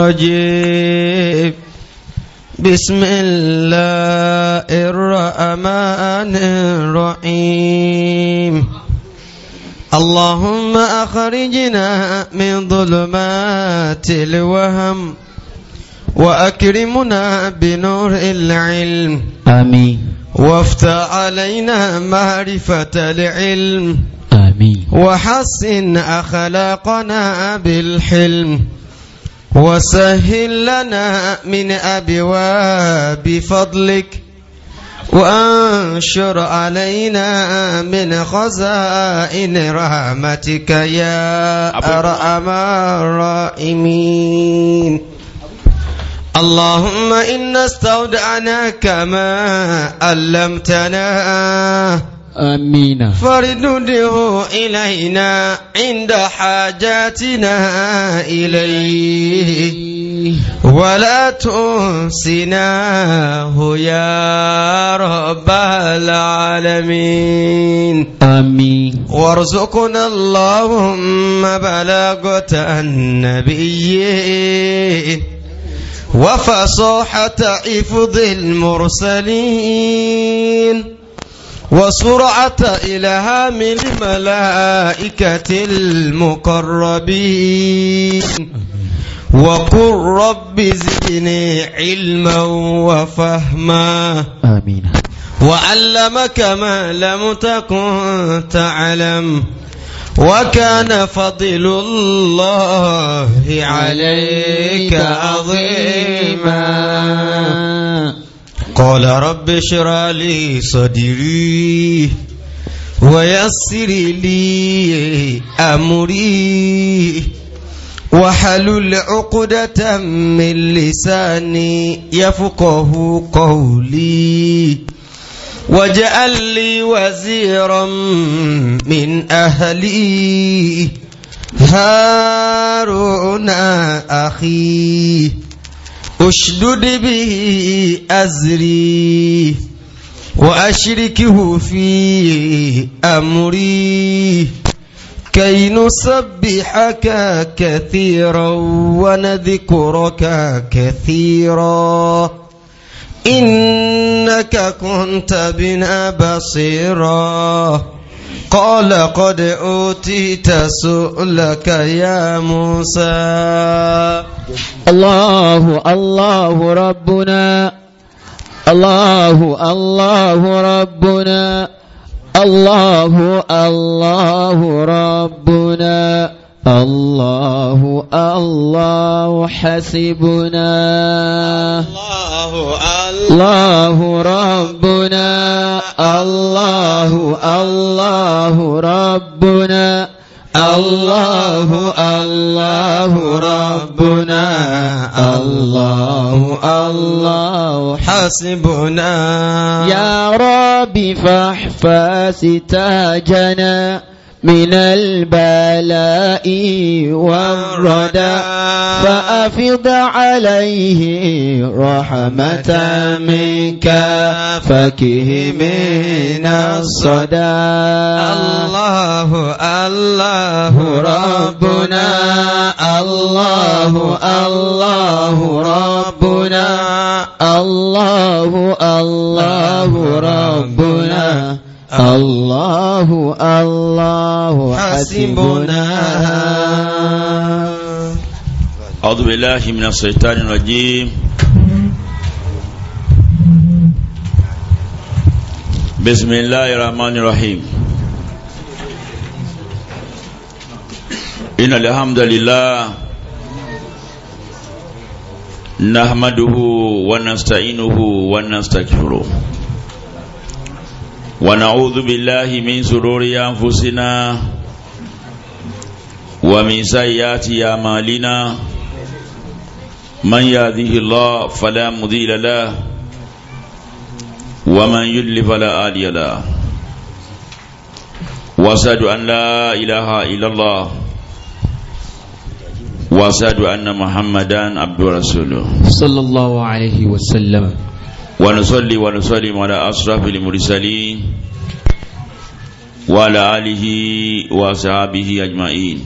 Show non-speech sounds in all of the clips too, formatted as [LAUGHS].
الرجيم بسم الله الرحمن الرحيم اللهم أخرجنا من ظلمات الوهم وأكرمنا بنور العلم آمين وافتح علينا معرفة العلم آمين وحسن أخلاقنا بالحلم وسهل لنا من أبواب فضلك وانشر علينا من خزائن رحمتك يا أرحم الراحمين اللهم إنا استودعناك ما علمتنا آمين فارده إلينا عند حاجاتنا إليه ولا تنسناه يا رب العالمين آمين وارزقنا اللهم بلاغة النبي وفصاحة حفظ المرسلين وسرعة من الملائكة المقربين وقل رب زدني علما وفهما آمين وعلمك ما لم تكن تعلم وكان فضل الله عليك عظيما قال رب اشرح لي صدري ويسر لي أمري وحلل عقدة من لساني يفقه قولي واجعل لي وزيرا من أهلي هارون أخي أشدد به أزري وأشركه في أمري كي نسبحك كثيرا ونذكرك كثيرا إنك كنت بنا بصيرا قال قد أوتيت سؤلك يا موسى الله الله ربنا الله الله ربنا الله الله ربنا الله الله حسبنا الله الله ربنا الله الله ربنا الله الله ربنا الله الله حسبنا يا رب فاحفظ تاجنا من البلاء والردى فأفض عليه رحمة منك فكه من الصدى الله الله ربنا الله الله ربنا الله الله ربنا الله الله حسبنا أعوذ بالله من الشيطان الرجيم بسم الله الرحمن الرحيم إن الحمد لله نحمده ونستعينه ونستغفره ونعوذ بالله من شرور أنفسنا ومن سيئات أعمالنا من يهده الله فلا مضل له ومن يضلل فلا هادي له واشهد أن لا إله إلا الله واشهد أن محمدا عبد ورسوله صلى الله عليه وسلم ونصلي ونسلم على أشرف المرسلين وعلى آله وأصحابه أجمعين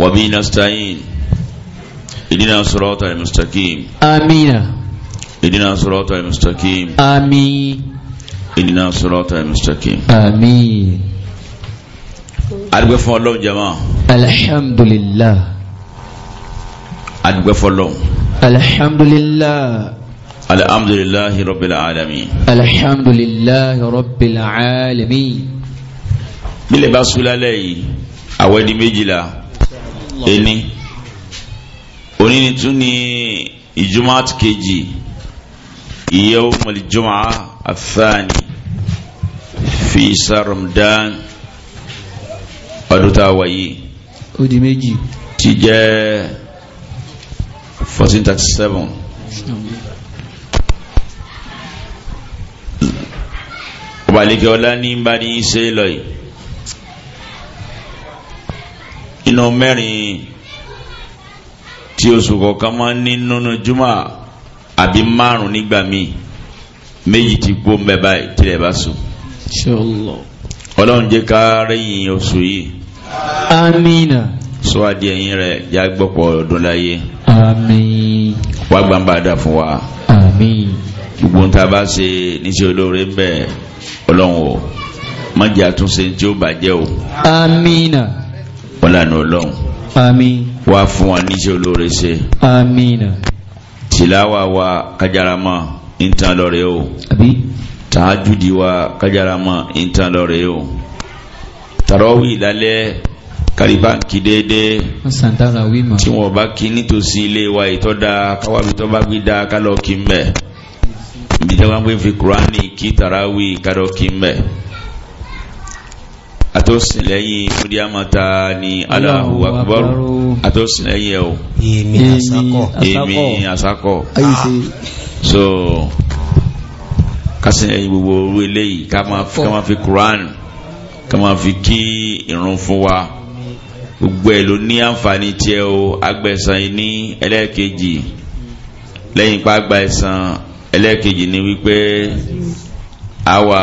وبه نستعين إدنا صراط المستقيم آمين إدنا صراط المستقيم آمين إدنا صراط المستقيم آمين adúgbẹ́ fún ọlọ́run jama alhamdulillah adúgbẹ́ fún ọlọ́run alhamdulillah الحمد لله رب العالمين الحمد لله رب العالمين bílẹ̀ bá sùn lálẹ́ yìí àwẹ̀ di méjìlá ẹni onínitún ní ìjùmọ̀ àti kejì ìyẹ́wò mọ̀lìjùmọ̀ àfáàní fi sàrọ̀mdán ọdún tá a wà yìí ó di méjì ti jẹ́ 1437 ọba àlejò ọlá ní bá ní í ṣe lọ yìí inú mẹ́rin tí oṣù kọ̀ọ̀kan máa ń ní nínú júmọ̀ àbí márùn nígbà míì méjì ti gbó ń bẹ báyìí tilẹ̀ bá sùn. ọlọ́run jẹ́ ká rẹ́yìn oṣù yìí. amina. sọ adi ẹyin rẹ já gbọ́pọ̀ ọdún láyé. àmín. wàá gbàǹbà dà fún wa. àmín gbogbo ń ta bá ṣe níṣẹ́ olóore ń bẹ̀ ọlọ́run o mọ̀jẹ̀ àtúnṣe tí ó bàjẹ́ o. amina. wọ́n lànà ọlọ́run. àmín. wá fún wa níṣẹ́ olóore ṣe. amina. tìláwà wa kájáramọ́ ìtàn lọ́rẹ́ o. àbí. tàájúdi wa kájáramọ́ ìtàn lọ́rẹ́ o. tàrọ́wì lálẹ́ kariba kí déédéé tí wọ́n bá kí nítòsí ilé wa ìtọ́da káwábi tó bá gbé da kálọ̀ kí mbẹ́ ìjọba ń fi kurani kí tarawi kadọ kí n bẹ ato sinlẹyin mudiyamata ni alahu akbar ato sinlẹyin yẹ o èmi asakọ èmi asakọ so kasinlẹyin gbogbo oru eléyìí kama fi kuran kama fi kí irun fún wa gbogbo ẹ ló ní àǹfààní tiẹ o agbẹ̀san ní ẹlẹ́ẹ̀kejì lẹ́yìn pa agbẹ̀san ẹlẹ́ẹ̀kejì ni wípé àwa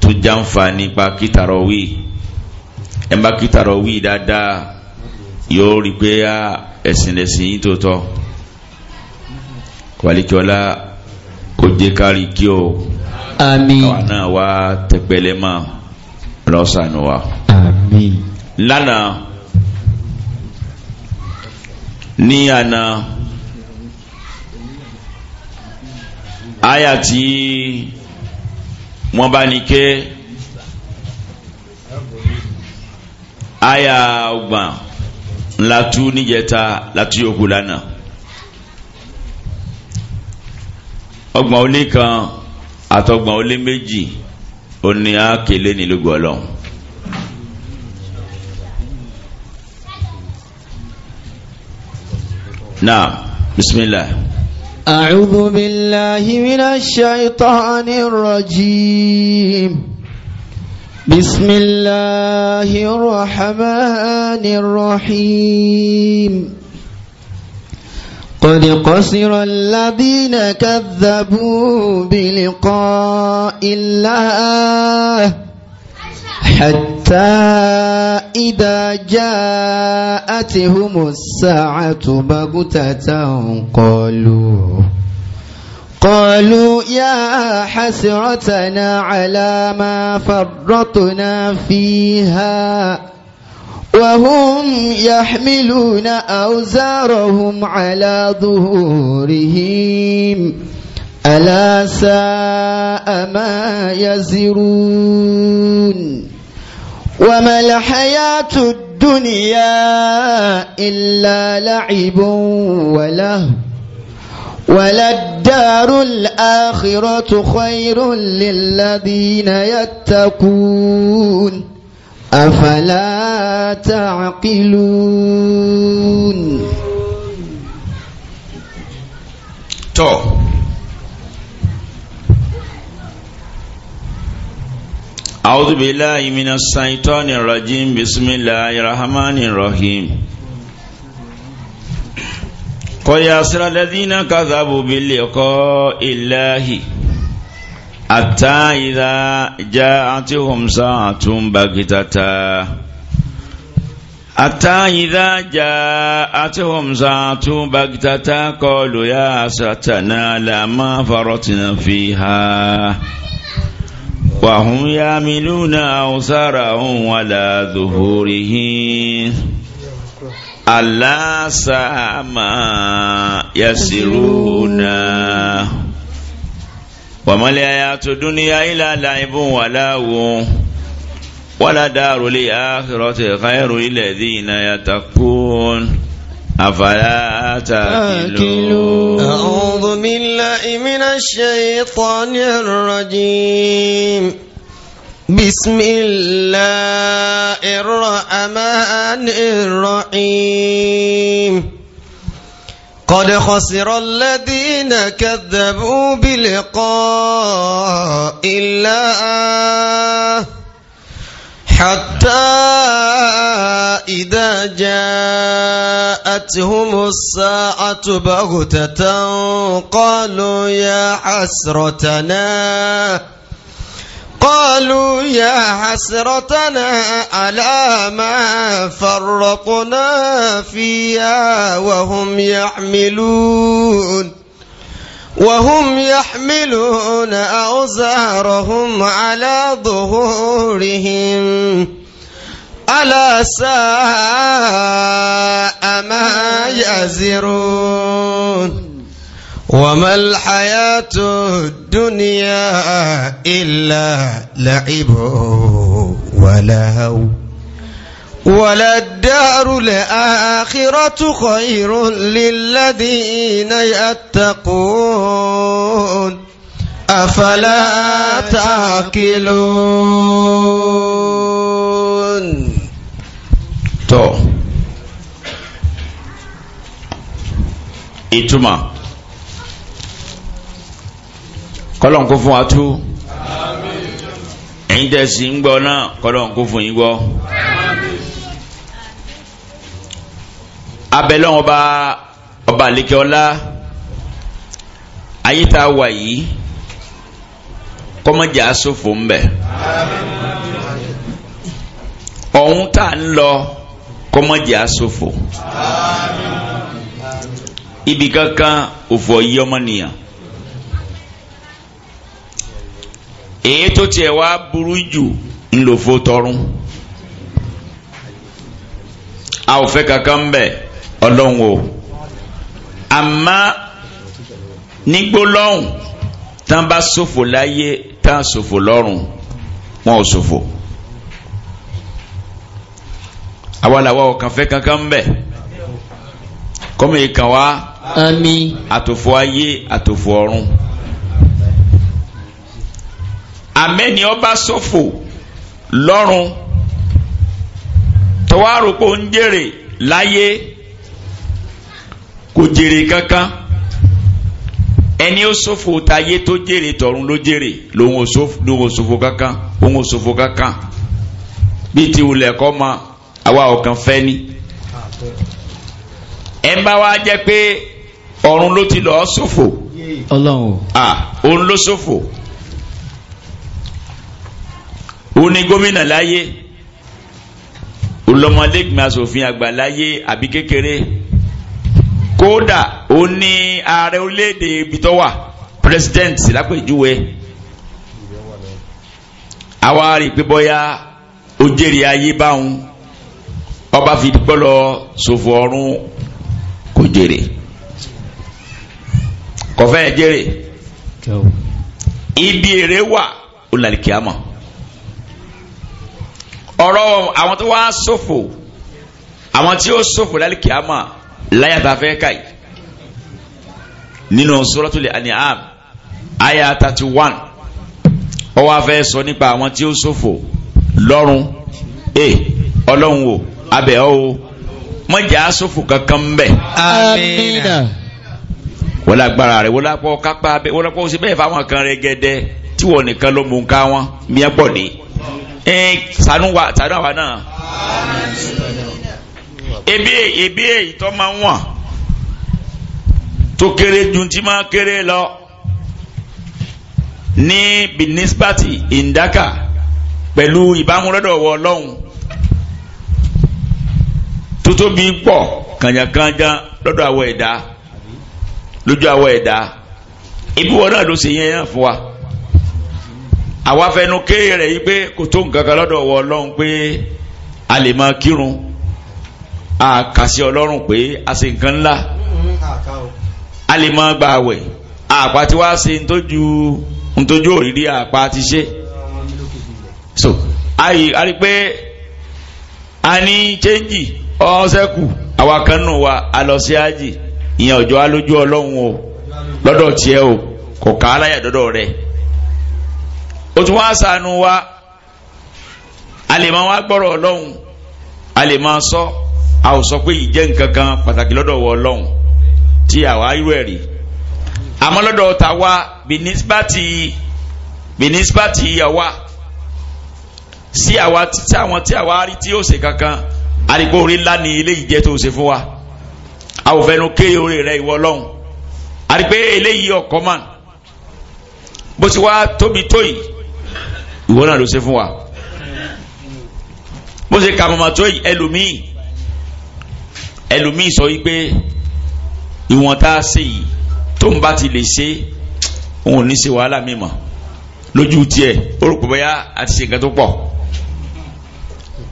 tó jáǹfà nípa kìtàrọ̀ wí ẹ̀ bá kìtàrọ̀ wí dáadáa yóò rí pé ẹ̀sìn lẹ̀sìn yìí tó tọ́ wàlíkíọ́lá kò jẹ́ kárí kí o àmín àwọn náà wá tẹpẹlẹ mọ́ lọ́sàn-án wa àmín lánàá ní àná. Aya tí wọ́n bá ní ké àyà ọgbọ̀n latu níjẹta latu yòókù lánàá ọgbọ̀n ó lé kan àtọgbọ̀n ó méjì ó ní àkèlé nílùú gbọ́lọ́hún. Naam, bismillah. أعوذ بالله من الشيطان الرجيم بسم الله الرحمن الرحيم قد قصر الذين كذبوا بلقاء الله حتى إذا جاءتهم الساعة بغتة قالوا قالوا يا حسرتنا على ما فرطنا فيها وهم يحملون أوزارهم على ظهورهم ألا ساء ما يزرون وما الحياة الدنيا إلا لعب وله وللدار الآخرة خير للذين يتقون أفلا تعقلون أعوذ بالله من الشيطان الرجيم بسم الله الرحمن الرحيم قياسر الذين كذبوا بلقاء الله حتى إذا جاءتهم ساعة بغتة حتى إذا جاءتهم ساعة بغتة قالوا يا أسرتنا لما فرطنا فيها وهم يعملون أوزارهم على ظهورهم ألا ساء ما يسرون وما الحياة الدنيا إلا لعب ولهو ولدار الآخرة خير للذين يتقون أفلا تأكلون أعوذ بالله من الشيطان الرجيم بسم الله الرحمن الرحيم قد خسر الذين كذبوا بلقاء الله حتى إذا جاءتهم الساعة بغتة قالوا يا حسرتنا قالوا يا حسرتنا على ما فرقنا فيها وهم يحملون وهم يحملون أوزارهم على ظهورهم ألا ساء ما يزرون وما الحياة الدنيا إلا لعب ولهو ولا الدار الآخرة خير للذين يتقون أفلا تعقلون tọ́ ìtumọ̀ kọ́lọ̀n kó fún wa tú ẹ̀yin tẹ̀sí ń gbọ́ náà kọ́lọ̀n kó fún yín gbọ́ abẹ́lẹ́ ọba ọba àlékè ọlá ayé tá a wà yìí kọ́mọ́jà sófò ń bẹ̀ ọ̀hún tá à ń lọ kọ́mọ́jà ṣòfò ibi kankan òfò yí ọmọnìyàn èyí tó tiẹ̀ wá burú jù ńlòfó tọrún a ò fẹ́ kankan ń bẹ̀ ọlọ́run o àmọ́ nígbólọ́hùn tán bá ṣòfò láyé tán ṣòfò lọ́run wọn ò ṣòfò àwa làwa ọ̀kan fẹ́ kankan ń bẹ̀ kọ́mọ ìkan wa àmín àtòfò ayé àtòfò ọ̀run àmẹ́ni ọba sọ́fò lọ́run tọwárùpọ̀ ń jèrè láyé kò jèrè kankan ẹni ó sọ́fò táyé tó jèrè tọ̀run ló jèrè lòun ò sọ́fò kankan òun ò sọ́fò kankan bíi ti wulẹ̀ kọ́ máa àwa ọ̀kan fẹ́ ni ẹ̀ ń bá wa jẹ́ pé ọ̀run ló ti lọ́ọ́ ṣòfò ọlọ́run à òun ló ṣòfò òun ni gómìnà láyé olọmọlẹ́gbìn asòfin àgbà láyé àbí kékeré kódà òun ni ààrẹ orílẹ̀-èdè president lápèjúwe àwa rí pé bọ́yá ó jèrè ayé báwọn ọba fi gbọ́lọ̀ sòfò ọ̀run kò jèrè kọfẹ́ jèrè ibi èrè wà ó lálẹ́ kíámọ̀ ọ̀rọ̀ àwọn tó wá sòfò àwọn tí ó sòfò lálẹ́ kíámọ̀ láyàtà fẹ́ káyì nínú Suratul An'am àyà thirty one ó wá fẹ́ sọ nípa àwọn tí ó sòfò lọ́run ẹ ọlọ́run wò abẹ́ ọ́ o mọ̀jà sófò kankan mbẹ̀. amina. wọ́n lágbára rẹ̀ wọ́n lápọ̀ kápá wọ́n lápọ̀ sí bẹ́ẹ̀ fáwọn kan rẹ̀ gẹ́dẹ́ tí wọ́n nìkan ló mú ká wọn miẹ́ pọ̀ dé. ẹ sanu wa sanu àwa náà. ebi ebi èyí máa ń wọ̀n tó kéré ju tí máa kéré lọ ní binisbati indaka pẹ̀lú ìbámu lọ́dọ̀ wọ ọlọ́run tó tóbi pọ̀ kànjàkànjà lọ́dọ̀ àwọ̀ ẹ̀dá lójú àwọ̀ ẹ̀dá ibi wọn náà ló ṣe yẹn yàn fún wa àwa fẹnu ké rẹ̀ yí pé kò tó nǹkan kan lọ́dọ̀ wọ ọlọ́run pé a lè máa kírun a kà sí ọlọ́run pé a ṣe nǹkan ńlá a lè máa gba àwẹ̀ àpá tí ṣe ntójú ntójú òrírí àpá ti ṣe so a rí pé a ní chẹ́ńjì ọ̀sẹ̀kù àwa kan nù wa alọ́sí ájì ìyẹn ọjọ́ alójú ọlọ́run o lọ́dọ̀ tiẹ̀ o kò ká aláyà dọ́dọ̀ rẹ̀ o tún wá sànù wa a lè máa wá gbọ́rọ̀ ọlọ́run a lè máa sọ a ò sọ pé ìjẹ́ nǹkan kan pàtàkì lọ́dọ̀ wọ ọlọ́run tí àwa irú ẹ̀ rí àmọ́ lọ́dọ̀ ta wa binisbati binisbati àwa sí àwa tí àwọn tí àwa rí tí ó ṣe kankan àríkò orí ńlá ni ilé ìjẹ tó ṣe fún wa àwòfẹnu ké orí rẹ ìwọ lọhùn àríkò eléyìí ọkọ mà bó ti wá tóbi tó yìí ìwọ náà ló ṣe fún wa bó ṣe kà mọ̀mọ́ tó yìí ẹlòmíì ẹlòmíì sọ wípé ìwọ̀n tá a ṣe yìí tó ń bá ti lè ṣe òun ò ní ṣe wàhálà mi mọ̀ lójú tiẹ̀ orúkọ bóyá àti ṣe nǹkan tó pọ̀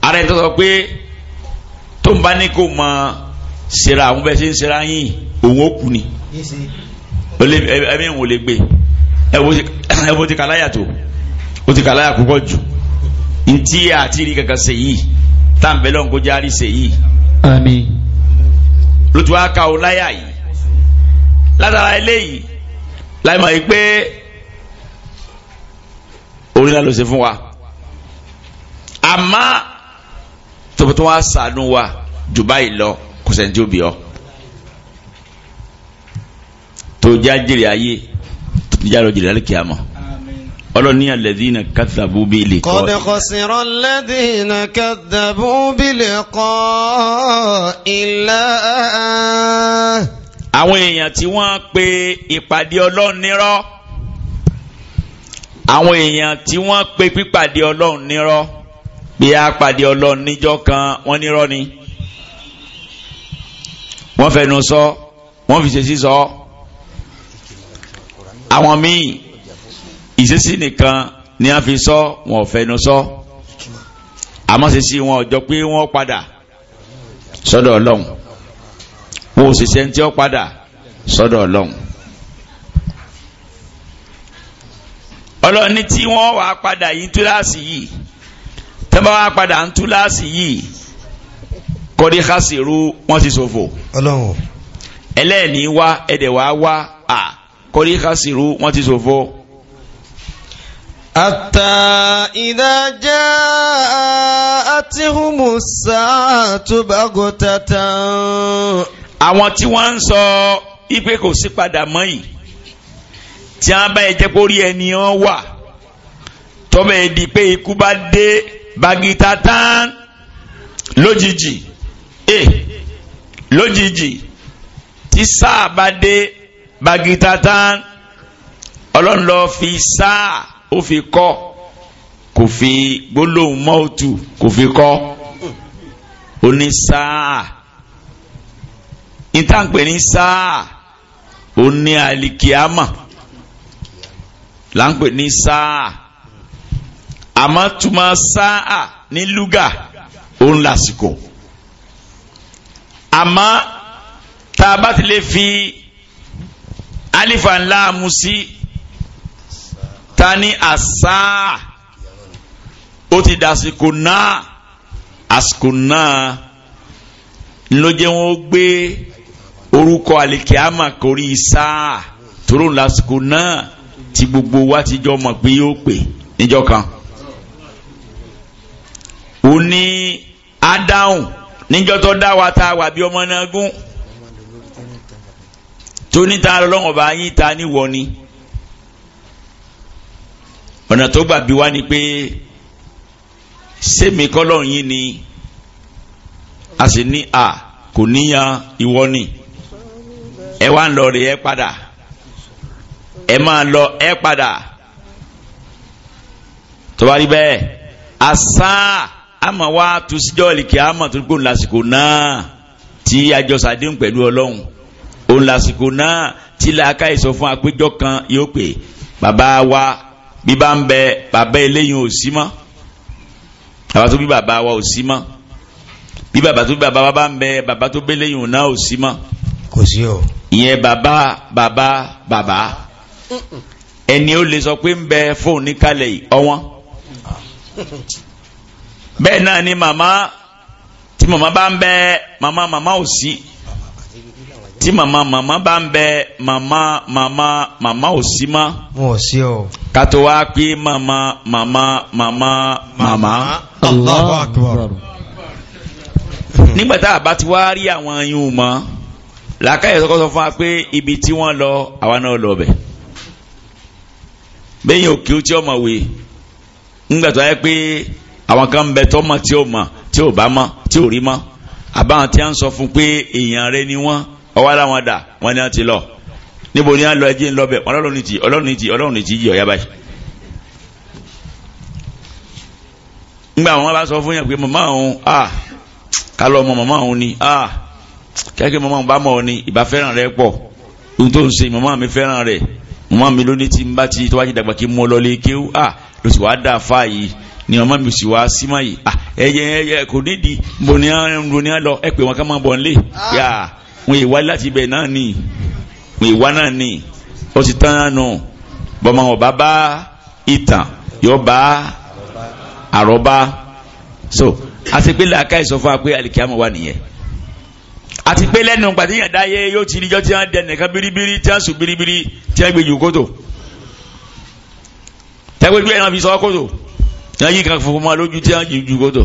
ara ẹ̀ tó sọ pé tó ń bá ní kó mọ sera àwọn bẹ́ẹ̀ ṣe ń sera yín òun ó kú ni ẹ̀mí òun ò lè gbé ẹ wo ti kàláyà tó o ti kàláyà púpọ̀ jù ntí àti rí kankan ṣe yìí tá n bẹ lọ́n kó járí ṣe yìí. àmín. ló wá ka o láyà yìí látara eléyìí láì mọ̀ yìí pé orin náà ló ṣe fún wa àmọ́ tòbótò wa ṣàánú wa jù báyìí lọ kò sẹ́ni tí ó bì ọ́ tó já jèrè ayé tó já lọ jèrè lálẹ́ kìámọ̀ ọlọ́ni alẹ́dínà kàtàbù bí lè kọ́. kọ́dẹ̀ kọ́sìrọ̀ lẹ́dínà kàtàbù bí lè kọ́ ilẹ̀. àwọn èèyàn tí wọ́n pe ìpàdé ọlọ́run nírọ́ àwọn èèyàn tí wọ́n pe pípàdé ọlọ́run nírọ́ bí a pàdé ọlọ́run níjọ́ kan wọ́n nírọ́ ni. Rọ́ ni wọ́n fẹnu sọ wọ́n fi ṣe sísọ àwọn míì ìṣesí nìkan ni a fi sọ wọn ò fẹnu sọ àmọ́ ṣe sí wọn ọjọ́ pé wọ́n padà sọ́dọ̀ ọlọ́run wọn ò sì ṣe ń tí ó padà sọ́dọ̀ ọlọ́run. ọlọ́run ní tí wọ́n wàá padà yìí túláàsì yìí tẹ́ bá wàá padà ń túláàsì yìí kọ́dí kásìrú wọ́n ti ṣòfò. ọlọ́run. ẹlẹ́ẹ̀ni wá ẹ̀dẹ̀ wá wá à kọ́dí kásìrú wọ́n ti ṣòfò. حتى إذا جاءتهم الساعة بغتة àwọn tí wọ́n ń sọ ipe kò sí padà mọ́ yìí tí wọ́n bá jẹ́ kó ẹni wọn wà tọ́bẹ̀ pé ikú bá dé bagita tán lójijì e lójijì tí sáà bá dé bagita tán ọlọ́run lọ fi sáà ó fi kọ́ kò fi gbólóhùn mọ́ọ̀tù kò fi kọ́ ó ní sáà ìtànpẹ̀ ní sáà ó ní alikiyama là ń pè ní sáà àmọ́ túmọ̀ sáà ní lúgà ó ń lásìkò àmọ́ tá a bá ti lè fi alifa ńlá musi ta ní àṣà ó ti dàsìkò náà àsìkò náà ló jẹ́ wọn ó gbé orúkọ alikiama kórí sáà tóró lásìkò náà tí gbogbo wa ti jọ mọ̀ pé yóò pè níjọ́ kan ó ní ádáhùn níjọ́ tó dá wa ta wà bí ọmọ náà gún tó níta lọ́wọ́ bá yín ta níwọ ni ọ̀nà tó gbà bí wá ni pé sẹ́mi kọ́lọ́run yín ni a sì ní a kò níyan ìwọ ni ẹ wá ń lọ rè é padà ẹ máa lọ ẹ padà tó bá rí bẹ́ẹ̀ àṣà àmọ́ wá tu síjọ́ ìlìkì àmọ́ tó kó lásìkò náà tí àjọsàdéhùn pẹ̀lú ọlọ́run òun lásìkò náà tí làákà ìsọ fún àpéjọ kan yóò pè bàbá wa bí bá ń bẹ bàbá eléyìí ò sí mọ́ bàbá tó bí bàbá wa ò sí mọ́ bí baba tó bí bàbá wa bá ń bẹ baba tó bí eléyìí ò náà ò sí mọ́. kò sí o. ìyẹn bàbá bàbá bàbá ẹni ó lè sọ pé ń bẹ fóònù níkàlẹ̀ ọwọ́n. bẹ́ẹ̀ náà ni màmá tí màmá bá ń bẹ màmá màmá ò sí tí màmá màmá bá ń bẹ màmá màmá màmá ò sí mọ́. wọn ò sí o. ká tó wá pé màmá ti wá rí àwọn ayún làákàyè sọkọsọ fún wa pé ibi tí wọn lọ àwa náà lọ bẹ̀. bẹ́ẹ̀ o tí ọmọ ńgbà tó àwọn kan bẹ tọ́ mọ̀ tí ó mọ̀ tí ó bá mọ̀ tí ó rí mọ̀ àbáwọn tí a ń sọ fún pé èèyàn rẹ ni wọ́n ọwọ́ làwọn dà wọ́n ní wọ́n ti lọ níbo ni a lọ ẹjẹ́ ń lọ bẹ̀ ọlọ́run ní ti ọlọ́run ní ti ọlọ́run ní ti yí ọ̀yá báyìí. ńgbà wọn bá sọ fún yàn pé màmá òun a ká lọ mọ màmá òun ni a kẹ́kẹ́ màmá òun bá mọ̀ ọ ni ìbá fẹ́ràn rẹ pọ̀ ohun tó ń ṣe màmá mi fẹ́ràn rẹ màmá mi ló ní ti ń bá ti tó bá ti dàgbà kí mú lọ lé kéwú a lọ sí wàá dà fáà ni ọmọ mi sì wá sí máyì ẹyẹ ẹyẹ kò nídìí mo ní àrùn ní àlọ ẹ pé wọn ká máa bọ̀ nílé ah. yà wọn ìwá láti ibẹ̀ náà ni wọn ìwá náà ni ó ti tán náà nù bọ́mọ ọba bá ìtàn yóò bá àrọ́bá so àti pé làákà ìsọ fún wa pé àlìkíyàmọ̀ wà nìyẹn àti pé lẹ́nu gbàdéyàn dáyé yóò ti ríjọ́ tí wọ́n dẹ nìkan biribiri tí wọ́n sùn biribiri tí wọ́n gbé jù kótó tẹ́gbẹ́jú ẹ̀ náà fi sọ kótó tí wọ́n yí kan fún ọmọ lójú tí wọ́n yí ju kótó.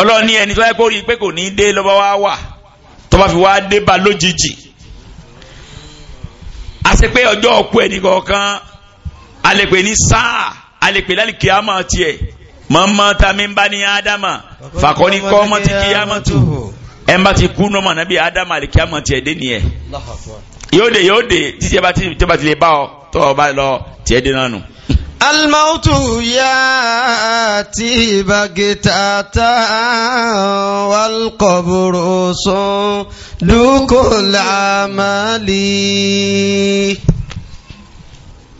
ọlọ́ọ̀ni ẹni tó yẹ kó rí i pé kò ní í dé lọ́ba wá wà tó bá fi wá dé ba lójijì. àṣẹ pé ọjọ́ ọkú ẹni kọ̀ọ̀kan alẹ́ pé ní sáà alẹ́ pé lálẹ́ kí á máa tiẹ̀ mọ̀mọ́ ta mi ń bá ní ádámà fàkọ́ni kọ́ ọmọ ti kí á máa tù ẹ̀ ń bá ti kú nọ́mọ̀ náà bí ádámà alẹ́ kí tiẹ̀ dé nìyẹn yóò dé yóò dé títí ẹ bá ti lè bá ọ tọ́ ọ bá lọ tiẹ̀ dé náà الموت ياتي بغتة والقبر صندوق العمل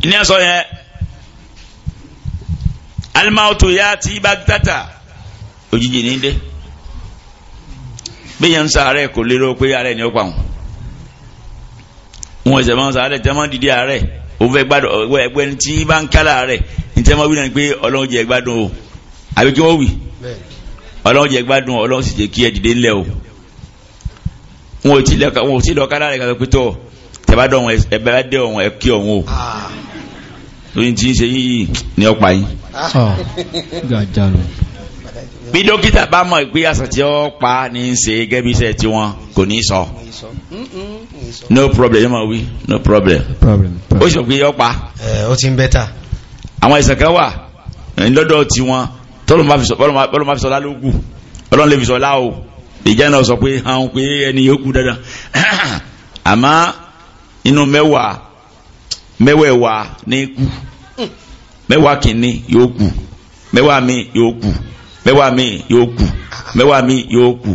ní ẹ sọ yẹn alimawutu yati bagtata òjijì ní dé bí yẹn ń sàárẹ̀ kò lérò pé àárẹ̀ ni ó pa wọn wọn ṣẹ̀ máa ń sàárẹ̀ dìde àárẹ̀. o fẹ́ gbádùn ọ̀gbẹ́ ẹgbẹ́ ní tí bá ń kálá rẹ ní tí wọ́n wí náà pé gbádùn o àbí kí wọ́n wì ọlọ́run jẹ́ gbádùn sì kí ẹ dìde o wọn ò tí ẹ kí o tí ń ṣe ní yín. bí dókítà bá mọ̀ pé àìsàn tí ó pa ní í ṣe gẹ́gẹ́ bí iṣẹ́ kò ní í sọ no problem yóò máa wí no problem ó sọ pé ó pa. ó ti ń bẹ́tà. àwọn àìsàn kan wà lọ́dọ̀ tiwọn tọ́lọ́ máa fi sọ lálógún ọlọ́run lè fi sọ láò ìjà náà sọ pé àwọn pé ẹni yóò kú dandan [CLEARS THROAT] àmọ́ inú mẹ́wàá mẹ́wẹ̀ẹ̀wà ní kú hmm. mẹ́wàá kìíní yóò kú mẹ́wàá mi yóò kú mẹ́wàá mi yóò kù mẹ́wàá mi yóò kù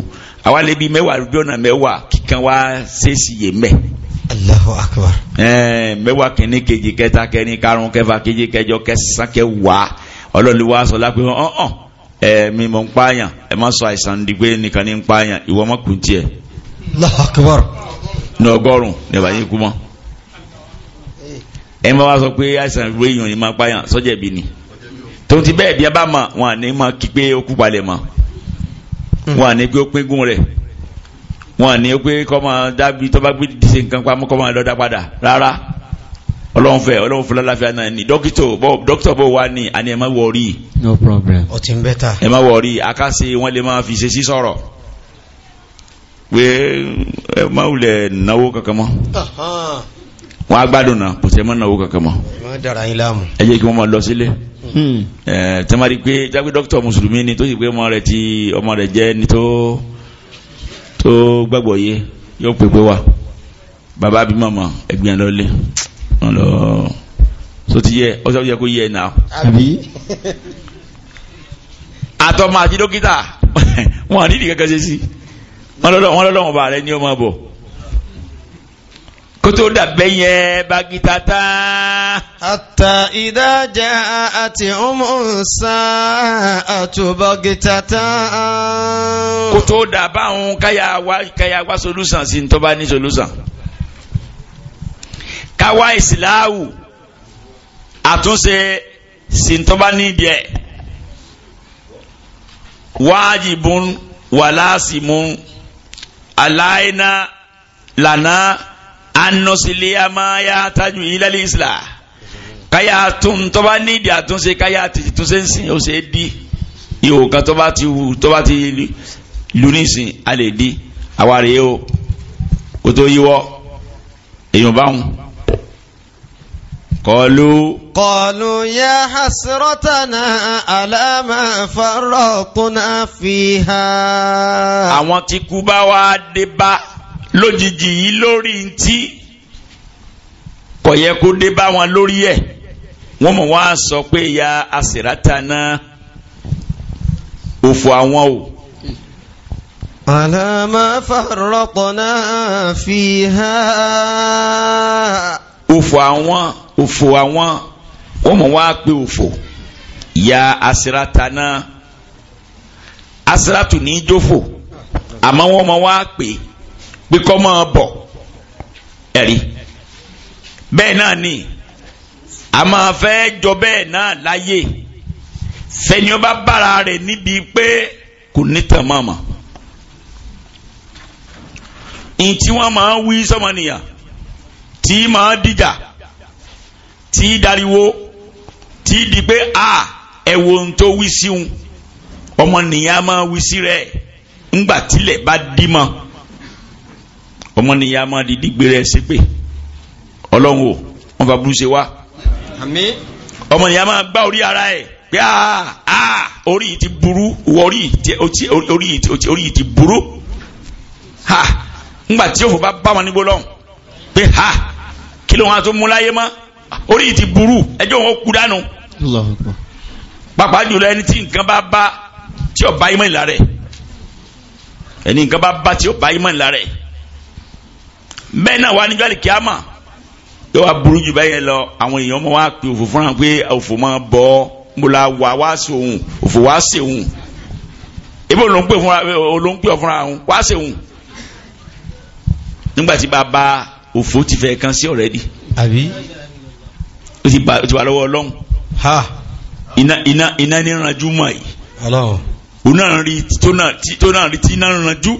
àwa lè bi mẹ́wàá lójú mẹ́wàá kíkan wá ṣèṣì yé mẹ́. Allahu akbar. ẹẹ mẹ́wàá kìíní kejì kẹta kẹrin karùn kẹfà keje kẹjọ kẹsàn kẹwàá ọlọ́ọ̀lù wa sọ lápẹ́ hàn hàn ẹ mi mọ̀ ń pààyàn ẹ má sọ àìsàn dìgbé nìkan ní ń pààyàn ìwọ má kùn tiẹ̀. Allahu akbar. ní ọgọ́rùn-ún ní ẹ̀bà yín kú mọ́. ẹ má wá sọ pé àìsàn ìwé ìyọ̀nyí má pààyàn sọ́jà ìbí ni tó ti bẹ́ẹ̀ bí a bá mọ̀ wọn àní mọ̀ kí pé ó kú balẹ̀ mọ̀ hmm. wọn àní pé ó pínkún rẹ̀ wọn àní pé kọ́mọ dábì tó bá gbé díṣe nǹkan pamọ́ kọ́mọ lọ́dá padà rárá ọlọ́run fẹ́ ọlọ́run fún lálàáfíà náà ni dókítà bọ́ dókítà bọ́ wà ní àní ẹ̀ má no problem. ó ń bẹ́ta. ẹ̀ má wọrí akásí wọn lè máa fi ṣe sí sọ̀rọ̀ pé ẹ̀ wulẹ̀ náwó kankan mọ́ wọn á gbádùn náà kò sẹ́ mọ́ náà owó kankan mọ́. ẹ jẹ́ kí wọ́n máa lọ sílé. Hmm. tẹ́mari pé jágbé dókítà mùsùlùmí ni tó sì pé ọmọ rẹ̀ ti ọmọ rẹ̀ jẹ́ ni tó tó gbàgbọ́ yé yóò pépé wa bàbá bí màmá ẹgbẹ́ lọ lé wọn lọ so ti yẹ ọsọ yẹ kó yẹ náà. àbí. àtọ́mọ àti dókítà [LAUGHS] wọn à nídìí kankan ṣe sí wọn lọ́dọ̀ wọn bá rẹ ní ọmọ bọ̀ kótó dàbẹ́ yẹn bagita tá. àtà ìdájà àti ọmọọ̀sá àtúbọ̀gìtà tá. kótó dàbà ń káyà wá káyà wá solúsàn sí ntọ́ba ní solúsàn. káwá ìsìláwù àtúnṣe sí ntọ́ba ní díẹ̀. wájibun wàlásìmù aláìná lànà anusili amaya taju ilali isla kaya tun tọba nídìí àtúnṣe kaya tìtúnṣe ń sìn ó ṣe é di ihò kan tọba ti wù tọba ti lu ní a lè di àwa rèé o kó tó yíwọ èèyàn báwọn. قالوا قالوا يا حسرتنا على ما فرطنا فيها àwọn tí kú bá wa dé bá lójijì yìí lórí ntí kò yẹ kó dé bá wọn lórí ẹ̀ wọ́n mọ̀ wá sọ pé ya àsìrátà náà òfò àwọn o. على ما فرطنا فيها òfò àwọn òfò àwọn wọ́n mọ̀ wá pé òfò ya asirata náà asiratu ní jófò àmọ́ wọ́n mọ̀ wá pé bí kọ́ máa bọ̀ ẹ̀rí bẹ́ẹ̀ náà ni a máa fẹ́ jọ bẹ́ẹ̀ náà láyé sẹ́ni ó bá bára rẹ̀ níbi pé kò ní tàn máa mọ̀ ní wọ́n máa wí sọ́mọnìyàn tí máa dìjà tí dariwo tí di pé a ẹ̀wò ń tó wí sí un ọmọnìyàn máa wí sí rẹ̀ ńgbà tílẹ̀ bá dí mọ́ ọmọnìyàn máa di dìgbé rẹ̀ ṣépè ọlọ́run o wọn fa burú ṣe wá. àmín. ọmọnìyàn máa gbá orí ara ẹ̀ pé aa ori yìí ti burú ori yìí ti buru. ha ńgbà tí fo ba ba wọn nígbó lọ́hùn pé ha kilo ló wọn tó mú láyé mọ́ orí yìí ti buru, ẹjọ́ wọn kú dànù. pàápàá jùlọ ẹni tí nǹkan bá bá tí ó bá ìmọ̀ ìlà rẹ̀ ẹni nǹkan bá bá tí ó bá ìmọ̀ ìlà rẹ̀ bẹ́ẹ̀ náà wà níjọ́ àlìkíyàmà yóò wá burú jù báyẹn lọ àwọn èèyàn ọmọ wa pe òfò fúnra pé òfò máa bọ́ mo la wà wá sòun òfò wá sèun ebi ló ń pè fúnra ló ń pè ọ fúnra òun wá sèun nígbà tí bàbá òfò ti fẹ́ kan sí ọ̀rẹ́dì ó ti wà lọ́wọ́ ọlọ́run iná iná iná ní ranjú mọ́ yìí ó náà rí tó náà rí tí iná ranjú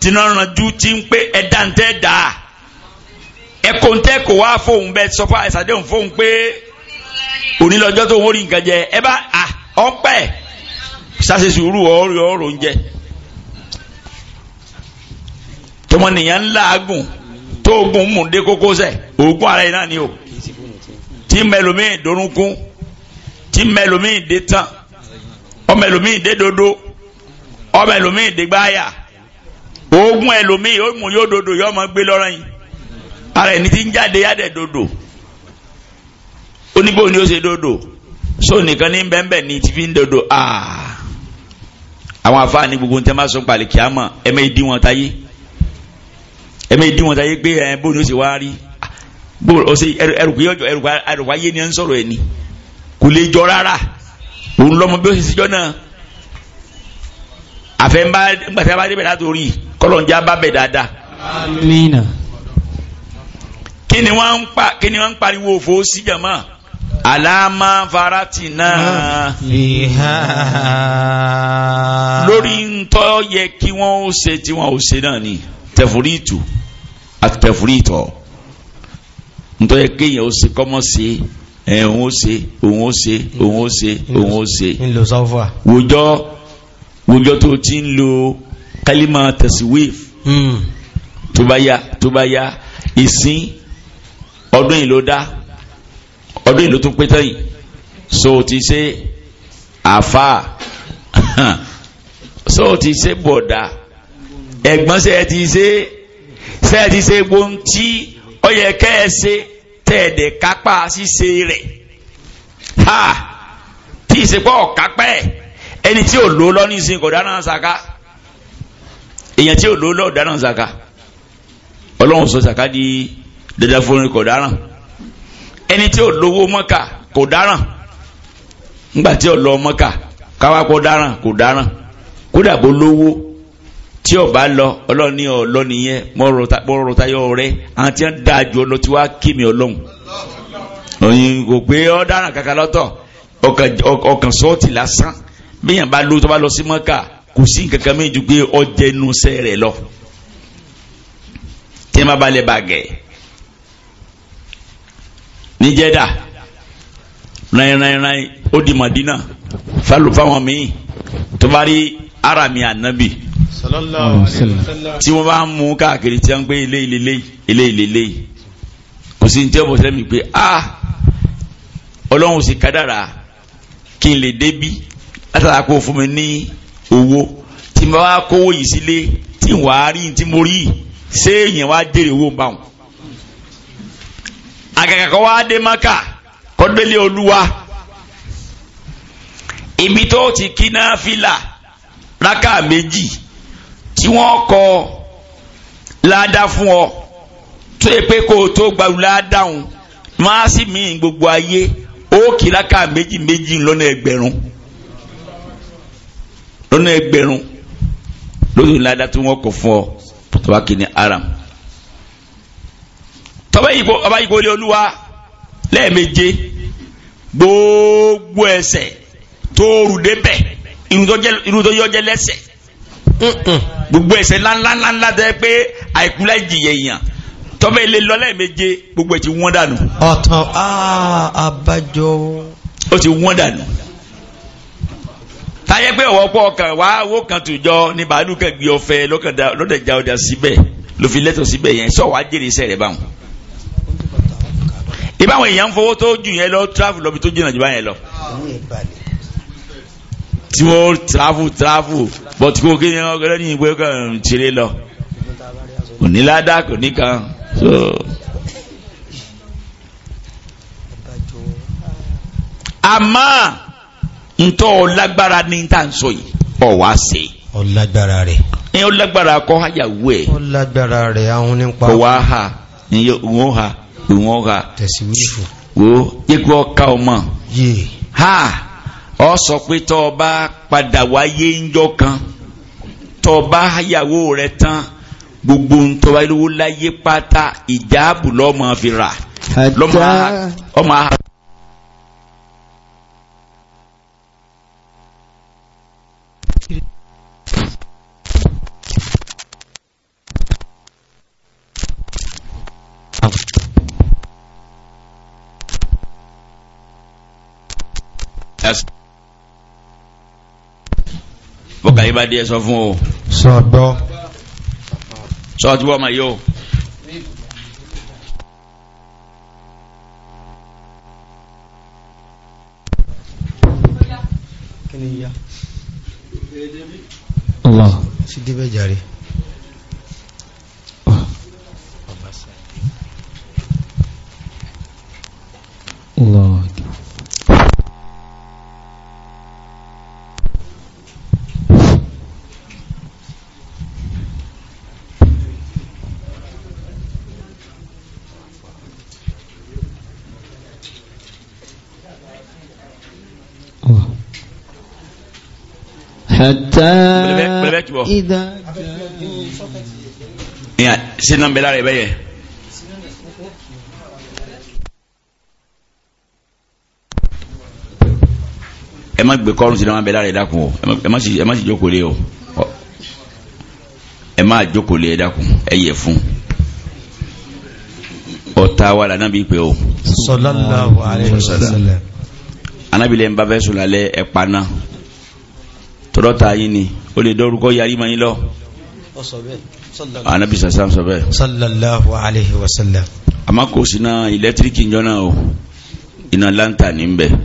tí náà ranjú tí ń pé ẹ̀dá ń tẹ́ dà á ẹ̀kọ́ ń tẹ́ kò wá fóun bẹ́ẹ̀ sọ fún àìsàdéhùn fóun pé òní lọ́jọ́ tó ń wọ́n rí nǹkan jẹ ẹ bá à ọ̀pẹ́ ṣàṣe sùúrù ọ̀rọ̀ ọ̀rọ̀ oúnjẹ tọmọnìyàn ńlá agùn tó ogun mùdé kókósẹ̀ oògùn ara yìí náà ni o tí mẹlòmíì dorunkun tí mẹlòmíì dé tán ọmẹlòmíì dé dodo ọmẹlòmíì dé gbáyà oògùn ẹlòmíì yóò mú yóò dodo yóò máa gbé lọ́rọ́ yìí ara ẹni tí ń jáde yádẹ̀ dodo oníbò ni ó ṣe dodo so nìkan ní bẹ́ẹ̀ ni ti fi ń dodo àwọn afáàní gbogbo ń tẹ́ máa sọ pàlẹ́ kíámà ẹ̀mẹ́ ìdí wọn táyé ẹ̀mẹ́ ìdí wọn táyé pé ẹ̀ bó ni ó ṣe wá rí bó o ṣe ẹrùkú yọjọ ẹrùkú ayé ni ẹ ń sọ̀rọ̀ ẹ̀ kò lè jọ rárá òun lọ́mọ bí ó ṣe ṣíjọ́ náà àfẹ́ ń bá gbàtẹ́ bá débẹ̀ látòrí yìí kọlọ̀njá bá bẹ̀ dáadáa. amiina. kí ni wọ́n ń pa kí ni wọ́n ń pariwo òfò sí jama alama farati náà lórí ntọ́ yẹ kí wọ́n ó ṣe tí wọ́n ó ṣe náà ni tẹ̀fúrìtù àti tẹ̀fúrìtọ̀ ntọ́ yẹ kéèyàn ó ṣe kọ́mọ́ ṣe ẹ̀hún ó ṣe òun ó ṣe òun ó ṣe òun ó ṣe. wùjọ́ wùjọ́ tó ti ń lo kálímà tẹ̀síwéf hmm. tó bá yá tó bá yá ìsín ọdún yìí ló dá ọdún yìí ló tún pé tán yìí so ti ṣe àfa [LAUGHS] so ti ṣe bọ̀dà ẹ̀gbọ́n ṣe ẹ ti ṣe ṣe ẹ ti ṣe gbontí ó yẹ kẹ́ ẹ ṣe tẹ̀ẹ̀dẹ̀ kápá ṣíṣe rẹ̀ ha tí ìṣepọ̀ kápá ẹ̀ ẹni tí ò lò lọ́nìsín kò dáná ṣaka èèyàn tí ò lówó lọ́wọ́ dáràn zaka ọlọ́run sọ zaka di dandan fún kò dáràn ẹni tí ò lówó mọ́kà kò dáràn ńgbà tí ò lọ mọ́kà káwá kó dáràn kò dáràn kódà bó lówó tí ò bá lọ ọlọ́run ní ọ̀lọ́ nìyẹn mọ́rọ̀ tayọ rẹ àwọn tí wọ́n dáa ju ọlọ́ tí wọ́n á kí mi ọlọ́run òyìn kò pé ọ́ dáràn kàkà lọ́tọ̀ ọkàn sọ́ọ̀tì lásán bí yàn bá lọ sí mọ́kà kò sí kankan mi ju pé ọjẹ nusẹ rẹ lọ tí ma balẹ̀ bá gẹ̀ níjẹ́dà ráyìnráyìnráyìn ó di Madina fálù fáwọn míì tó bá rí arami ànábì tí wọ́n bá ń mú káàkiri tí wọ́n ń pé ilé ilé ilé ilé ilé kò sí ní tí ọ̀bọ̀ sẹ́mi pé ah ọlọ́run sì kádàrà kí n lè débí látara kó fún mi ní owó tí mo bá kówó yìí sílé tí wà á rí tí mo rí ṣé èèyàn wá jèrè owó bá wọn. àgàgà kọ́ wá dé maka kọ́dọ́lé olúwa ibi tó ti kí náà fìlà rákà méjì tí wọ́n kọ ládàá fún ọ tó yẹ pé kó o tó gbaru ládàá òun máa sì mí gbogbo ayé ó kí rákà méjì méjì lọ́nà ẹgbẹ̀rún lọ́nà ẹgbẹ̀rún lórí ńláda tí wọ́n kọ̀ fún ọ tọ́ba kìíní aram tọ́ba yìí ọba yìí kò lé olúwa lẹ́ẹ̀meje gbogbo ẹsẹ̀ tóoru débẹ̀ irutọ́ yọ jẹ lẹ́sẹ̀ gbogbo ẹsẹ̀ ńláńláńlá tẹ́ pé àìkú láì jìyẹ èèyàn tọ́ba ilé lọ lẹ́ẹ̀meje gbogbo ẹ̀ ti wọ́n dànù. ọ̀tàn ah, abájọ. ó ti wọ́n dànù táyé pé ọ̀wọ́ pọ̀ kan wá owó kan tùjọ ní bàálù kan gbé ọ̀fẹ́ lọ́dẹ̀jà ọjà síbẹ̀ ló fi lẹ́tọ̀ síbẹ̀ yẹn sọ wàá jèrè iṣẹ́ rẹ̀ báwọn. ìbáwọn èèyàn ń fowó tó jù yẹn lọ travel lọ bí tó jìnnà jù báyẹn lọ. tí wọ́n travel travel bọ̀ tí kò kéde ọkọ lẹ́yìn ìgbé kan tiré lọ onílàdá kò ní kan. àmọ́. So, ntọ́ ọlágbára ní tá à ń sọ yìí ọ̀ wá sí. ọlágbára rẹ̀. ẹ ọlágbára kọ́ àyàwó ẹ̀. ọlágbára rẹ̀ àwọn nípa. kò wá ha ìwọ̀n ha ìwọ̀n ha. tẹ̀síwìfù. wo yíkú ọ̀ka ọmọ. yé. ha ọ sọ pé tọ́ ọ bá padà wáyé ńjọ́ kan tọ́ ọ bá àyàwó rẹ̀ tán gbogbo ntọ́wáyéwó láyé pátá ìjáàbù lọ́mọ fi rà. lọ́mọ ọmọ bọ́kà yìí bá dé sọ fún o. sọ gbọ́. sọ tí wọ́n máa yọ. Allah. si débẹ̀ jàre. Allah. Hatta ida. jẹ́. Sínú ń bẹ lára ẹ̀bẹ̀ yẹn. ẹ má gbé kọ́rùn sínú ọmọ abẹ́lá rẹ̀ dákun o ẹ má sì jókòó lé o ẹ má jókòó lé ẹ dákun ẹ yẹ fún ọ̀tá wa la nábì pé o. sallallahu alaihi wasallam anábìlẹ̀ ń bá fẹ́ sùn lálẹ́ ẹ̀ pa náà tọ́lọ́ta yín ni ó lè dọ́rùkọ yarí ma yín lọ anabi sasam sọ bẹ́ẹ̀. sallallahu alayhi wa sallam. a ma kò sínú ilẹ́tíríkì jọ́nà o iná láǹtà ní bẹ́ẹ̀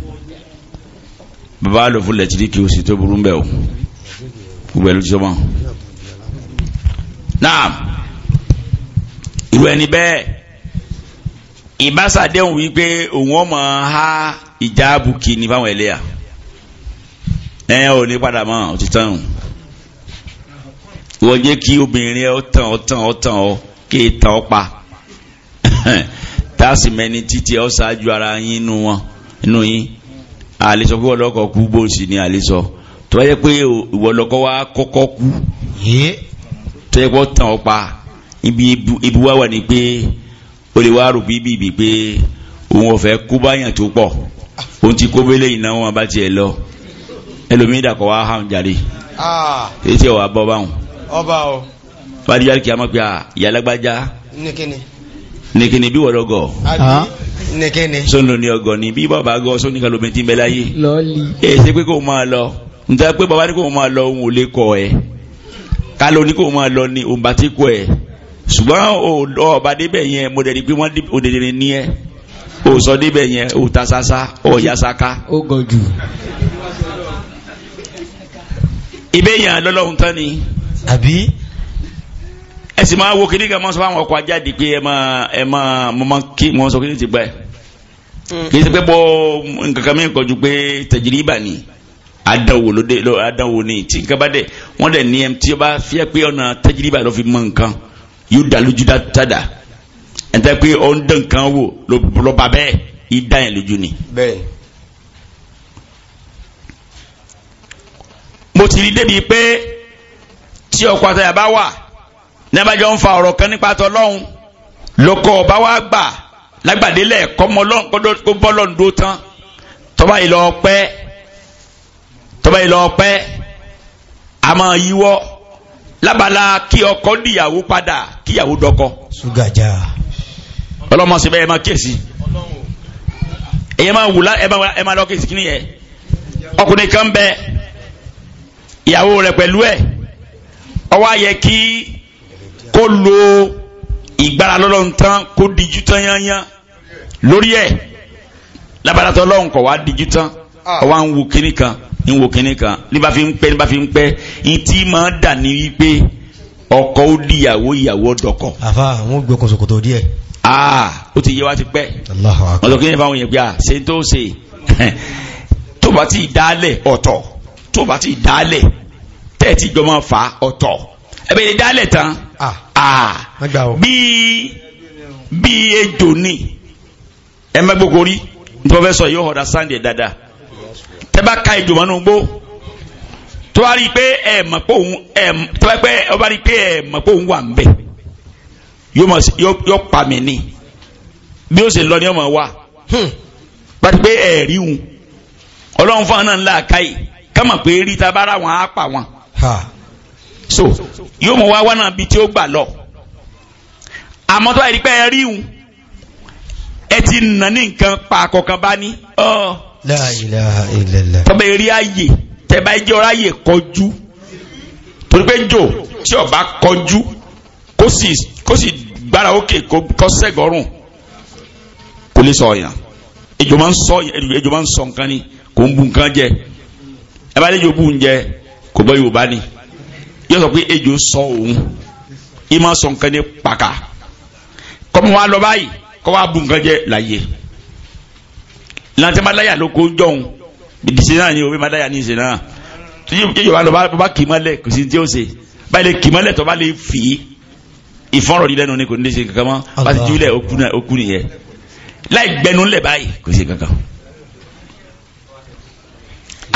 bàbá lọ fún lẹ́tíríkì o sì tó burú bẹ́ẹ̀ o gbogbo ẹ̀lú sọ́mọ́. naam irú ẹni bẹ́ẹ̀ ìbáṣà dẹ́hùn wípé òun ọmọ ha ìjáàbù kì ní báwọn ẹlẹ́yà ẹ ò ní padà mọ́ ọ ti o wọ́n jẹ́ kí obìnrin ọ tàn ọ tàn ọ tàn ọ kí e tàn ọ pa [LAUGHS] táàsì mẹ́ni títí ọ ṣáájú ara yín inú wọn inú yín àlesọ pé ọlọ́kọ̀ kú bó sì ni àlesọ tó bá yẹ pé ìwọ lọ́kọ́ wa kọ́kọ́ kú tó yẹ kó tàn ọ pa ibi wá wà ní pé o lè wá rò bíbí ibi pé òun ò fẹ́ kó báyàn tó pọ̀ òun ti kó bẹ́lẹ̀ ìnáwó abá lọ ẹlòmíì dàkọ̀ wá hàn jáde ah. èyí tí ò wá bọ́ báwọn. ọba o. fàdí yàrá kí a máa pe ah, ìyá nìkíni. nìkíni bí wọ́n lọ́gọ̀. Ah. nìkíni. sọ́nù ni ọgọ̀ ni bí bàbá gọ sọ́nù kalomi ti ń bẹ láyé. lọ́ọ̀lì. ẹ ṣe pé kò máa lọ níta pé bàbá ní kò máa lọ òun ò lè kọ ẹ kálọ ní kò máa lọ ni òun bá ti kọ ẹ ṣùgbọ́n ọba débẹ̀ yẹn mo dẹ̀ di pé wọ́n òdèdè ní ẹ òsọ débẹ̀ yẹn òtasasa ọ̀yasaka. ó gọ̀ jù. Ibe ìbéèyàn lọ́lọ́hun tán ni. àbí. ẹ sì máa wo kìnìkan máa sọ fún àwọn ọkọ̀ ajáde pé ẹ máa ẹ máa mo máa kí wọn sọ kìnìkan ti gbà ẹ. Mm. kì í ṣe pé bọ́ nǹkan kan mìíràn kọjú pé tẹ̀jìrìbà ni adanwo ló dé adanwo ni tí nǹkan bá dẹ̀ wọ́n dẹ̀ ní ẹ tí ó bá fíẹ́ pé ọ̀nà tẹ̀jìrìbà ló fi mọ nǹkan yóò dá lójú dáadáa ẹ̀ ń tẹ́ pé ọ̀ ń dán nǹkan wò lọ́ba bẹ́ẹ̀ ìdá yẹn lójú ni. bẹ́ẹ̀ mo ti rí débi pé tí ọkọ àtàyà bá wà ní abájọ ń fa ọ̀rọ̀ kan nípa tọlọ́hún lọ́kọ ọba wa gbà lágbàdélẹ̀ kọ́mọ bọ́lọ́ǹdó tán tọ́ba yìí lọ pẹ́ tọ́ba yìí lọ pẹ́ àmọ́ yíwọ́ lábala kí ọkọ níyàwó padà kíyàwó dọ́kọ. sugaja. ọlọ́mọ síbẹ̀ ẹ máa kíyèsí ẹ̀yẹ́ máa wù ẹ máa lọ kíyèsí kí ni yẹ ọkùnrin kan bẹ́ẹ̀ ìyàwó rẹ̀ pẹ̀lú ẹ̀ ọwọ́ ayẹ kí kó lo ìgbára lọ́lọ́run tán kó dijú tán yányán lórí ẹ̀ labalatọ lọ́hùn kọ̀ wá dijú tán àwa ah. ń wo kinní kan ń wo kinní kan nígbà fi ń pẹ́ nígbà fi ń pẹ́ ìtì máa dà ní wípé ọkọ ó di ìyàwó ìyàwó dọkọ. àfa àwọn gbé kòsòkòtò díẹ̀. aa ah, ó ti yé ti pẹ́. Allahu Akbar. ọ̀dọ̀ kí ni fáwọn yẹn gbé a ah, ṣe tó ṣe [LAUGHS] tó bá ti dálẹ̀ ọ̀tọ̀ tó bá ti dálẹ̀ tẹ́ ẹ ti jọ máa fa ọ̀tọ̀ ẹ bẹ̀rẹ̀ dálẹ̀ tán ah. Ah. bí bí ejò ni ẹ má gbogbo rí ní tó fẹ́ sọ yóò ọ̀dà sáǹdì ẹ̀ dáadáa tẹ́ bá ka ejò mọ́nú gbó tó bá rí i pé ẹ mọ̀ pé òun ẹ tó bá pẹ́ ọ bá rí i pé ẹ mọ̀ pé òun wà ń bẹ̀ yóò pa mí ni bí ó ṣe lọ ni ọmọ wa pàtó pé ẹ̀ẹ́rí òun ọlọ́run fún àwọn náà ńlá àkáyè kọ́mọ̀ pé rí ta bára wọn á pa wọn. so yóò mọ̀ wá wá náà bíi tí ó gbà lọ. àmọ́ tó àìrí pé ẹ rí un ẹ ti nà ní nǹkan pa àkọ́kàn bá ní. La ilaha illallah. tọ́bẹ̀ rí ààyè tẹ́bá ẹ jẹ́ ọ̀rọ̀ ààyè kọjú torí pé jò tí ọba kọjú kó sì kó sì gbára òkè kó sẹ́gọ̀rùn kò lè sọ ọ̀yàn ejò máa ń sọ nǹkan ni kò ń bu nǹkan jẹ ẹ bá lé yorùbá oúnjẹ kò gbọ́ yorùbá ni yóò sọ pé ejò sọ òun yìí máa sọ nǹkan ní pàkà kọ́mọ wa lọ báyìí kọ́ wa bu nǹkan jẹ láàyè lantẹ́máláyà ló kó jọ̀hún ìdìsí náà ni òwe máláyà ní ìsìn náà tí yorùbá lọ bá kì í mọ́lẹ̀ kò sí tí ó ṣe báyìí lè kì í mọ́lẹ̀ tó bá lè fì í ìfọ́nrọ̀ yìí lẹ́nu ni kò ní ṣe kankan mọ́ bá ti júlẹ̀ okun nìyẹn láì gbẹnu lẹ̀ báyìí kò sí kankan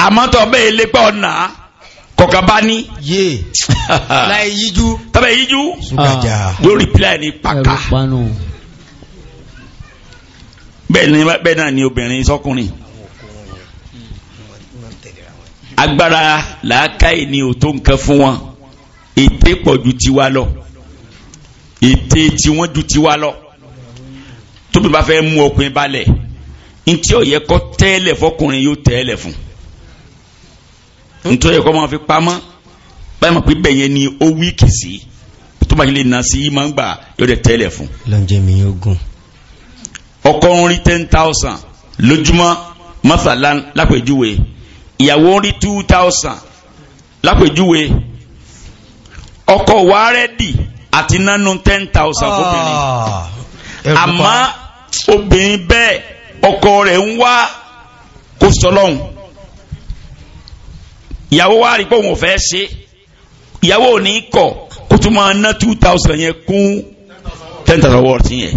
àmọ́tọ̀ bẹ́ẹ̀ lé pẹ́ ọ̀nà kọ̀ọ̀kan bá ní. yé [LAUGHS] láì yíjú. tọ́bẹ̀ yíjú. sugaja ah, yóò rìpílà ní pàkà. bẹ́ẹ̀ náà ni obìnrin sọkùnrin. agbára làákàyè ni ò tó nǹkan fún wọn ète pọ̀ ju tiwa lọ ète tiwọn ju tiwa lọ tóbi bá fẹ́ mú ọkùnrin balẹ̀ ntí ó tẹ́lẹ̀ fọkùnrin yóò tẹ́lẹ̀ fún un nítorí ẹ̀kọ́ máa fi pamọ́ báyìí máa pè bẹ́ẹ̀ yẹn ni ó wíìkì sí tó bá lè nà sí yìí máa ń gbà yóò tẹ́lẹ̀ fún. lọ́njẹ́ mi yóò gùn. ọkọ ń rí ten thousand lójúmọ́ mọ́sálá lápèjúwe ìyàwó ń rí two thousand lápèjúwe ọkọ wàárẹ́dì àti nánú ten thousand fóbìnrin ah, àmọ́ obìnrin bẹ́ẹ̀ ọkọ rẹ̀ ń wá kó sọlọ́hún ìyàwó wa rí pé òun ò fẹ́ ṣe ìyàwó ní kọ̀ kó tún máa ná two thousand yẹn kún ten thousand wọ́ọ̀rù sí yẹn.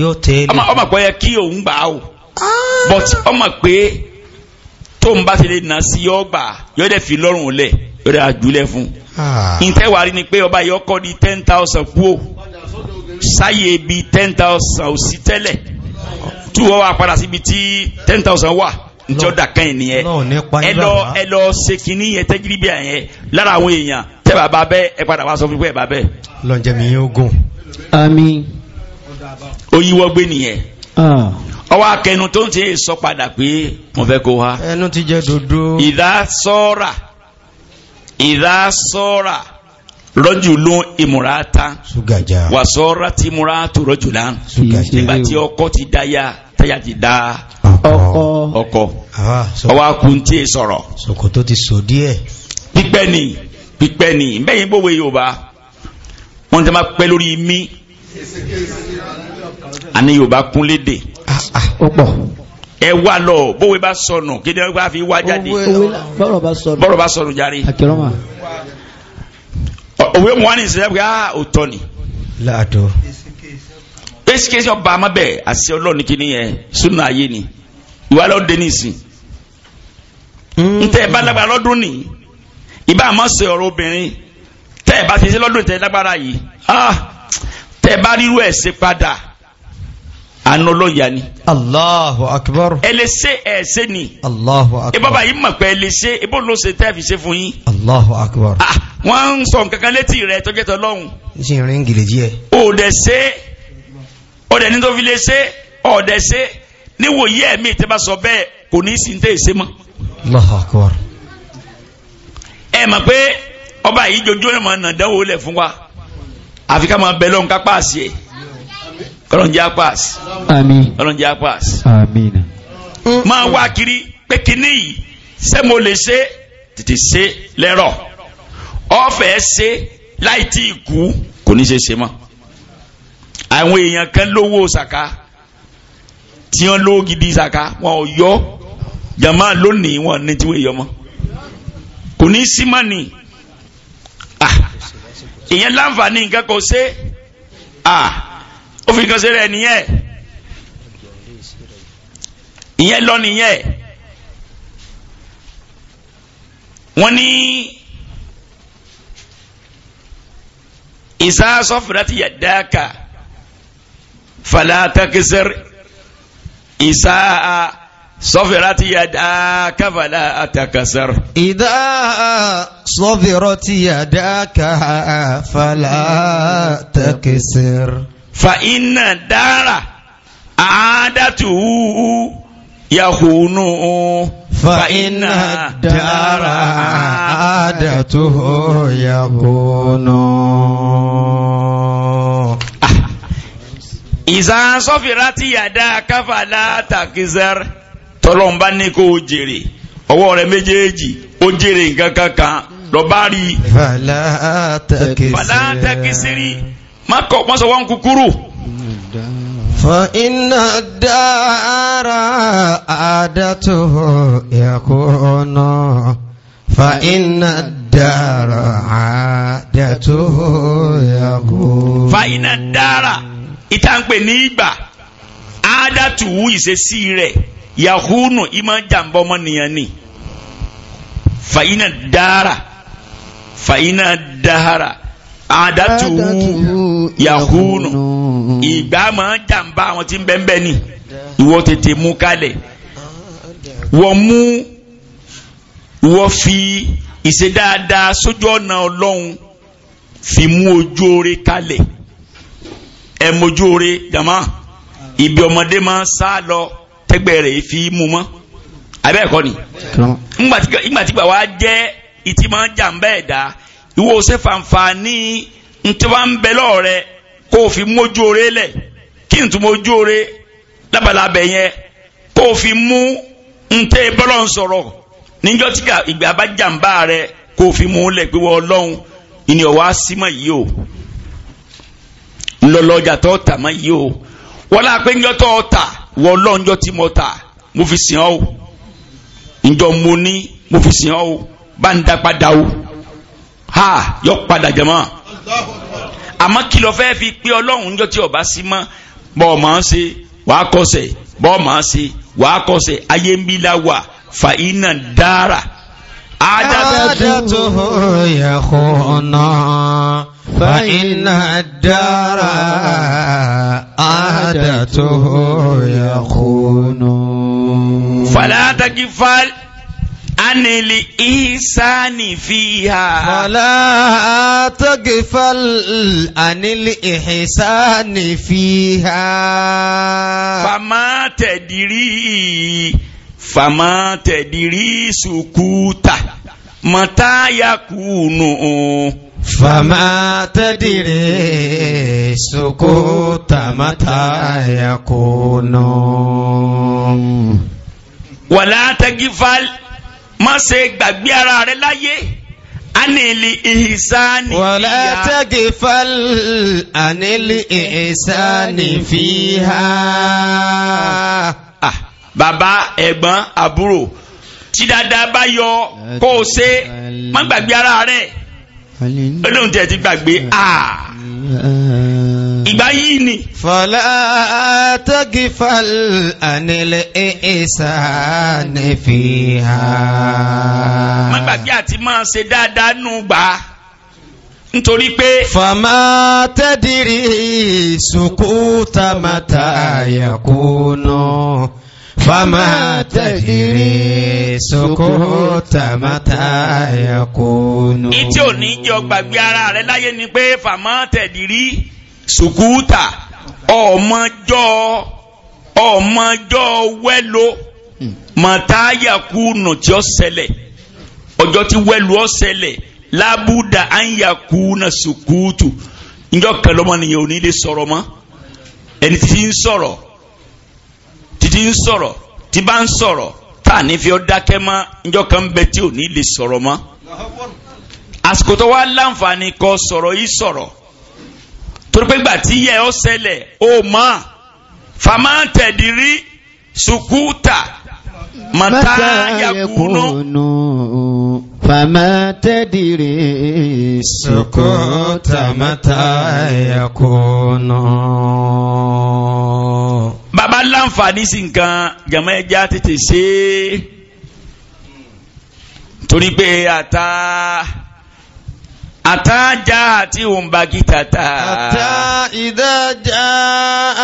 yóò tẹ́lẹ̀ ọmọ ọmọ pé yẹ kí òun gbà á but ọmọ pé tóun bá ti lè nà sí yọ gbà yọ dẹ̀ fi lọ́rùn lẹ̀ yọ dẹ̀ àjùlẹ̀ fún un. ìtẹ́wàá ah. rí ni pé ọba yọ kọ́ di ten thousand kú o sáyé bíi ten thousand ò sí tẹ́lẹ̀ tí wọ́n wá padà síbi tí ten thousand wà njọ́ da kan yìí nìyẹn ẹ lọ ẹ lọ sekini yẹn tẹ́giri bí yẹn lára àwọn èèyàn tẹ́ bàbá bẹ́ ẹ padà wá sọ fún pé bàbá bẹ́. lọ́njẹ̀mí yóò gùn. àmín. ó yíwọ́ gbé nìyẹn. ọwọ́ tó ń ti sọ padà pé mo fẹ́ kó wa. ẹnu ti jẹ dodo. ìdá sọ́ra ìdá sọ́ra rọ́jùlún ìmúrata wàsọ́ra ti múra tó rọ́jùlá nígbà tí ọkọ ti dáyà táyà ti dá ọkọ ah, ọwọ́ akuntí sọ̀rọ̀ ṣòkòtò ti sọ díẹ̀ pípẹ́ ni pípẹ́ ni bẹ́yìn bówe yorùbá wọ́n ti lórí mi àní yorùbá kúnlédè ah, ah. ẹ wá lọ bówe bá sọnù kí ni wọ́n bá fi wá jáde bọ́rọ̀ bá sọnù járe òwe mu wani sẹ pé aa òtọ ni. láàtọ. esikesi ọba ama bẹ àṣẹ Ọlọ́run ní kíni yẹn súnà ayé ni ìwà lọ dé nísìn. Hmm. ntẹ ba bá lágbára lọ́dún ni ìbá àmọ́ sọ ọ̀rọ̀ obìnrin tẹ ẹ bá ti ṣe lọ́dún tẹ lágbára yìí ah, tẹ ẹ bá ẹ ṣe padà àna ọlọ́yà ni. Allahu akbar. ẹlẹ́sẹ̀ ni. Allahu akbar. ibaba yìí mọ̀ pé ẹlẹ́sẹ̀ ibò ló ṣe fi ṣe fún yín. Allahu akbar. ah wọ́n ń sọ nǹkankan létí rẹ̀ tó jẹ́ tọ́lọ́hun. ṣe ìrìn gìlèjì ẹ. òdẹ ṣe òdẹ ní tó fi lè ṣe òdẹ ṣe níwòyí ẹ̀mí ìtẹ́ bá sọ bẹ́ẹ̀ kò ní í sí ní tẹ́ ìṣe mọ́. Allahu Akbar. ẹ mọ̀ pé ọba yìí jojú ẹ̀ mọ̀ ọ̀nà dánwò lẹ̀ fún wa àfi ká máa bẹ lọ́hùn ká páàsì ẹ̀ kọ́lọ́njẹ́ apáàsì. àmín. kọ́lọ́njẹ́ apáàsì. àmín. máa wá kiri pé kinní yìí sẹ́mo lè ṣe tètè ṣe lẹ́rọ̀ ọ̀fẹ́ ṣe láì tí ì kú kò ní ṣe ṣe mọ́ àwọn èèyàn kan lówó sàká tí wọ́n lówó gidi sàká wọn ò yọ jàmáà lónìí wọn ní tí wọ́n yọ mọ́ kò ní sí mọ́ ni ìyẹn láǹfààní nǹkan kò ṣe ó fi nǹkan ṣe rẹ̀ nìyẹn ìyẹn lọ nìyẹn wọ́n ní. إذا صفرت يداك فلا تكسر إذا صفرت يداك فلا أتكسر إذا صفرت يداك فلا تكسر فإن الدار عادته يخونه فإن الدار عادته يكون إذا صفرت يداك فلا تكزر tọ́lọ́mbá ní kó o jèrè ọwọ́ rẹ méjèèjì ó jèrè nǹkan kankan lọ́ba rí i. fàlàtàkìsírí Makọ wọn nkukuru. فإن الدار عادته يكون فإن الدار عادته يكون فإن الدار ìtànpè ní ìgbà àádátùwú ìṣesí rẹ̀ yahunu ìmọ̀ jàǹbá ọmọnìyàn ni fàyínà dára fàyínà dára àdàtúwú yahunu ìgbà máa ń jàǹbá àwọn tí ń bẹ́ẹ̀ bẹ́ẹ̀ ni ìwọ tètè mú kalẹ̀ wọ́n mú wọ́n fi ìṣe dáadáa sójú ọ̀nà ọlọ́run fi mú ojú oore kalẹ̀ ẹ mojú oore jàmá ibi ọmọdé máa ń sá lọ tẹ́gbẹ́ rẹ̀ fi mú mọ́ abẹ́ ẹ̀kọ́ ni ńgbàtígbà wa jẹ́ ìtì máa ń jàǹbá ẹ̀dá ìwọ ṣe fàǹfààní ntí wọn ń bẹ lọ́ọ̀rẹ́ kó o fi mójú oore lẹ̀ kí n tún mójú oore lábalábẹ̀ yẹn kó o fi mú ntẹ́ bọ́lọ̀ ń sọ̀rọ̀ níjọ́ tí ìgbà bá jàǹbá rẹ ìní ọ̀wá símọ̀ yìí o ńlọlọ́jà tó tà o wọ́n lá pé ńjọ́ tó tà wọ́n ọlọ́run jọ́ o ǹjọ́ mo o bá ha yọ padà jẹmọ àmọ́ kìlọ̀ fẹ́ fi pé Ọlọ́run níjọ́ tí ọba sí mọ bọ ọ máa ń ṣe wàá kọsẹ̀ bọ ọ máa ń ṣe wàá kọsẹ̀ ayé ń bí la wà fa iná dára. عادته يخونا فإن الدار عادته يخون فلا تكفل anili ihsani fiha. Fala tagfal anili ihsani fiha. Fama tẹ̀dìrí fama tẹ̀dìrí sukuta Mata yakunu. Fama tẹ̀dìrí sukuta Mata yakunu. Wala tagfal má ṣe gbàgbé ara rẹ láyé anili ihisani wala tagfal anili ihisani fiha ah bàbá ẹ̀gbọ́n àbúrò tí dáadáa bá yọ kó o ṣe má gbàgbé ara rẹ olóhùn tí ti gbàgbé ah ìgbà yìí ni. fọlá àtọ́gífàl ànílẹ̀ ẹ̀ẹ́sà nífi ha. má gbàgbé àti máa ṣe dáadáa nù gbà nítorí pé. fàmà tẹ́dìrì sùkúta mata yẹ̀kú náà. فما تدري سكوت متى يكون ìtí ò ní jẹ́ ọgbàgbé ara rẹ láyé ni pé fàmọ́ tẹ̀dírí sùkúùtà ọmọjọ́ ọmọjọ́ wẹ́lo mọ̀táyàkúnù tí ó ṣẹlẹ̀ ọjọ́ tí wẹ́lu ó ṣẹlẹ̀ lábúdà áyàkúnù sùkúùtù ìjọ kẹlọ́mọ nìyẹn ò ní lè sọ̀rọ̀ mọ́ ẹni tí ń sọ̀rọ̀ títí ń sọ̀rọ̀ tí bá ń sọ̀rọ̀ tá à ní fi ọ́ dákẹ́ mọ́ njọ́ kan ń bẹ tí ò ní lè sọ̀rọ̀ mọ́ àsìkò tó wá láǹfààní kọ sọ̀rọ̀ yìí sọ̀rọ̀ torí pé gbà tí yẹ ọ́ ṣẹlẹ̀ ó mọ̀ fàmáǹtẹ̀dìrí sùkúùtà mata ya yakunu fama tadiri sukuta mata yakunu. baba láǹfààní sí nǹkan jama ẹja tètè ṣe torí pé ata. Ata já àti òǹbà gíta táa. Àtá ìdá já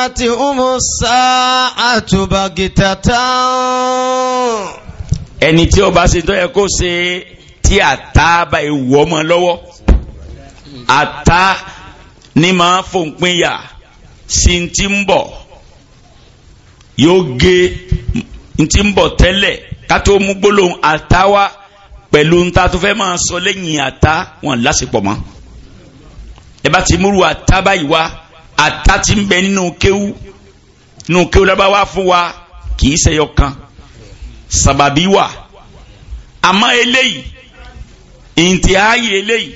àti òmù sá àtùbà gíta táa. Ẹni tí ó bá ṣe tó yẹ kó ṣe tí àtá bá ewu ọmọ lọ́wọ́. Àtá ni máa fòpin yà sí ti ń bọ̀. Yóò gé ti ń bọ̀ tẹ́lẹ̀ ká tó mú gbólóhùn àtá wá pẹ̀lú ntá tó fẹ́ máa sọ lẹ́yìn ata wọn lásìpọ̀ mọ́ ẹ bá ti múru ata báyìí wá ata ti ń bẹ nínú kéwú nínú kéwú lábáwá fún wa kì í ṣẹyọ kan sàbàbí wà àmọ́ eléyìí ntí ayé eléyìí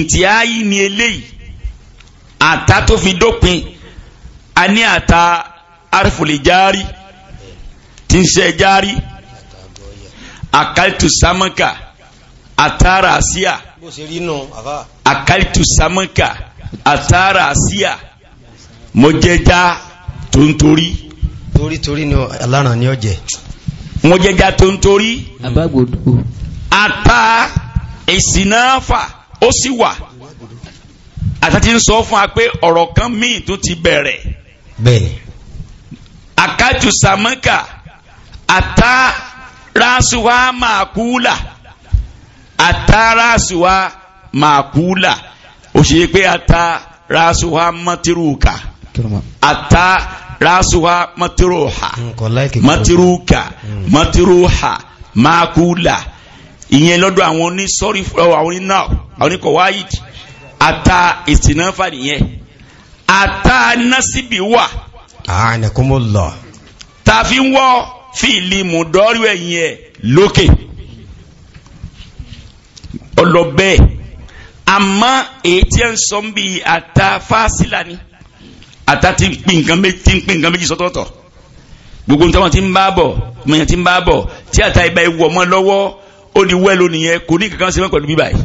ntí ayé ni eléyìí ata tó fi dópin a ní ata arifoli tí ń ṣe jaari akalitu samaka atara asia akalitu samaka atara asia mo jẹja tó ń torí. torí torí ni aláràn ni ó jẹ. mo jẹja tó ń ata ìsìnáfà ó sì wà àtàtí ń sọ fún wa pé ọ̀rọ̀ kan míì tó ti bẹ̀rẹ̀. bẹ́ẹ̀ni. akalitu samaka ata. rasuwa makula ata rasuwa makula ó ṣe pé ata rasuwa matiruka ata rasuwa matiruha matiruka hmm. matiruha makula ìyẹn lọ́dọ̀ àwọn oní sọ́rí àwọn oní náà àwọn oní kọ̀wáyìdì ata ìsìnáfà nìyẹn ata násìbí wà. Ah, àánẹ̀kúnmọ́ lọ. tàfi ń wọ́ fíìlì mùdọ́rù ẹ̀yìn ẹ̀ lókè ọlọ́bẹ̀ àmọ́ èyí tí ẹ ń sọ bí ata fásilà ni ata ti ń pín nǹkan méjì ti ń pín nǹkan méjì sọ́tọ̀ọ̀tọ̀ gbogbo nǹkan tí ń bá bọ̀ mọ̀nyàn tí ń bá bọ̀ tí ata ìbá ìwọ̀ mọ́ lọ́wọ́ ó di wẹ́lò nìyẹn kò ní kankan ṣe mọ́ pẹ̀lú bíbá yìí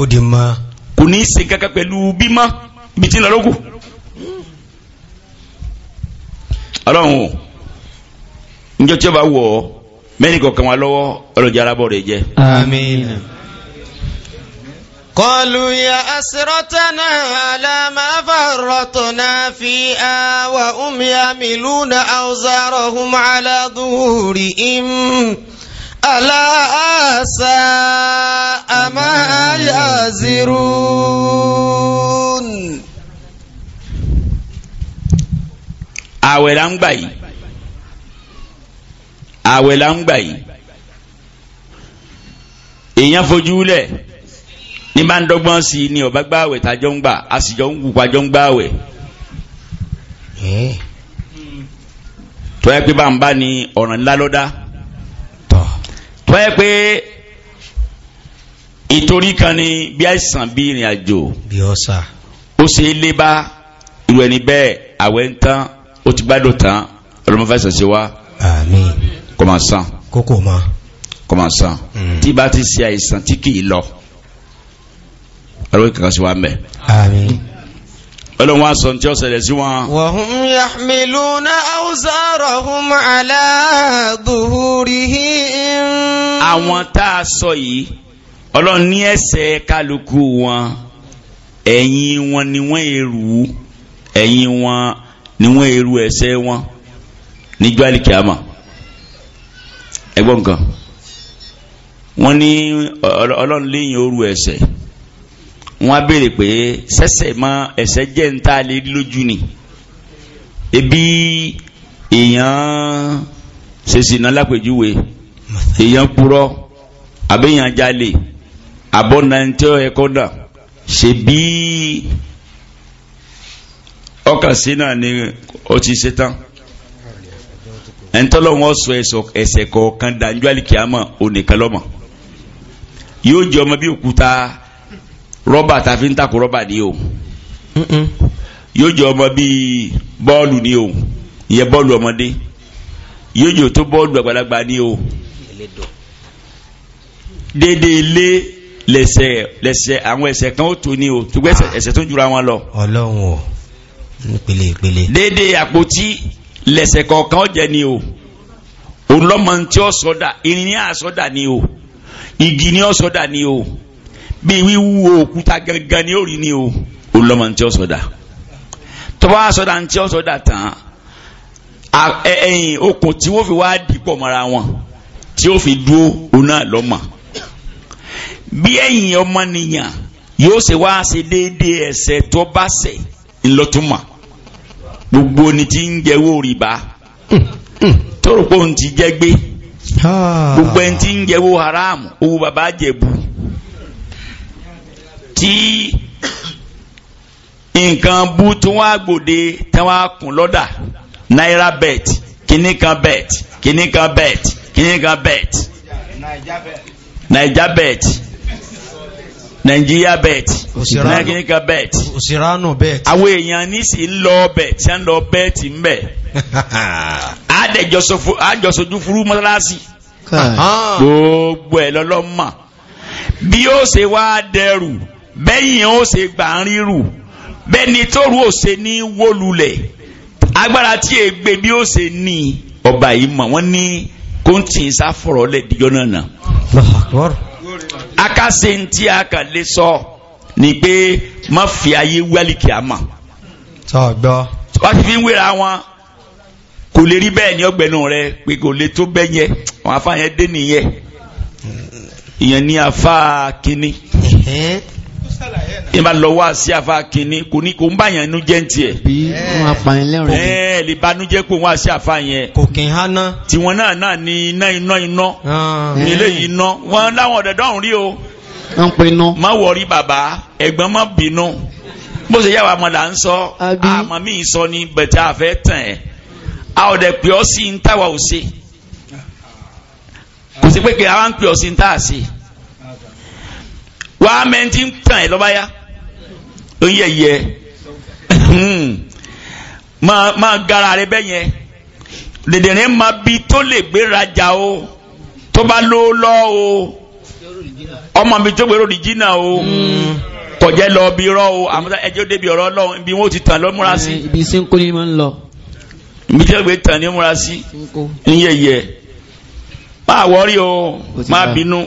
ó di mọ́ kò ní ṣe kankan pẹ̀lú bímọ́ ibi tí ń lọ lókù ọlọ́run o njọ́ tí ó bá wọ̀ ọ́ mẹ́rin kọ̀ọ̀kan wa lọ́wọ́ ọlọ́jà arábọ̀ rẹ̀ jẹ́. àmín. قالوا يا أسرتنا على ما فرطنا فيها وهم يملون أوزارهم على ظهورهم ألا ساء ما يزرون àwẹ̀ la ń gbà yìí àwẹ̀ là ń gbà yìí èèyàn fojú lẹ̀ ní máa ń dọ́gbọ́n sí ni ọba gbá àwẹ̀ tájọ́ ń gbà a sì jọ ń wù pàjọ́ ń gbà àwẹ̀ tọ́yẹ́ pé bá ń bá ní ọ̀ràn ńlá lọ́dá tọ́yẹ́ pé ìtorí kan ní bí àìsàn bí ìrìn àjò ó ṣe é lé bá irú ẹni bẹ́ẹ̀ àwẹ̀ ń tán ó ti bá tán ọlọ́mọ fẹsẹ̀ ṣe wá. àmín kò máa san kókò ma kò máa san tí bá ti ṣe àìsàn tí kì í lọ ọlọ́wọ́ kankan sí wa mẹ́. àmín. ọlọ́run wa sọ ní tí ó ṣẹlẹ̀ sí wọn. wa hum yahmiluna awzarahum ala zuhurihim. àwọn tá a sọ yìí ọlọ́run ní ẹsẹ̀ kálukú wọn ẹ̀yìn wọn ni wọ́n èrú ẹ̀yìn wọn ni wọ́n èrú ẹsẹ̀ wọn níjọ́ àlìkíyàmá ẹgbọ́n kan wọ́n ní ọlọ́run léyìn oru ẹ̀ṣẹ̀ wọ́n á béèrè pé sẹ́sẹ̀ mọ́ ẹ̀ṣẹ̀ jẹ́ ń tá lè rí lójú ni ebi èèyàn ṣèṣìnà lápèjúwe èèyàn purọ́ àbẹ̀yàn jalè àbọ̀nàntẹ́ ẹ̀kọ́ náà ṣe bí ọkàn sí náà ni ó ṣe tán ẹ̀ńtọ́lọ́wọ́n sọ ẹsẹ̀ kọ̀ọ̀kan dájú àlìkíyàmọ̀ onìkan lọ́mọ yóò jẹ ọmọ bí òkúta rọ́bà tàfi ń takò rọ́bà ni o yóò jẹ ọmọ bí bọ́ọ̀lù ni o ìyẹn bọ́ọ̀lù ọmọdé yóò jẹ tó bọ́ọ̀lù àgbàlagbà ni o dédé ilé lẹ́sẹ̀ lẹ́sẹ̀ àwọn ẹsẹ̀ kan ó tó ni o tó gbé ẹsẹ̀ tó jura wọn lọ. Ọlọ́run o nípele ìpele. dédé àpótí lẹ́sẹ̀ kọ̀ọ̀kan ọ̀jẹ̀ ni o òun lọ́mọ tí ó sọ́dà irin ní àsọ́dà ni o igi ní ọ̀sọ́dà ni o bí wíwú òkúta gangan ni ó rí ni o òun lọ́mọ tí ó sọ́dà tọ́wọ́ àsọ́dà tí ó sọ́dà tán ẹ̀yìn okùn tí wọ́n fi wá dìpọ̀ mọ́ra wọn tí ó fi dúró òun lọ́mọ bí ẹ̀yìn ọmọnìyàn yóò ṣe wá ṣe déédéé ẹsẹ̀ tó bá ṣẹ̀ ńlọtúmọ̀ gbogbo ni ti ń jẹ́wọ́ rìbá tóró pé òun gbogbo ẹni ti haram owó bàbá jẹ̀bù tí nǹkan bú tí wọ́n á gbòde tí á kùn lọ́dà náírà bet kìíní kan bet naija bet. nàìjíríà bet nàìjíríà bet òsiránù bet àwọn èèyàn nísì ń lọ bet ṣe ń lọ bet ń bẹ àjọsojú [LAUGHS] furu mọ́tàlásì gbogbo ẹ̀ lọ́lọ́mọ bí ó ṣe wá dẹrù bẹ́yìn ó ṣe gbà ń rírù bẹ́ni tóru ó ṣe ní wólulẹ̀ agbára tí ègbè bí ó ṣe ní ọba yìí mọ̀ wọ́n ní kóńtì sáfọ̀rọ̀ lẹ́díjọ́ náà náà akase ntí akalẹ sọ ni pé má fi ayé wálì kí a mọ̀. tọ́gbọ́. wọ́n ti fi ń wéra wọn kò lè rí bẹ́ẹ̀ ní ọgbẹ́nu rẹ pé kò lè tó bẹ́ẹ̀ yẹn wọn afa yẹn dé nìyẹn ìyẹn ní afa kínní tí n bá lọ wá sí afa kínní kò ní kò ń bá yàn inú jẹ́ tiẹ̀. bí wọn apààyàn lẹ́rọ. ẹ lè ba inú jẹ́ pé wọ́n á sí afa yẹn. kò kì í hana. tiwọn náà náà ni iná iná iná. eléyìí ah. iná wọn láwọn ọ̀dẹ̀ dọ́hùn rí o. ń pe iná. má wọrí bàbá ẹ̀gbọ́n má bínú. bó ṣe yá wa mọ̀ ń sọ. àmọ́ mi ì sọ ni bẹ̀tẹ̀ àfẹ́ tàn ẹ́. a ọ̀dẹ̀ pè ọ́ sí ń táwa ò ṣe. kò sí pé kí a wá ń pè ọ́ sí ń tá a ṣe. wàá mẹ́ntì ń ló ń yẹ̀yẹ́ máa hmm. máa gara rẹ bẹ́ yẹn dèdèrè máa bi tó lè gbéraja o tó bá lo lọ o ọmọ mi tó gbèrò òrìjínà o hmm. kọjá lọ bí rọ o àmọ́ ẹjọ́ débi ọ̀rọ̀ ọlọ́run ibi wọn ò ti tàn lọ múra sí. Eh, ibi sí ń kó ni Ma ń lọ. ibi tí wọ́n gbé tàn ní múra sí ń yẹ̀yẹ́ o máa bínú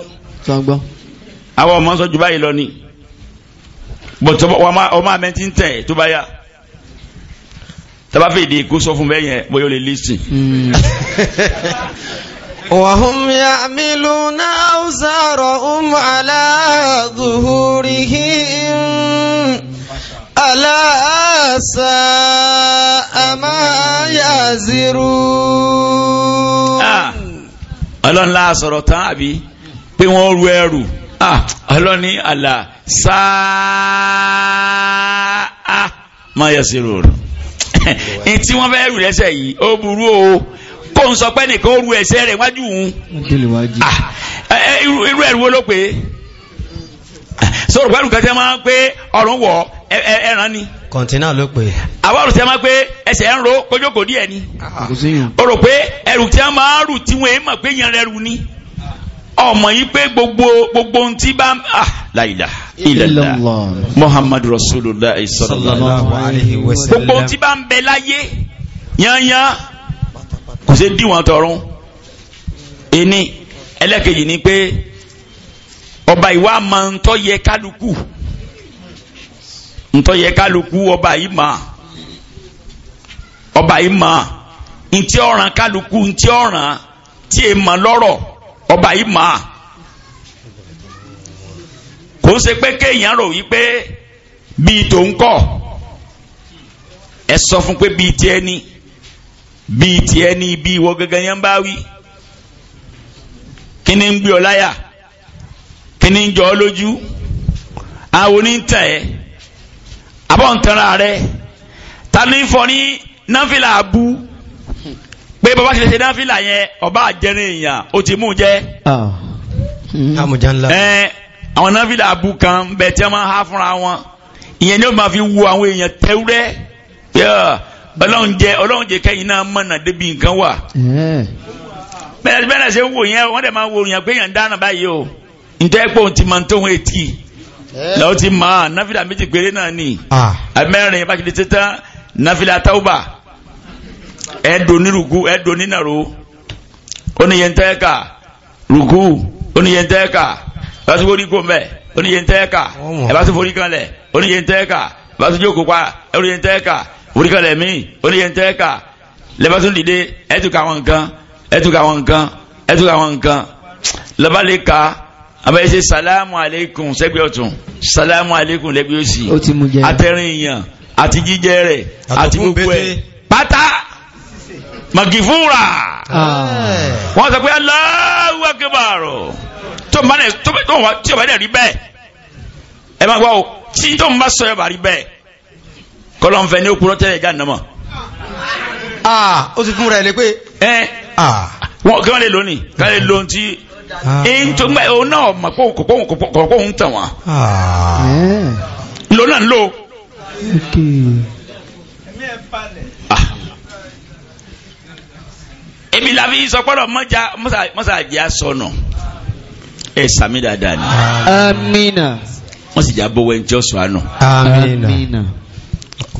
àwọn ọmọ sọ jù báyìí ni bọ̀tọ̀ ọmọ àmẹ́ ti ń tẹ̀ tó bá yá tabafe de ko sọ fún bẹ́ẹ̀ yẹn bóyá o lè lísìn. وهم يحملون أوزارهم على ظهورهم ألا ساء ما يزرون. ọlọ́run la sọ̀rọ̀ tán àbí pé wọ́n rú ẹrù. Ah, ọlọ́ni àlà sáà má yẹ sí rò rò n tí wọ́n fẹ́ rù lẹ́sẹ̀ yìí ó burú o kó n sọ pé nìkan ó rù ẹsẹ̀ rẹ̀ wájú òun ah, irú ẹ̀rù wo ló pé ah, sọ̀rọ̀ pẹ̀lú kan tẹ́ máa ń pé ọ̀rùn wọ̀ ẹran ni. kọ̀ǹtínà ló pè. àwọn ọ̀rùn tẹ́ máa pé ẹsẹ̀ ń ro kójókòó díẹ̀ ni. Ah, o rò pé ẹrù tí wọ́n máa ń rù tí wọ́n èèmọ̀ pé yẹn rẹ̀ rù ni ọmọ yìí pé gbogbo gbogbo ohun tí bá ah la ilaha illallah muhammadu rasulullah sallallahu alaihi wasallam gbogbo ohun tí bá ń bẹ láyé yányán kò sí díwọ̀n tọrún ẹni ẹlẹ́kejì ni pé ọba ìwà máa ń tọ́ yẹ kálukú ń tọ́ kálukú ọba yìí máa ọba yìí máa ntí ọ̀ràn kálukú ntí ọ̀ràn tí èèmọ̀ lọ́rọ̀ ọba yìí mà á kò ń ṣe pé kéèyàn rò wípé bíi tòun kọ ẹ sọ fún pé bíi tiẹ̀ ni bíi tiẹ̀ ni bíi wọ gẹ́gẹ́ yẹn bá wí kíni ń gbé ọ láyà kíni ń jọ ọ lójú àwọn onítàn ẹ abọ́ rẹ ta ní fọ ní náfìlà abú pé bàbá ṣe ṣe náfìlà yẹn ọba àjẹrin èèyàn ó ti mú un jẹ. Ah. ẹ àwọn náfìlà abu kan bẹ tí wọn máa há fúnra wọn ìyẹn ni ó máa fi wo àwọn èèyàn tẹ́wúrẹ́ ọlọ́run jẹ ọlọ́run jẹ kẹ́yìn náà mọ̀nà débi nǹkan wà. Eh. bẹ́ẹ̀ bẹ́ẹ̀ náà ṣe wò yẹn wọ́n dẹ̀ máa wo yẹn pé yẹn ń dáná báyìí o ntẹ́ pé òun ti máa ń tó wọn etí eh. lọ́wọ́ ti máa náfìlà méjì péré náà ni ah. àmẹ́rin bá ti di títán náfìlà tauba ẹ̀ẹ́dò ní rùkú ẹ̀ẹ́dò ní nàró oníyẹntẹ́ẹ̀kà rùkú oníyẹntẹ́ẹ̀kà ẹ̀bá tó forí kó mbẹ́ oníyẹntẹ́ẹ̀kà ẹ̀bá tó forí kanlẹ̀ oníyẹntẹ́ẹ̀kà ẹ̀bá tó jókòó pa oníyẹntẹ́ẹ̀kà forí kanlẹ̀ mí oníyẹntẹ́ẹ̀kà lẹ́bá tó dìde ẹ̀tùkà àwọn nǹkan ẹ̀tùkà àwọn nǹkan ẹ̀tùkà àwọn nǹkan lọ́ba lè ka àbẹ̀ salamu aleikum sẹ́gbẹ́ ọ̀tún salamu aleikum lẹ́gbẹ́ òsì àtẹ̀rìn èèyàn àti jíjẹ rẹ̀ àti gbogbo ẹ̀ pátá magifura ah. wọ́n sọ pé Allahu Akbar tó bá dẹ̀ tó bá dẹ̀ rí bẹ́ẹ̀ ẹ máa gbọ́ o tí tó ń bá sọ ẹ bá rí bẹ́ẹ̀ kọ́lọ́ ń fẹ́ ní òkúrọ́ tẹ́lẹ̀ ìjà nàmọ́. Ah, ó ti fún rẹ̀ lé pé. ẹ ah. wọn kí wọ́n lè lónìí ká lè lóhun tí ẹ̀yìn tó ń gbà òun náà mọ̀ pé tàn wọ́n lónà ń lò. èmi la fi sọ pọ́lọ̀ mọ́sá àjẹ́ sọnù ẹ sàmì dáadáa ni. amina. wọ́n sì já bọ́wọ́ ẹni tí ó sọ àánú. amina.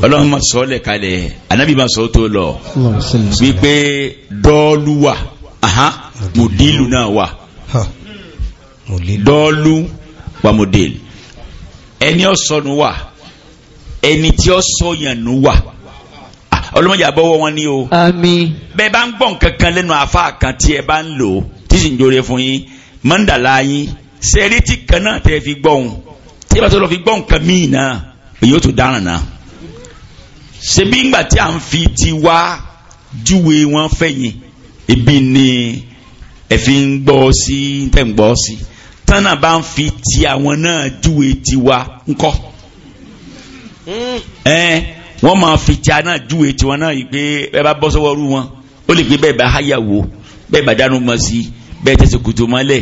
ọlọ́run ma sọ lẹ̀ kalẹ̀ anabi ma sọ tó lọ wípé dọ́ọ̀lù wà mùdílù náà wà dọ́ọ̀lù wà mùdílù ẹni ọ̀sọ́nu wà ẹni tí ọ̀sọ́yànnú wà ọlọ́mọdé àbọ̀wọ́ wọn ni o. àmín. bẹ́ẹ̀ bá ń gbọ́ nǹkan kan lẹ́nu àfa kan tí ẹ bá ń lò tí sì ń jore fún yín mọ́ndàlá yín sẹ́rẹ́tì kan náà tẹ́ fi gbọ́ òun tí ẹ bá tó lọ fi gbọ́ nǹkan míì náà èyí ó tún dáràn náà. ṣebí ńgbà tí à ń fi ti wá júwe wọn fẹ̀yìn ebi ni ẹ fi ń gbọ́ sí tẹ̀ ń gbọ́ sí tánà bá ń fi ti àwọn náà júwe tiwa ńkọ́. Hmm. ẹ wọ́n máa fi tí a náà júwe tiwọn náà yìí pé ẹ bá bọ́ sọ́wọ́ rú wọn ó lè pé bẹ́ẹ̀ bá háyà wò bẹ́ẹ̀ bá dánú mọ́ sí bẹ́ẹ̀ tẹ̀sí kùtù mọ́lẹ̀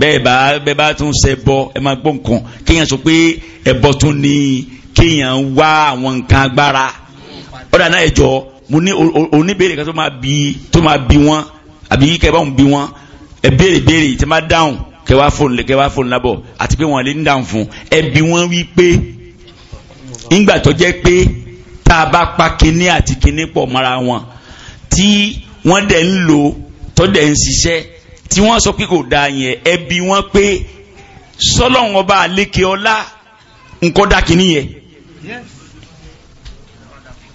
bẹ́ẹ̀ bá bẹ́ẹ̀ bá tún ṣe bọ́ ẹ máa gbọ́ nǹkan kéèyàn sọ pé ẹ̀bọ tún ní kéèyàn wá àwọn nǹkan agbára ọ̀dà náà ẹ̀jọ̀ mo ní oníbèrè kan tó máa bí wọn àbí kẹ́ bá wọn bí wọn ẹ tí wọn lè dáhùn fún tá a bá pa kinní àti kinní pọ̀ mọ́ra wọn tí wọ́n dẹ̀ ń lò tó dẹ̀ ń ṣiṣẹ́ tí wọ́n sọ pé kò da yẹn ẹbí wọn pé sọlọ́run ọba àlékè ọlá nǹkan dá kinní yẹn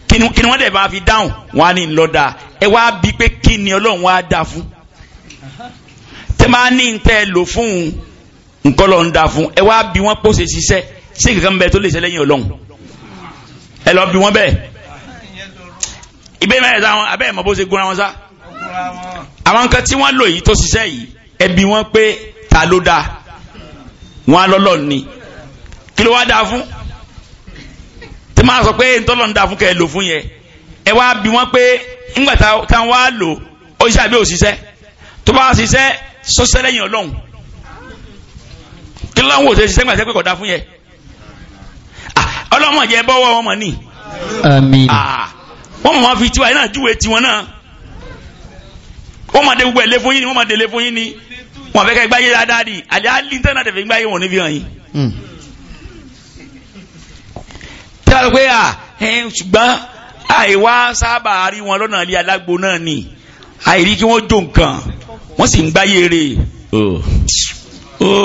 kí ni wọ́n dẹ̀ máa fi dáhùn wọn á ní lọ́dà ẹ wá bí pé kí ni ọlọ́run wá dá fún tẹ máa ní nǹkan ẹ lò fún nǹkan lọ́n dá fún ẹ wá bí wọ́n pòṣe ṣiṣẹ́ sí nǹkan bẹ tó lè ṣe lẹ́yìn ọlọ́run ẹ lọ bí wọn bẹ́ẹ̀ ibẹ̀ mẹ́rin sá wọn abẹ́ ìmọ̀ bó ṣe gúnra wọn sá àwọn nǹkan tí wọ́n lò yìí tó ṣiṣẹ́ yìí ẹ bi wọ́n pé ta ló dáa wọn á lọ́lọ́ ni kí ló wá dáa fún tí máa sọ pé ntọ́lọ́ ń dáa fún kẹ́ ẹ lò fún yẹn ẹ wá bi wọ́n pé ńgbà táwọn wá lò ó ṣiṣẹ́ àbí ò ṣiṣẹ́ tó bá ṣiṣẹ́ sọ́sẹ́ lẹ́yìn ọlọ́run kí ló ń wò ṣe ṣiṣẹ́ ńgbà tẹ́ pé kò dáa fún yẹn ọlọ́mọ jẹ́ bọ́wọ́ wọn mọ̀ ní. wọ́n mọ̀ fi tiwa náà júwe tiwọn náà wọ́n máa de gbogbo ẹ̀ fún yín ni wọ́n máa de fún yín ni wọ́n fẹ́ kẹ́ gbáyé dáadáa di àlẹ́ àlì tẹ́ tẹ̀fẹ́ gbáyé wọn níbi hàn hmm. tí a lọ pé à ṣùgbọ́n àìwá sábà rí wọn lọ́nà ilé alágbo náà ni àìrí kí wọ́n jó nǹkan wọ́n sì ń gbáyé rè é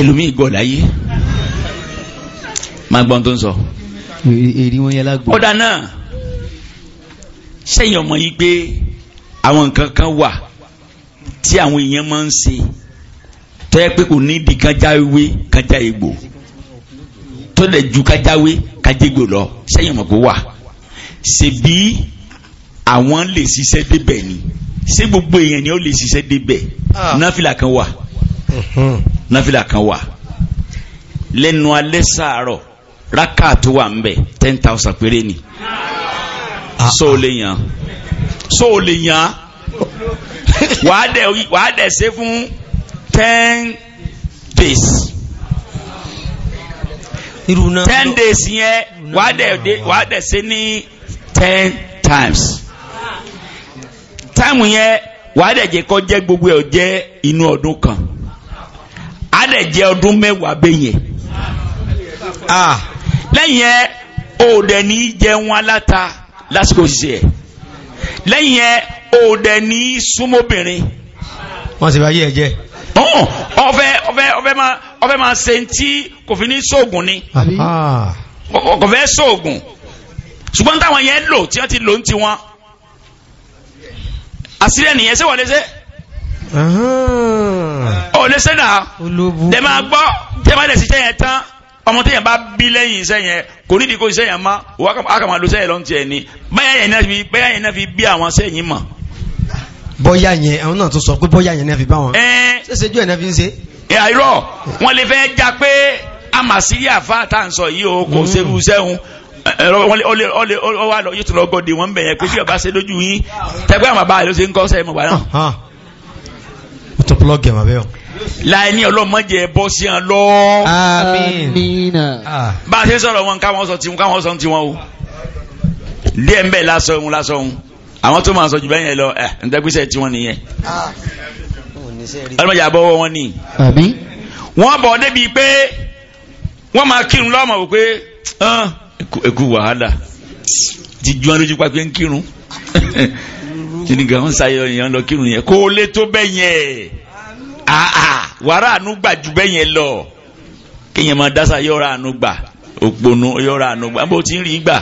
ẹlòmíì gọ̀ láyé máa gbọ́n tó ń sọ. èrí wọn yẹn lágbo. ọ̀dà náà sẹ́yìn ọmọ yìí pé àwọn nǹkan kan wà tí àwọn èèyàn máa ń ṣe tó yẹ pé kò nídìí kájáwé kájáegbò tó lè ju kájáwé kájégbò lọ sẹ́yìn ọmọ kò wà ṣèbí àwọn lè ṣiṣẹ́ débẹ̀ ni ṣé gbogbo èèyàn ni ó lè ṣiṣẹ́ débẹ̀ ah. náfìlà kan wà. Mm-hmm náfìlà kan wà lẹ́nu alẹ́ sàárọ̀ rákà tó wà ten thousand péré ni so ah, ah. o lè yàn so o lè yàn wàá dẹ̀ wàá fún ten days ten days yẹn wàá dẹ̀ wàá dẹ̀ ní ten times táìmù yẹn wàá dẹ̀ jẹ́ kọ́ jẹ́ gbogbo ẹ̀ jẹ́ inú ọdún kan dẹ̀ jẹ́ ọdún mẹ́wàá bẹ́yẹn lẹ́yìn ẹ o dẹ̀ ní jẹun aláta lásìkò ṣiṣẹ́ ẹ lẹ́yìn ẹ o dẹ̀ ní súnmọ́bìnrin. wọ́n sì bá yí ẹ jẹ́. ọ̀fẹ́ ọ̀fẹ́ ọ̀fẹ́ máa ọ̀fẹ́ máa ṣe ń tí kò fi ní sóògùn ni kò fẹ́ sóògùn ṣùgbọ́n táwọn yẹn lò tí wọ́n ti lò ń tiwọn àṣírí ẹnìyẹn ṣé wọ́n ṣe ò lè ṣe náà lè máa gbọ́ tẹ́ bá lè ṣiṣẹ́ yẹn tán ọmọ tẹ́yàn bá bí lẹ́yìn iṣẹ́ yẹn kò nídìí kó iṣẹ́ yẹn má a kà máa lo iṣẹ́ yẹn lọ́n tiẹ̀ ni báyà yẹn náà fi bí àwọn iṣẹ́ yìí mọ̀. bọ́yá yẹn àwọn náà tún sọ pé bọ́yá yẹn náà fi bá wọn. ṣé ṣe jù ẹ̀ náà fi ń ṣe. irọ́ wọn lè fẹ́ já pé amàsírí àfa tá à ń sọ yìí o kò ṣerú sẹ́hun ọwọ́ àlọ́ yóò tún lọ gọ́dẹ̀ wọn bẹ̀yẹn pé tí ọba ṣe lójú yín tẹ́gbẹ́ àwọn bàbá rẹ̀ ló ṣe ń kọ́ sẹ́yìn mọ̀ ó tún plọ́ọ̀gì àwọn abẹ́yọ̀. láì ní ọlọ́mọdé bọ́ sí ẹ lọ. àmín. Ah. bá a ṣe sọ̀rọ̀ wọn káwọn sọ tiwọn káwọn sọ tiwọn o. díẹ̀ ń bẹ̀ lásọ òun lásọ òun àwọn tó máa sọ jù bẹ́ẹ̀ yẹn lọ ẹ̀ ń tẹ́gbẹ́sẹ̀ tiwọn nìyẹn. ọlọ́mọdé àbọ̀wọ́ wọn ni. àmín. wọ́n bọ̀ débi pé wọ́n máa kírun lọ́mọ wò pé ẹ̀kú wàhálà ti ju wọn lójú pa ń kírun. [LAUGHS] tìǹgà ń sayọ yẹn lọ kírun yẹn kó lè tó bẹ́ẹ̀ yẹn wàrà àánú gbà ju bẹ́ẹ̀ yẹn lọ kéèyàn máa dásà yọ̀ọ̀rọ̀ àánú gbà òpònú yọ̀ọ̀rọ̀ àánú gbà bó ti ń rí gbà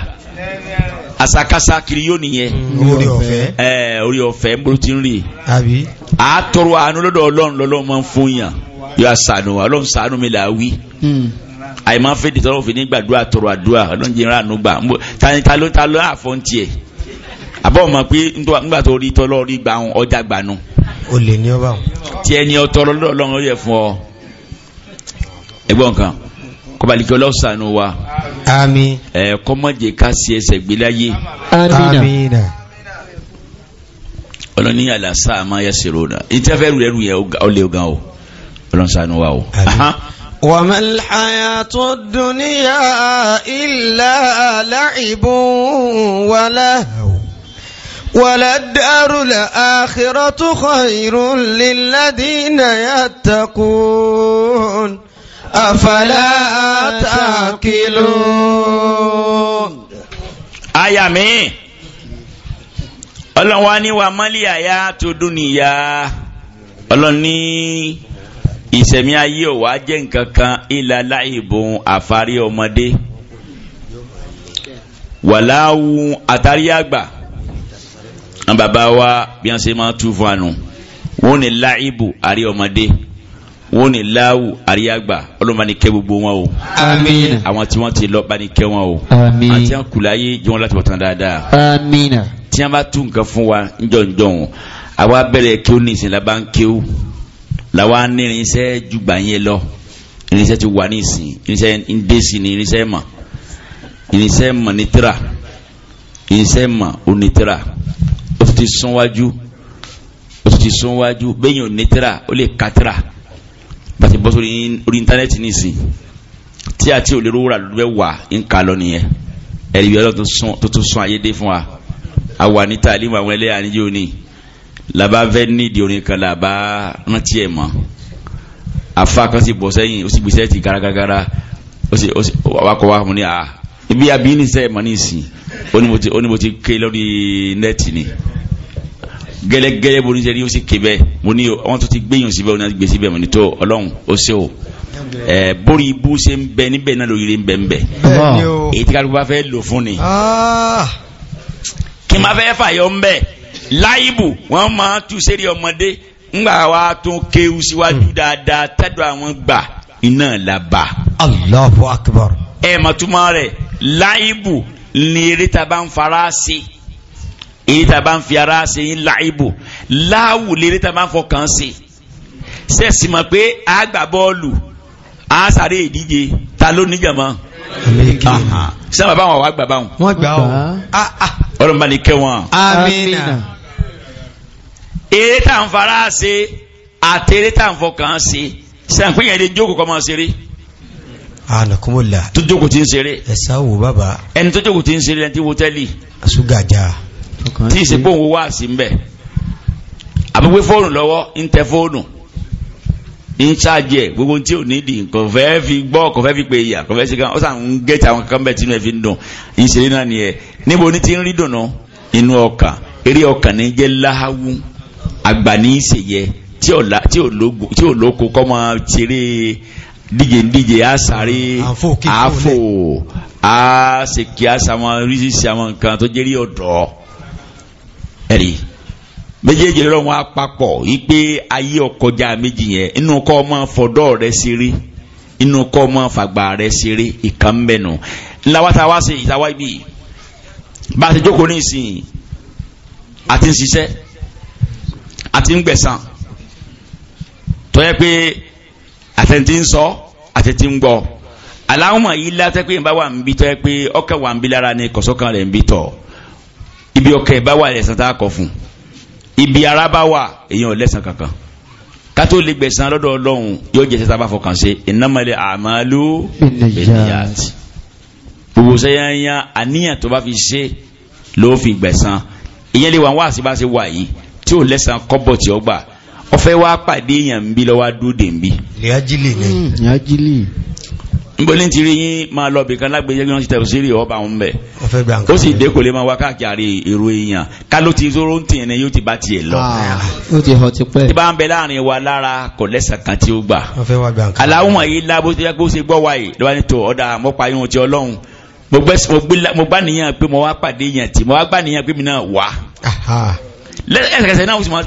asakasa kiri yóò nìyẹn orí ọ̀fẹ́ ẹ orí ọ̀fẹ́ bó ti ń rí àtọrọ àánú lọ́dọ̀ ọlọ́run lọ́lọ́run máa ń fún yàn yóò àṣàánú ọlọ́run ṣàánú mi là á wí hmm. àyè máa ń fẹ́ dìtọ́rọ̀ òfin nígbàdúrà tọrọ àdúrà ọlọ́run jẹ́ ìrànú gbà ta ló ta ló àfọ́ntì ẹ̀ àbọ̀ mọ̀ pé nígbà tó rí tọ́lọ́ rí gba àwọn ọjà gbanu. o lè ní ọba wọn. tí ẹni ọtọ lọ́dọ̀ ọlọ́run ó yẹ fún ọ. ẹgbọ́n kan kọ́balìkẹ́ ọlọ́sàn-án wa. àmín. ẹ kọ́mọ̀jẹ ká sí ẹsẹ̀ gbéláyé. àmín. ọlọ́ni àlàsà àmọ́ yẹ sèrò náà ìtẹ́fẹ́ rẹ̀ rù yẹ ọlẹ́ gan o ọlọ́sàn-án wa o. وما الحياة الدنيا إلا لعب ولهو وللدار الآخرة خير للذين يتقون أفلا تعقلون آية مين ọlọ́run wa ní wa mọ́lì àyà tó dùn níyà ọlọ́run ní ìsẹ̀mí ayé ò wá jẹ́ nǹkan kan ìlà láìbùn àfarí ọmọdé wàláwù àtàrí àgbà àwọn bàbá wa bí wọ́n ṣe máa tú fún àánú wọ́n ní láìbù àrí ọmọdé wọ́n ní láwù àrí àgbà gbogbo wọn o. àmín. àwọn tí wọ́n ti lọ bá ní kẹ́ o. àmín. àti àwọn kùláyé jẹ́ wọn láti bọ̀ tán dáadáa. àmín. tí wọ́n bá tú nǹkan fún wa ńjọ́njọ́n o àwa bẹ̀rẹ̀ kí ó ní ìsìn lábá ń Ni ó làwa ní irinṣẹ́ jùgbà yẹn ti wà ní ìsìn irinṣẹ́ ń dé sí ni irinṣẹ́ ma irinṣẹ́ mọ̀ ní tíra irinṣẹ́ mọ̀ ó ti sún wájú ó ti sún wájú bẹ́yìn ò ní tíra ó lè ka tíra bàtí bọ́ sórí orí íńtánẹ́ẹ̀tì nìsín tí àti òlérò wúrà ló bẹ́ wà ń kà lọ nìyẹn ẹ̀rí bí ọlọ́run tó tún sún ayé dé fún wa a wà ní tàlímù àwọn ẹlẹ́yà níjó ni làbá fẹ́ nídìí orin kan làbá rántí ẹ̀ mọ́ afa kan ti bọ̀ sẹ́yìn ó sì gbèsè ti garagara ó sì ó sì wakọ̀ wa mọ̀ ní a ibi àbí ní sẹ́yìn mọ̀ ní ìsìn ó ní mo ti ké lórí nẹ́ẹ̀tì ni gẹ́lẹ́gẹ́lẹ́ bo níṣẹ́ ni ó sì ké bẹ́ẹ̀ mo ní wọ́n tún ti gbẹ̀yìn síbẹ̀ wọ́n gbé síbẹ̀ mo ní tó ọlọ́run ó ṣe o ẹ bórí ibú ṣe ń bẹ níbẹ̀ náà lórí ń bẹ ń bẹ èyí tí kálukú bá fẹ́ lò fún ni ah. kí n bá fẹ́ fàyọ ń bẹ láìbù wọ́n máa tú sẹ́rí ọmọdé ńgbà wa tún kéwu síwájú hmm. dáadáa tẹ́dọ̀ àwọn gbà iná la bà. Allahu akbar. ẹ̀ màtúmọ̀ rẹ̀ láìbù ni eré ta bá ń fara sí i èyí tá a bá ń fi ara ṣe ń láìbò láàwù lè tá a bá ń fọkàn ṣe sẹ́ẹ̀sì mọ̀ pé a gbà bọ́ọ̀lù a sáré ìdíje ta ló níjàmọ́ sí bàbá wọn wà gbà báwọn. wọ́n gbà ọ́ ọ̀rọ̀ mbà ní kẹwọn. amina. èyí tá a ń fara ṣe àtẹ̀rẹ́ tá a ń fọkàn ṣe sẹ́yìn pé yẹn lè jókòó kọ́ máa ṣeré anakumola tó jókòó tí ń ṣeré ẹ̀sá wo bàbá ẹni tó jókòó tí ń ṣeré ẹni tí wo tẹ́lì asúgàjá tí ìsìnkú òun wá sí mbẹ àbúgbé fóònù lọ́wọ́ ń tẹ fóònù ń ṣáàjì ẹ gbogbo tí ò ní di kò fẹ́ fi gbọ́ kò fẹ́ fi pè yà kò fẹ́ sí kan ó sàn ń gẹ̀ẹ́tì àwọn kan bẹ́ẹ̀ tínú ẹ fi ń dùn ìṣẹ̀lẹ̀ náà nìyẹn níbo ni ti ń rí dùnú inú ọkàn eré ọkàn ní jẹ́ láhàwù àgbà ní í ṣèyẹ tí ò lóko kọ́ máa ṣeré díje díje a sáré àfò a ṣèkí a sàmọ́ oríṣiríṣi àwọn nǹkan tó jẹ́rí ọ̀dọ́. ẹ̀rí méjèèjì lọ́rọ̀ wọn apapọ̀ wípé ayé ọkọjá méjì yẹn inú kọ́ ọmọ fọ̀dọ́ rẹ ṣeré inú kọ́ ọmọ fàgbà rẹ ṣeré ìkan mbẹ́nu ńláwátà wá sí ìtawá ibi bá a ti jókòó ní ìsìn àti ń ṣiṣẹ́ àti ń gbẹ̀san tó pé àtẹ̀ntì ń sọ àtẹ̀ntì ń gbọ́ aláwọ̀ yìí látẹ́ pé ìbá wà ń bí pé ni ń bí ibi ọkẹ bá wà lẹ́sàn tá a kọ fún ibi ara bá wà èèyàn lẹ́sàn kankan kátó lè gbẹ̀sán lọ́dọ̀ ọlọ́run yóò jẹ́ sẹ́ta bá fọkàn ṣe ìnámalẹ̀ àmàlú bẹ̀nìyàtì gbogbo sẹ́yànyà àníyàn tó bá fi ṣe ló fi gbẹ̀sán ìyẹn lè wà wá sí bá ṣe wà yìí tí ò lẹ́sàn kọ́bọ̀ tí ó gbà ọfẹ́ wá pàdé èèyàn ń bí lọ́wọ́ dúdè ń bí. lẹ́yàjìlì ni. Hmm, nbọlí ti rí yín máa lọ bìkan lágbèjẹ kí wọn ti tẹ sírí ọba òun bẹ ó sì dé kò lè máa wá káàkiri èrò èèyàn kálọ ti zoro ń tìyẹn yóò ti bá tiẹ̀ lọ. yóò ah. ah, ti họ ti pẹ́. tí bá ń bẹ láàrin wa lára kò lẹ́sàn kan tí ó gbà. aláwọ̀ wọ̀nyí lábó ti yẹ kó ṣe gbọ́ wa yìí lọ́wọ́ ní tó ọ̀dà mọ́pa yóò ti ọlọ́run mo gbá nìyàn pé mo wá pàdé yàn tí mo wá gbá nìyàn pé mi náà wá. lẹ́sẹ̀kẹsẹ̀ náà ó sì máa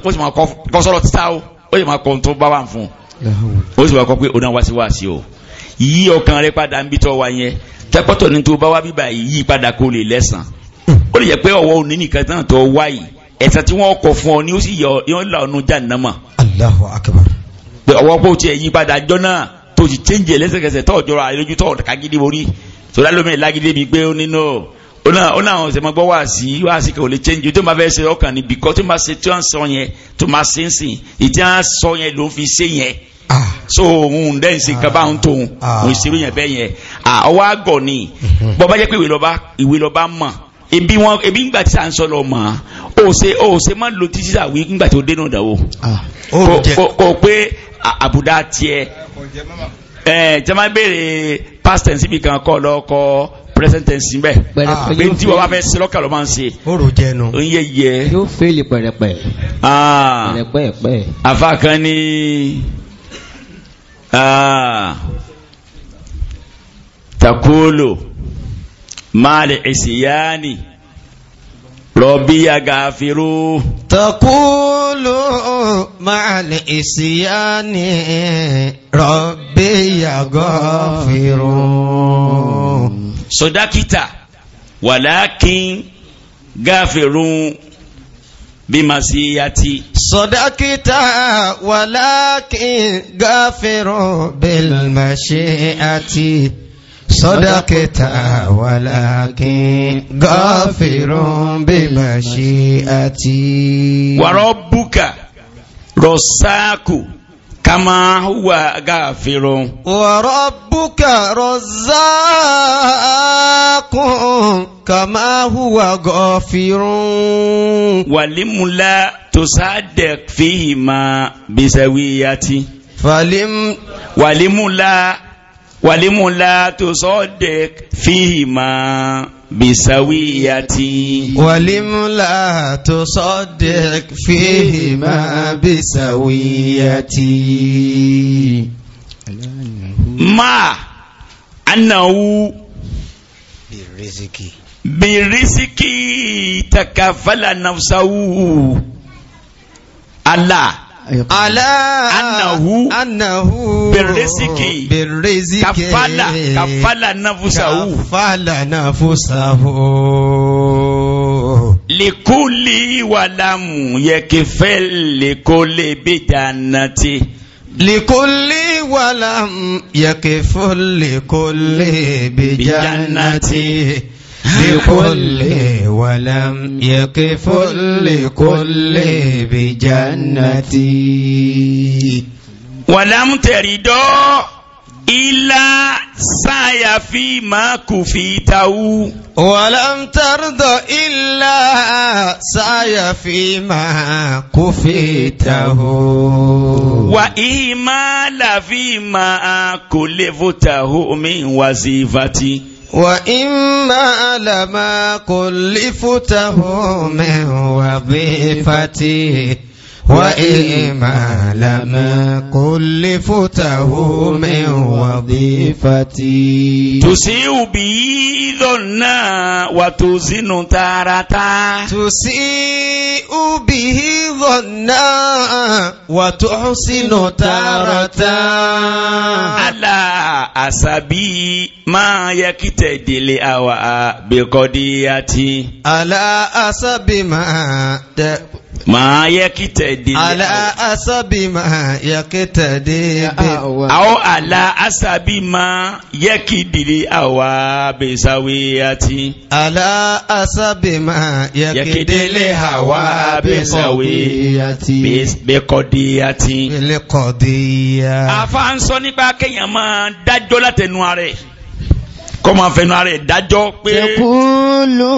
kọ́ sọ́rọ̀ o yí ọkàn rẹ padà ń bí tọ́ wa yẹn tẹ́pọ́tọ̀ ní tó bá wá bíbà yìí yí padà kó lè lẹ́sàn ó lè jẹ́ pé ọwọ́ òní nìkan náà tọ́ wá yìí ẹ̀sẹ̀ tí wọ́n kọ̀ fún ọ ni ó sì yọ ọ là ọ̀nù jàǹdàmà. Allahu akbar. pé ọwọ́ pọ̀ tiẹ̀ yí padà jọ náà tó ti chẹ́ǹjì lẹ́sẹ̀kẹsẹ̀ tọ́ jọra lójú tọ́ kagídí borí sọlá lómi lágídé bíi pé ó nínú ó náà ó náà ọ̀sẹ̀ mọ́ gbọ́ wá sí wá sí kò lè chẹ́ǹjì tó máa fẹ́ ṣe ọkàn níbi kọ́ tó máa ṣe tí wọ́n sọ yẹn tó máa ṣe ń sìn ìtí wọ́n sọ yẹn ló fi ṣe yẹn Ah. so òun dẹ́ ń sin kaba ń tóun òun ìṣerú ah. yẹn bẹ́ẹ̀ yẹn ah, ọwọ́ àgọ̀ ni [LAUGHS] bọ́bá jẹ́ pé ìwé lọ́ba mọ̀ ebi wọn ebi ngbà tí à ń sọ lọ mọ o ṣe o ṣe má lo títí àwí ngbà tí o dénú ìdánwò kò pé àbùdá tiẹ̀ ẹ jama béèrè past tense bi kan kọ lọ kọ present tense bẹ pé ntí wọn bá fẹ́ ṣe lọkàlọ máa ń ṣe. oòrùn jẹ nu. n yẹ yẹ. yóò fẹ́ẹ̀lì pẹ̀rẹ̀pẹ̀. aa pẹ̀rẹ̀pẹ̀ pẹ̀. afa kan ni. آه تقول مع العصيان ربي غافر تقول مع العصيان ربي غافر صدقت ولكن غافر bimasiyati. Sọ̀dákítà walakin gáfẹ́rọ̀ bilmashiati. Sọ̀dákítà walakin gáfẹ́rọ̀ bilmashiati. Wàrọ̀ búkà, rọ̀sáàkù kama huwa gafirun. wa rabbuka razzaqun kama huwa gafirun. walimula tusaddiq fihi ma bisawiyati. falim. walimula walimula tusaddiq fihi ma. بسوية ولم لا تصدق فيهما بسوية ما أنه بالرزق بالرزق تكفل نفسه الله Alá annahu annahu birriziki birriziki kafala kafala nafusahu kafala nafusahu likuli walamu yakifel likuli bijanati likuli walam yakifel likuli bijanati. لكل ولم يقف لكل بجنتي ولم ترد إلا سعي ما كفيته ولم ترد إلا سعي ما كفيته وإيمال فيما كلفته من وظيفتي وإما على ما كلفته من وظيفتي وإما لما كلفته من وظيفتي تسيء به ظنا وتزن تارة تسيء به ظنا وتحسن تارة على أسبي ما يكتدي لأواء بقضيتي على أسبي ما ma yakitadi ala asabi ma yakitadi aw ala asabi ma yakidili awa besawiyati ala asabi ma yakidili awa besawiyati bekodiyati bekodiyati afa ń sọ nípa kéèyàn máa dájọ́ látẹnu ara rẹ̀ kọ́ máa fẹnu ara ẹ̀ dájọ́ pé. yẹkulu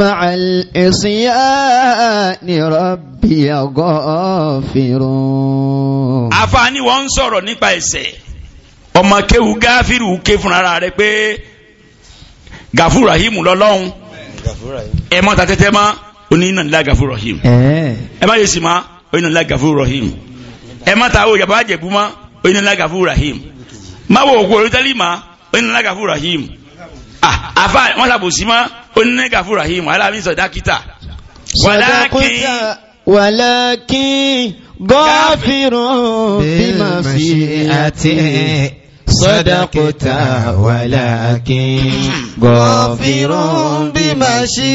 ma'al isyani rabbi ghafirun. àfààní wọn ń sọ̀rọ̀ nípa ẹ̀ṣẹ̀ ọmọ kéwu gáfíìrù ké fúnra rẹ̀ pé gàfúrù rahim lọ́lọ́run ẹ mọ́ta tẹ́tẹ́ mọ́ onínà ńlá gàfúrù rahim ẹ má yẹ sì má onínà ńlá gàfúrù rahim ẹ má ta àwọn ìjàmbá mọ́ onínà ńlá gàfúrù rahim má wo òkú orí tẹ́lí mọ́ onínà ńlá gàfúrù rahim Ah, àfa wọn ṣàbòsí mọ́ onínẹ́gà fún rahim aláàbí sọ dákítà. wàlákì gọ́fìrò bímọ sí àti sọ́dọ̀kúta wàlákì gọ́fìrò bímọ sí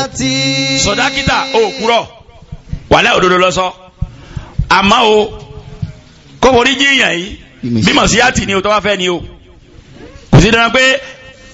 àti. sọ̀dákítà òkúrọ̀ wàlẹ́ òdodo lọ́sọ àmọ́ o kọ́kọ́ orí jíìyàn yìí bímọ sí àti ni o tọ́wọ́ fẹ́ ni o kò sí dandan pé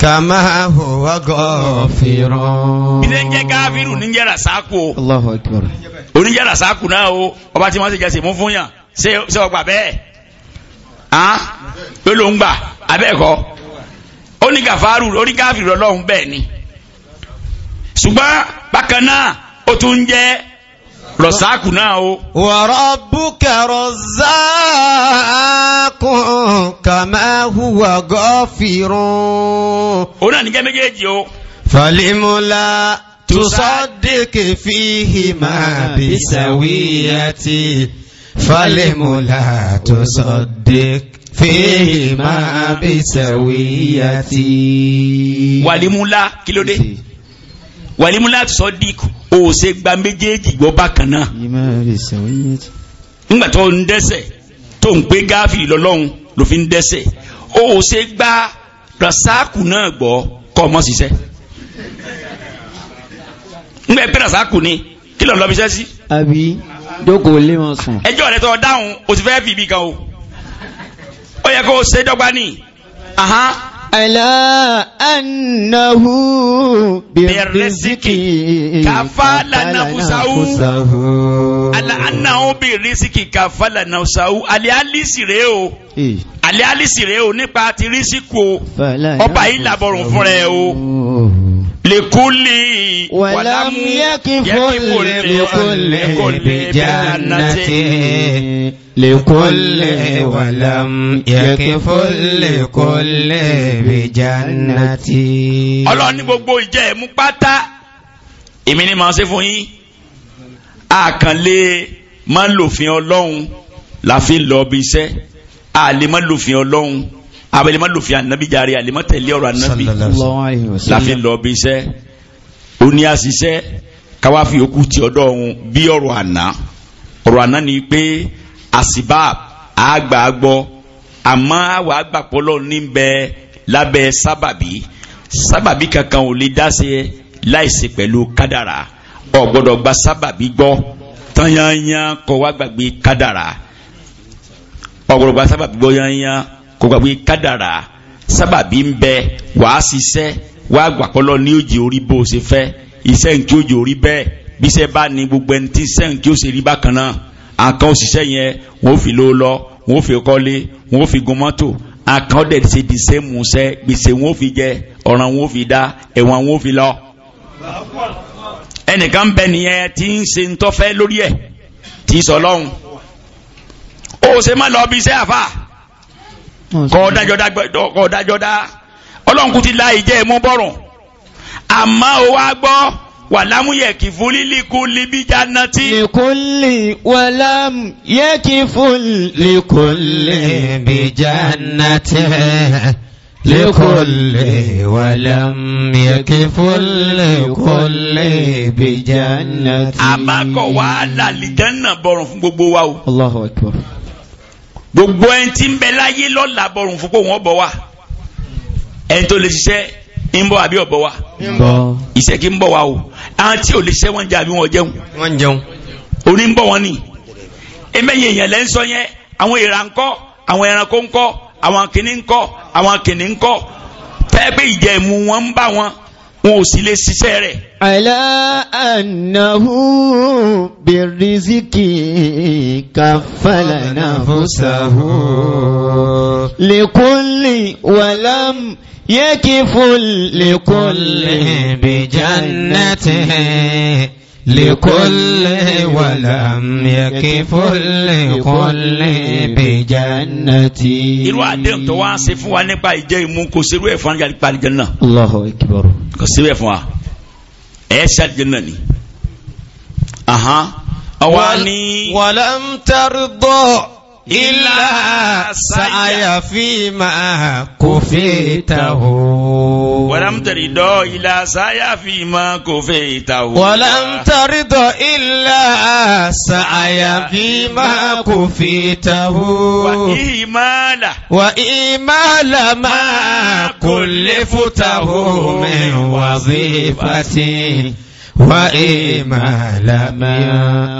Kama hùwà gọ́ọ̀fìrọ̀. ilé ń jẹ́ káfíìrù ní jẹ́ rasaku Allahu Akbar. oníjẹ́ rasaku náà o ọba tí wọ́n ti jẹ́ sèmú fún yàn ṣé ọgbà bẹ́ẹ̀ án ló ló ń gbà abẹ́ẹ̀kọ́ ó ní gàfárù ó ní káfíìrù ọlọ́run bẹ́ẹ̀ ni ṣùgbọ́n bákan náà ó tún jẹ́ rọ̀sáàkù náà o. wa rabbuka razzaqun kama huwa ghafirun. ó náà níjẹ́ méjèèjì o. falimula tusaddiq bisawiyati falimula tusaddiq fihima bisawiyati. wàlímúlá kí ló wàlímúlá àti sọ́dík ò ṣe gba méjèèjì gbọ́ bákan náà nígbà tó ń dẹ́sẹ̀ tó ń pé gáfì lọ́lọ́run ló fi ń dẹ́sẹ̀ ó ṣe gba rasaku náà gbọ́ kọ́ ọmọ ṣiṣẹ́ nígbà pé rasaku ni kí lọ́ọ́ lọ́ọ́ fi ṣẹ́ sí. àbí jókòó lé wọn sùn. ẹjọ́ rẹ̀ tó dáhùn o ti fẹ́ fi ibi kan o ó yẹ kó o ṣe dọ́gba ní على أنه بالرزق كفل نفسه على أنه بالرزق كفل نفسه alialisi rèé o alialisi rèé o nípa ti rísíkù o ọba yìí làbọ̀rùn fún rẹ o. لكل ولم يكف لكل جنة لكل ولم يكف لكل بجنة Ọlọ́run ní gbogbo ìjẹ́ ẹ̀mú pátá èmi ni màá ṣe fún yín àkànlé máa ń lòfin Ọlọ́run la fi lọ bí iṣẹ́ àlè máa ń lòfin Ọlọ́run àwọn ilé ma lòfin ànábì jàre àlè ma tẹ̀lé ọ̀rọ̀ ànábì láfi lọ bí iṣẹ́ ó ní àṣìṣe káwá fi òkú ti ọ̀dọ̀ ọ̀hún bí ọ̀rọ̀ àná ọ̀rọ̀ àná ni pé àṣìbá àgbà gbọ́ àmọ́ àwa àgbàpọ̀lọ́ ní bẹ lábẹ́ sábàbí sábàbí kankan ò lè dáṣe láìsí pẹ̀lú kádàrà ọ̀ gbọ́dọ̀ gba sábàbí gbọ́ tán yányán kọ́ gbàgbé kádàrà ọ̀ gbọ́dọ̀ gba sábàbí gbọ́ yányán kó kadara kádàrà sábàbí ń bẹ wàá ṣiṣẹ́ wàá gbàkọlọ ní òjì orí bó o ṣe fẹ́ iṣẹ́ nkí òjì orí bẹ́ẹ̀ bí iṣẹ́ bá ní gbogbo ẹni tí iṣẹ́ nkí ó ṣe rí bákan náà àkàn òṣìṣẹ́ yẹn wọ́n fi ló lọ wọ́n fi kọ́lé wọ́n fi gun mọ́tò àkàn ọ̀dẹ̀ ṣe di sẹ́mùsẹ́ gbèsè wọ́n fi jẹ ọ̀ràn wọ́n fi dá ẹ̀wọ̀n wọ́n fi lọ. ẹnìkan ń bẹ nìyẹn tí ń ṣe ń tọ́fẹ́ lórí ẹ̀ tí sọ lọ́hùn. ó ṣe má lọ bí iṣẹ́ àfà kọ́ dájọ́dá ti la ìjẹ́ ẹ̀mú bọ́rùn àmọ́ o wá gbọ́ wà lámúyẹ̀ kì fún lílíkú libíjà náà tí. lìkúnlì wà lámúyẹ̀ kì fún líkúnlì bíjà náà tí. لكل ولم يكف لكل بجنة. àmọ́ fún gbogbo wa o. Allahu Akbar gbogbo ẹni tí ń bẹ láyé lọ́la bọ̀rùn fún kó wọ́n bọ̀ wá ẹni tó lè ṣiṣẹ́ ń bọ̀ àbí ọ̀bọ̀ wá iṣẹ́ kí ń bọ̀ wá o àwọn tí ò lè ṣiṣẹ́ wọ́n jẹ́ àbí wọ́n jẹun wọ́n jẹun orí ń bọ̀ wọ́n ni ẹmẹ́yìn èèyàn lẹ́ ń sọ yẹn àwọn èèrà ńkọ́ àwọn ẹranko ńkọ́ àwọn kìnnì ńkọ́ àwọn kìnnì ńkọ́ fẹ́ẹ́ pé ìjẹ̀mú wọn ń bá wọn wọn ò sì lè ṣiṣẹ́ rẹ̀. Àìlá ànáhù bìrìsíkì kàfàlà náà fúsàhù. Lèkúnlì wàlám yẹ́kì fún lèkúnlì bìjánátì. لكل ولم يكف لكل بجنتي irú àdéhùn tó wá ṣe fún wa nípa ìjẹ ìmu kò sí irú ẹ̀ fún wa àlìjẹ́nà. Allahu Akbar. kò sí irú ẹ̀ fún wa ẹ̀ ṣe àlìjẹ́nà ni. ọwọ́ ni. wàlámù tàrí bọ́ọ̀ illa sa'aya fi ma kufitahu walam tarido illa sa'aya fi ma kufitahu walam tarido illa sa'aya fi ma kufitahu wa imala wa imala ma kulliftahu min wazifatin وإما لم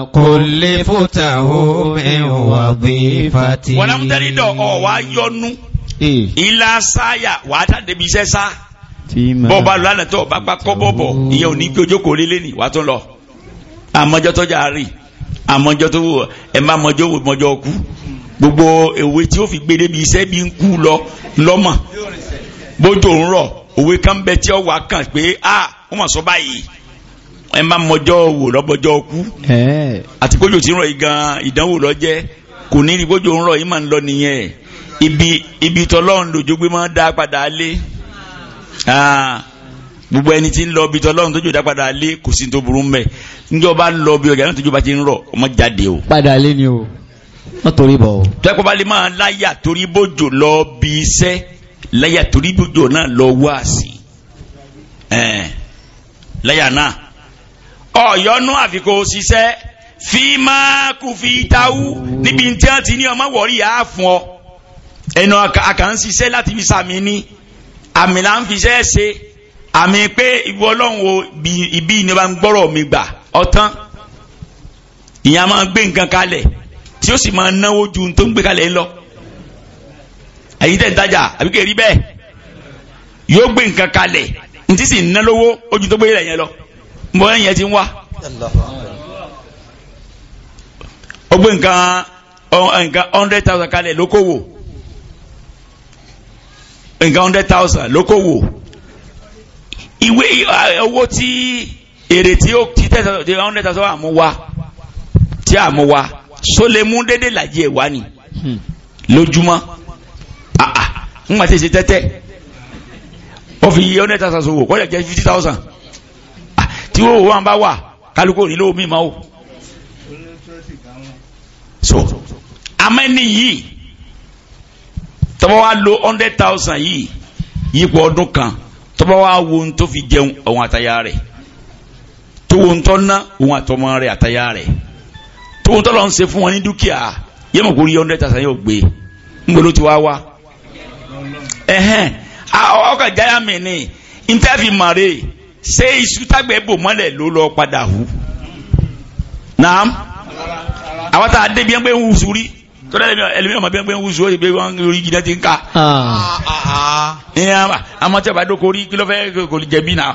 يقل لفتاه من وظيفتي ولم تريد أو يونو إلا سايا وعدد بسيسا bọ́ bá lọ́nà tó bá gbá kọ́ bọ̀bọ̀ ìyẹn ò ní gbé ojókòó lélẹ́ ní wàá tún lọ àmọ́jọ́ tọ́jà rí gbogbo òwe tí ó fi gbé débi iṣẹ́ bí ń kú lọ lọ́mọ̀ bójú òun rọ̀ òwe kan bẹ tí ó wà kàn pé a ah, wọ́n mọ̀ sọ báyìí ẹ má mọjọ́ wò lọ́bọjọ́ kú àti kójò tí ń rọ̀ yìí ìdánwò lọ́jẹ́ kò ní ìdíkójò ń rọ̀ yìí máa ń lọ nìyẹn ibi ibi tọ́lọ́run lòjó gbé máa ń dá padà lé gbogbo ẹni tí ń lọ ibi tọ́lọ́run tójò dá padà lé kò sí tó burú mbẹ níjọba lọ bí ọjà náà tójò bá ti ń rọ̀ ọmọ jáde o. padà lé ni o wọ́n torí bọ̀ o. tọ́pọ̀ bá lè máa láyà torí bójò lọ bí iṣẹ́ láyà torí bójò náà lọ wá sí láyà náà ọ̀yọ́nú àfikò ṣiṣẹ́ fi máa kù fi dáwú níbi tí wọ́n ti ní ọmọ wọ̀rí yá fún ọ ẹnu àkà ń ṣiṣẹ́ láti fi sàmì ní àmì là ń fiṣẹ́ ṣe àmì pé ìwọ ọlọ́run wo ibi ni wọ́n gbọ́rọ̀ mi gbà ọ̀tán ìyẹn a máa gbé nǹkan kalẹ̀ tí ó sì máa náwó ju tó ń gbé kalẹ̀ lọ ẹ̀yin tẹ̀ ń tajà àbí kò rí bẹ́ẹ̀ yóò gbé nǹkan kalẹ̀ ntí sì ń ná lówó ojú tó gbé yẹn lọ mọ́ ẹ̀yìn ẹ̀ ti ń wá ọgbẹ́ nǹkan nǹkan hundred thousand kalẹ̀ lókòwò nǹkan hundred thousand lókòwò ìwé owó tí èrè tí ó ti tẹ̀sán hundred thousand àmú wa tí so wa sólèmú dédé làjẹ́ ẹ̀ wá ni lójúmọ́ àà ń gbà tẹ̀sí tẹ́tẹ́ ó fi hundred thousand sòwò kọ́lẹ̀ jẹ́ fifty thousand tí ó wà bá wà kálukú òní ló ma o. so àmọ́ ẹni yìí tọ́wọ́ wa lo hundred thousand yìí yípo ọdún kan tọ́wọ́ wa wo ohun tó fi jẹun ọ̀hún àtayá rẹ̀ tó wo ohun ná ohun àtọmọ rẹ̀ àtayá rẹ̀ tó ohun tó lọ ń ṣe fún wọn ní dúkìá yẹ mọ̀ kó rí hundred thousand yóò gbé ń gbọ́dọ̀ tí wá wá ẹ̀hẹ́n ọkọ̀ jáyà mi ni ntẹ́ fi mọ̀ ṣé iṣu tágbẹ̀ bò mọ́lẹ̀ ló lọ padà hù naam àwọn tá a dé bí wọn gbé ń wusu rí tọ́lá ẹlẹ́mìíràn máa bí wọn gbé ń wusu ó bí jìnnà ti ń ka. Ah. àmọ́ tí a bá dóko rí kí ló fẹ́ kò lè jẹ̀bi náà.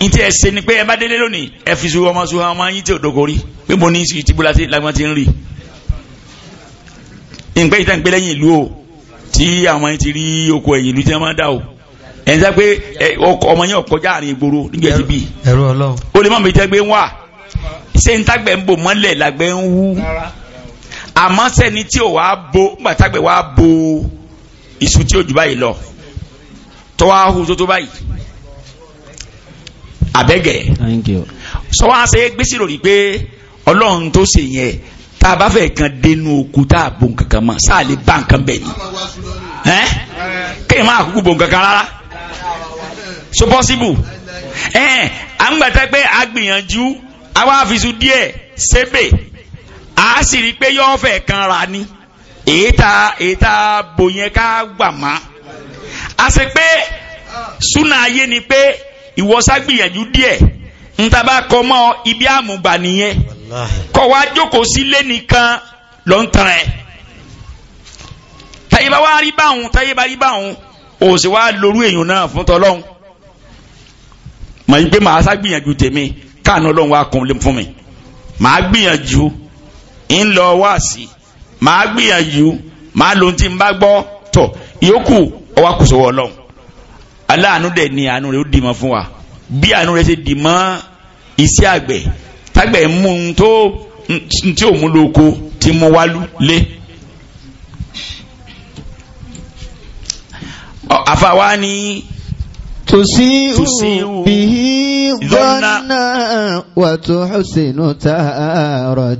ntí ẹ ṣe ni pé ẹ bá délé lónìí ẹ fi su ọmọ su ọmọ yín tí ò dóko rí pé mo ní ìsìkì tìbúlá tí lágbọ́n ti ń rí. ìgbẹ́ ìta ìgbẹ́lẹ́yìn ìlú o tí àwọn yín ti rí oko ẹ̀yìn ìlú tí wọ́n máa dá o ẹni pé ọmọ yẹn ọ̀kọjá àrin ìgboro nígbà tí bí o lè má mi jẹ́ pé ń wà ṣé n tágbẹ̀ ń bò mọ́lẹ̀ làgbẹ̀ ń wú àmọ́ sẹ́ni tí ò wá bo nígbà tágbẹ̀ wá bo iṣu tí ò jù báyìí lọ tó wá hu tó tó báyìí àbẹ́gẹ̀ sọ wá ṣe gbèsè lórí pé ọlọ́run tó ṣe yẹn tá a bá fẹ́ kan dénú oku tá a bon kankan mọ́ sáà lè bá nǹkan bẹ́ẹ̀ ni kéèyàn máa kúkú bon kankan rárá so possible ẹ̀ẹ́n eh, à ń gbàtẹ́ pé a gbìyànjú àwa àfisù díẹ̀ sébè a sì rí i pé yọ́ọ́ fẹ̀ kan ra ni èyíta èyíta bò yẹn ká gbà má a sì pé súnà ayé ni pé ìwọ́sá gbìyànjú díẹ̀ ntaba kọ mọ ibi àmùgbà nìyẹn kọ wá jókòó sílé nìkan ló ń tàn ẹ́ tayébá wá báwọn tayébá rí báwọn òsì wá lóru èèyàn náà fún tọlọ́hún mọ̀ yí pé màá ságbìyànjú tèmi káànù ọlọ́run wa kún fún mi màá gbìyànjú ń lọ wá sí màá gbìyànjú màá lóun tí n bá gbọ́ tọ̀ ìyókù ọwọ́ kò sọ́wọ́ ọlọ́run aláàánú dẹ̀ ni àánú rẹ̀ ó dì mọ́ fún wa bí àánú rẹ̀ ṣe dì mọ́ iṣẹ́ àgbẹ̀ tágbẹ̀ mú un tó tí ò mú lóko ti mú wálú lé. àfa wa ni. تسيء به ظنا وتحسن تارة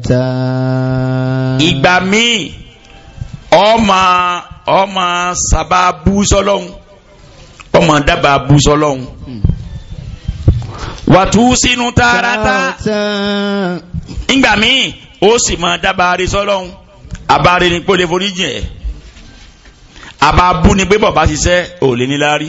ìgbà míì ọmọ ọmọ sábà bú sọ́lọ́hun ọmọ dábàá bú sọ́lọ́hun wàtúsínú tààràtà ìgbà míì ó sì máa dábàá rí sọ́lọ́hun abáre ni pé ó lè forí jìn ẹ́ bú ni pé bọ̀ bá ṣiṣẹ́ ò lè ní láárí.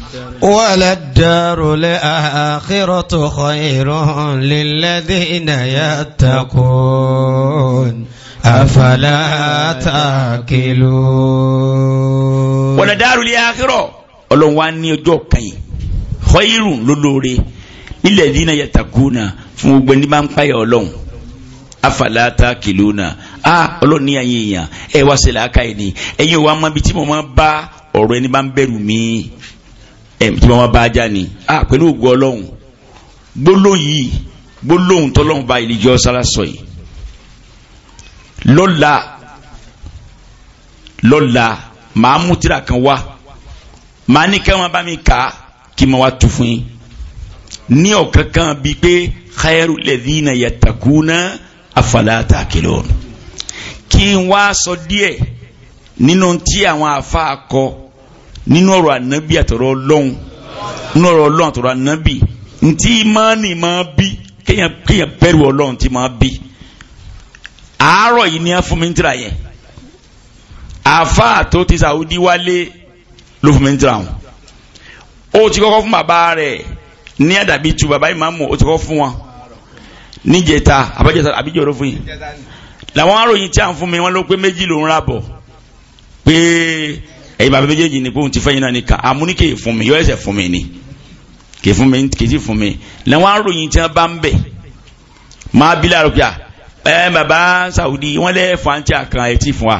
وللدار الآخرة خير للذين يتقون أفلا تعقلون وللدار الآخرة Ọlọ́run wa ní ọjọ́ kẹyìn khairun lólóore lilladhina yattaquna fún gbogbo ẹni máa ń payà Ọlọ́run afala ta'qiluna a Ọlọ́run ní ayé èèyàn ẹ wá sílẹ̀ aka yìí ni ẹ̀yin ò wá mọ ibi tí mo máa bá ọ̀rọ̀ ẹni bá ń bẹ̀rù mí tí wọ́n bá já ni pẹ̀lú ògùn ọlọ́run gbólóhùn yìí gbólóhùn tọ́lọ́hùn bá ìlíjọ́ sára sọ yìí lọ́la lọ́la màá mú tíra kan wá màá ní kẹ́wọ́n bá mi kà á kí n wá tu fún yín ní ọ̀kan kan bíi pé khairu ladhina yattakuna afala ta'qilun kí n wá sọ díẹ̀ nínú tí àwọn àfa kọ nínú ọ̀rọ̀ ànábì àtọ̀rọ̀ ọlọ́run nínú ọ̀rọ̀ ọlọ́run àtọ̀rọ̀ ànábì ntí ìmánì máa bí kéèyàn kéèyàn bẹ̀rù ọlọ́run ti máa bí àárọ̀ yìí ni a fún mi ń tira yẹn àáfàá tó ti sàwùdí wálé ló fún mi ń tira wọn ó ti kọ́kọ́ fún bàbá rẹ̀ ní àdàbí tu bàbá ìmáàmù ó ti kọ́kọ́ fún wọn níjẹta àbájẹta àbíjọ ló fún yìí làwọn aróyìn tí a ń fún mi wọn ló pé méjì ló ń rà bọ̀ pé ẹ̀yin bàbá méjèèjì ni kóhun ti fẹ́ yín náà nìkan amúní kì í fún mi yọ ẹsẹ̀ fún mi ni kì í fún mi kì í sì fún mi lẹ́wọ̀n aróyìn tí wọ́n bá ń bẹ̀ máa bí láàrú ẹ bàbá Saudi wọ́n lẹ́ fàǹtì àkàn ẹ̀ tí fún wa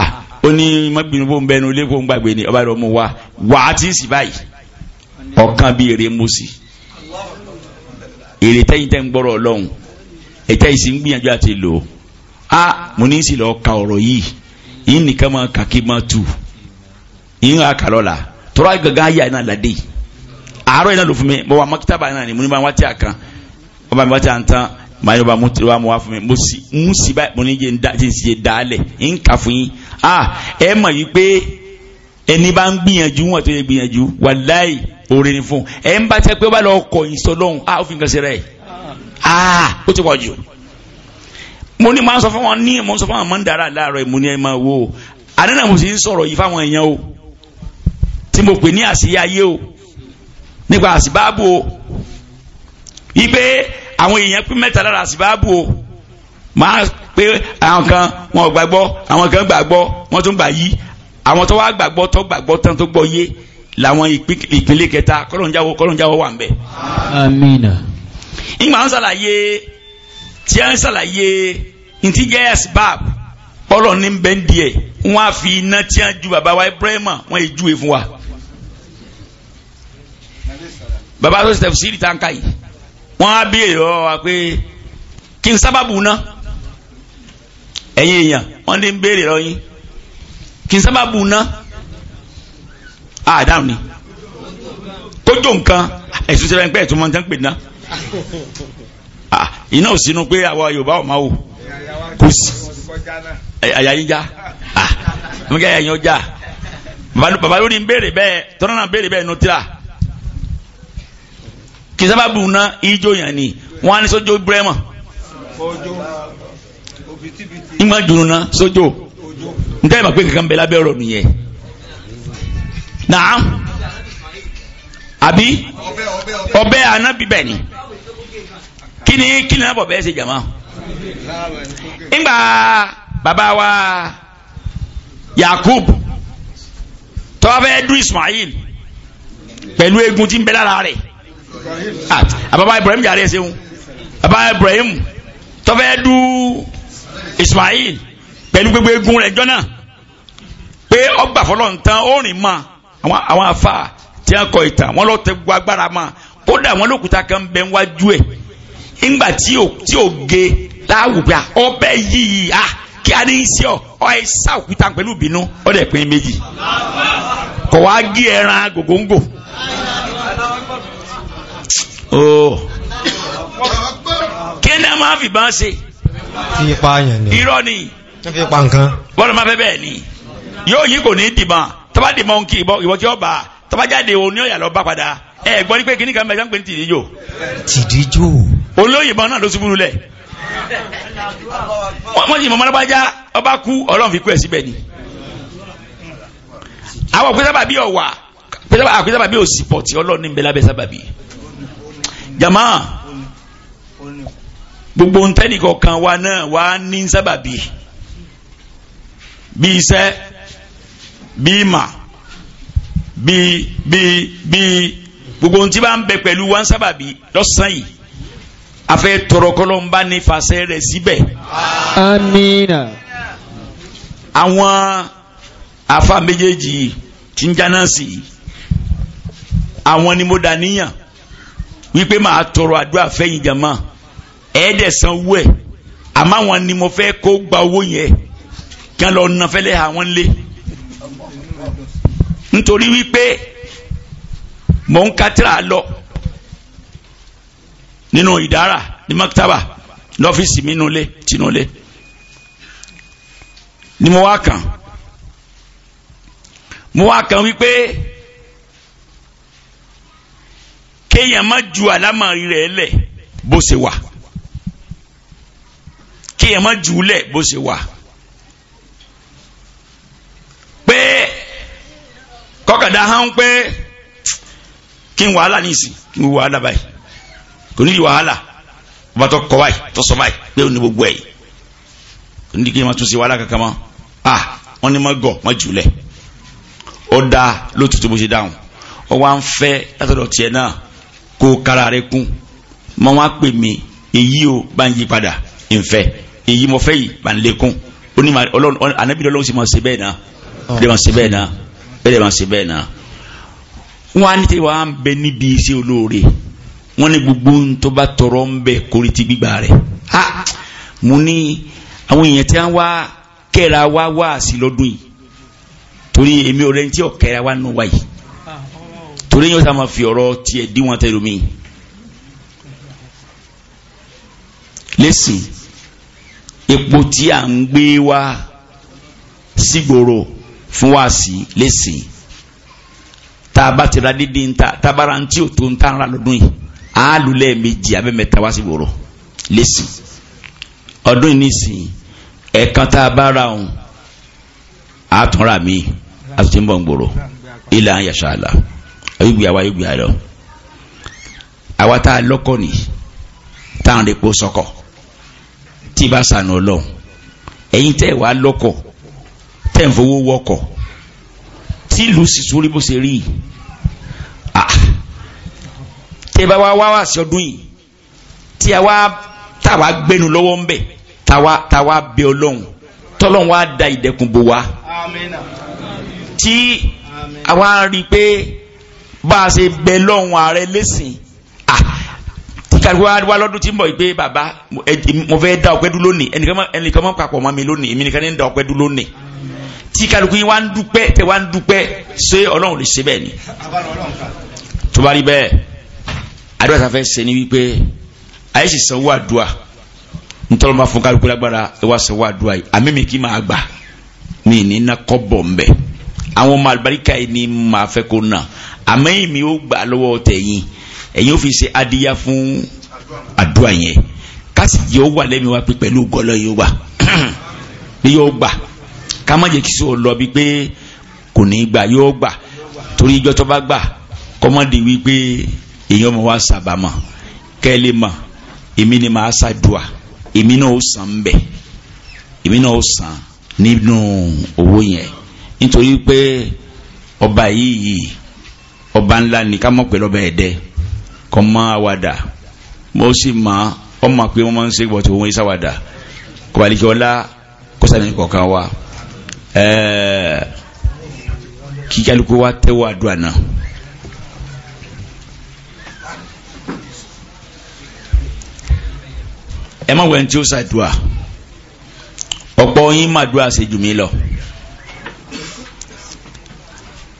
ah ó ní mọ́bìnrin bó ń bẹnu ilé kó ń gbàgbé ni ọba rẹ̀ wa wà á ti sì báyìí ọ̀kan bíi èrè mo sì èrè tẹ́yìn tẹ́ gbọ́rọ̀ ọlọ́run ẹ̀jẹ̀ ìsì gbìyànjú àti lò ó ah mo ní sì lọ́ọ́ ka ọ̀rọ̀ yìí yìí nìkan máa kàkí máa tù yìí ń ka kàlọ́ la tọ́ra gangan yà iná lade yìí àárọ̀ iná ló fún wa mọ́kítà bá ni muni ní bá wá tí a kan wọ́n bá mi wá tí a ń tán màá yóò bá mú tiwa mu wá fún mi mo sì ń sì bá mo ní jẹ́ ń da jẹ́ ń sì jẹ́ dálẹ̀ ń kà fún yín ah ẹ mọ̀ yìí pé ẹni bá ń gbìyànjú wọn tó yẹ gbìyànjú wàláì oore ni fún ẹ ń bá tẹ pé ó bá lọ kọ ìsọlọ́hún ah ó fi nǹkan ṣe rẹ̀ ah ó ti pọ̀ jù mo ní máa ń sọ fún wọn ní mo ń sọ fún wọn máa ń dára láàárọ̀ ìmúni ẹ máa wo àdínà mo sì ń sọ̀rọ̀ yìí fáwọn èèyàn o tí mo pè ní àṣírí ayé o nípa àṣìbáàbò o ipe àwọn èèyàn pín mẹ́ta lára àṣìbáàbò o máa pé àwọn kan wọn ò gbàgbọ́ àwọn kan gbàgbọ́ wọn tún gbà yí àwọn tó wá gbàgbọ́ tó gbàgbọ́ tán tó gbọ́ yé làwọn ìpínlẹ̀ kẹta kọ́lọ̀njáwó kọ́lọ̀njáwó wà ń amina. ìgbà ń ṣàlàyé tí a ń ṣàlàyé ntí jẹ́ asbab ọlọ́ọ̀ni ń wọ́n á fi iná tí a ju bàbá wa Ibrahima wọ́n yìí júwe fún wa baba tó ṣe tafsiri tá n ka yìí wọ́n á bí èrò wa pé kí n sábàbù ná ẹ̀yin èèyàn wọ́n ní ń béèrè lọ yín kí n sábàbù ná àdáhùn ni kójó nǹkan ẹ̀sùn ṣẹlẹ̀ ń pẹ́ ẹ̀tún mọ́ ní pè ná iná ò sínú pé àwa Yorùbá ò máa wò kò sí àyà yín já àmì kí àyà yín ó já bàbá lórí ń béèrè bẹ́ẹ̀ tọ́nà náà béèrè bẹ́ẹ̀ nù tíra kì í sábà bù ná ijó yàn ni wọ́n á ní sójó brẹ́mọ̀ ìgbà jùlọ ná sójó n tẹ́ ẹ̀ mọ̀ pé kankan bẹ lábẹ́ ọ̀rọ̀ nìyẹn náà àbí ọbẹ̀ anábì bẹ́ẹ̀ ni kí ni kí ni abọ̀ bẹ́ẹ̀ ṣe jàmá ńgbà bàbá wa Yakub tọ́wọ́ fẹ́ dún Ismail pẹ̀lú eegun tí ń bẹ lára rẹ̀ àbábá ah, Ibrahim jàre ẹ ṣeun bàbá Ibrahim tọ́fẹ́ du Ismail pẹ̀lú gbogbo egun rẹ̀ jọ́nà pé ọgbà fọlọ́ nǹkan ó ma mọ́ àwọn afa tí wọ́n kọ ìtàn wọ́n lọ́ọ́ tẹ gbogbo agbára mọ́ kódà wọ́n lókùúta kan bẹ́ ń wájú ẹ̀ ńgbà tí ò ge láwùgbà ọbẹ̀ yìí ah kí a ní í sí ọ ọ ẹ sá òkúta pẹ̀lú ìbínú ọ dẹ̀ pín méjì kò wá gé ẹran gògóńgò o oh. kí ni a máa fi ṣe. ni. irọ́ ni. fi pa nǹkan. bọ́lá máa fẹ́ bẹ́ẹ̀ ni yóò yí kò ní dìbọn tọ́ba dìbọn kì í bọ́ ìwọ kí ọ bá tọ́ba jáde òun ni ọ̀yà lọ bá padà ẹ gbọ́ ní pé kíní kan bẹ̀ sáńpẹ̀ ní tìdíjò. tìdíjò. olóyìnbọn náà ló ṣubú lulẹ̀. wọ́n yìnbọn mọ́lábájá ọba kú ọlọ́run fi kú ẹ̀ síbẹ̀ ni. àwọn pẹ́sábà bí ọ̀wà pẹ́sábà bí òsì pọ̀ tí ọlọ́run ní jama gbogbo ntẹ́nì kọ̀ọ̀kan wa náà wà á ní sábàbí bí iṣẹ́ bí ìmà bí bí bí gbogbo ntí bá ń bẹ pẹ̀lú wa ń lọ́sàn yìí afẹ́ tọrọkọlọ́nba ní fàṣẹ rẹ̀ síbẹ̀. amina. àwọn afa méjèèjì tí ń jáná sí i àwọn ni mo dà níyàn wípé màá tọrọ àdúrà fẹ́yìn jàmá ẹ̀ẹ́dẹ̀ sanwó ẹ̀ àmọ́ àwọn ni mo fẹ́ kó gba owó yẹn kí wọ́n lọ nà fẹ́lẹ́ àwọn lé nítorí wípé mò ń kátìrà lọ nínú ìdára ní maktaba lọ́fíìsì mi nulẹ̀ tinulẹ̀ ni mo wá kàn mo wá kàn wípé kéèyàn má ju àlámọ̀rí rẹ̀ lẹ̀ bó ṣe wà kéèyàn má jù ú lẹ̀ bó ṣe wà pé kọ́kàdá hàn pé kí n wàhálà nísìn kí n wàhálà báyìí kò ní di wàhálà bá tó kọ báyìí tó sọ báyìí pé ó ní gbogbo ẹ̀ kò ní di kí n má tún sí wàhálà kankan mọ́ à ah, wọ́n ní má gọ̀ má jù ú ó dáa lótùtù bó ṣe dáhùn ó wá ń fẹ́ látọ̀dọ̀ tiẹ̀ náà kó kára rẹ kún mọ wọn pè mí èyí o bá ń yí padà ìfẹ́ èyí mo fẹ́ yìí bá ń lékún onímọ̀ ọlọ́run ànábì ọlọ́run sì máa ṣe bẹ́ẹ̀ náà bẹ́ẹ̀ máa ṣe bẹ́ẹ̀ náà bẹ́ẹ̀ máa ṣe bẹ́ẹ̀ náà wọn á ní tí wọn á bẹ níbi iṣẹ́ olóore wọn ní gbogbo ohun tó bá tọrọ ń bẹ kórè ti gbígbà rẹ ha mo ní àwọn èèyàn tí wọn wá kẹ́ra wá wá sí lọ́dún yìí torí èmi ò rẹ́ni tí ò kẹ́ra wá nù wá torí yóò sáà máa fi ọ̀rọ̀ tiẹ̀ dí wọn tẹ́lu mi. lẹ́sìn epo tí à ń gbé wá sígboro fún wa sí lẹ́sìn tá a bá ti ra dídí ń ta tá a bá ra ń tí ta ara lọ́dún yìí á lù lẹ́ẹ̀mejì abẹ́mẹ́ta wá sígboro lẹ́sìn ọdún yìí nìsín ẹ̀ẹ̀kan tá a bá ra òun àtúnra mi àti tí ń bọ̀ ń gbòòrò ilẹ̀ àyàṣà àlà ayégbé wa ayégbé àlọ àwa tá a lọ́kọ̀ ni tá à ń repo sọkọ̀ tí bá sànù ọlọ́run ẹ̀yin tẹ́ wàá lọ́kọ̀ tẹ́ ń fowó wọkọ̀ tí ìlú sì tún rí bó ṣe rí ah, tẹ́ bá wá wá wá sí ọdún yìí tí a wá tá a wá gbẹnu lọ́wọ́ ń bẹ̀ tá a wá bẹ ọlọ́run tọ́lọ́run wá da ìdẹ̀kùn bò wá tí a wá rí i pé bá a ṣe bẹ lọ́hùn ààrẹ lẹ́sìn à kíkàrí wá lọ́dún tí ń bọ̀ pé bàbá mo fẹ́ da ọ̀pẹ́ dúró ní ẹnìkan mọ́ papọ̀ mọ́ mi lónìí èmi nìkan ní da ọ̀pẹ́ dúró ní tí kálukú yín wá ń dúpẹ́ tẹ wá ń dúpẹ́ ṣé ọlọ́run lè ṣe bẹ́ẹ̀ ni tó bá rí bẹ́ẹ̀ àdúrà tá a fẹ́ ṣe ni wípé ayé sì sanwó àdúrà ntọ́lọ́mọ fún kálukú lágbára ẹ wá sanwó àdúrà yìí àmì mi kì í máa gbà mí ní ná bọ̀ ń àwọn ọmọ àlùbáríkà yìí ni màá fẹ́ kó nà àmọ́ èmi ó gbà lọ́wọ́ tẹ̀yìn ẹ̀yin ó fi ṣe adíyá fún àdúrà yẹn kásìkì ó wà lẹ́mi wá pé pẹ̀lú gọ́lọ́ yóò wà [CLEARS THROAT] ni yóò gbà ká má jẹ́ kí sọ lọ bí pé kò ní gbà yóò gbà torí ìjọ tó bá gbà kọ́mọ́dé wípé èèyàn ọmọ wa sábàámọ̀ kẹ́lẹ́ mọ̀ èmi ni màá ṣàdùà èmi náà ó san ń bẹ̀ èmi náà ó san nínú owó yẹn nítorí pé ọba yìí ọba ńlá ni ká mọ̀ pé lọ́ba ẹ̀dẹ́ kọ́ mọ́ àwàdà mo sì mọ̀ ọmọ pé wọ́n máa ń ṣe bọ̀tò òun ìṣàwàdà kò bá dìkẹ́ ọlá kó sàmì kọ̀ọ̀kan wa kí kálukú wa tẹ́wọ́ àdúrà náà. ẹ má wẹ̀ ní tí ó ṣàdúrà ọ̀pọ̀ yín má dúrà ṣe jù mí lọ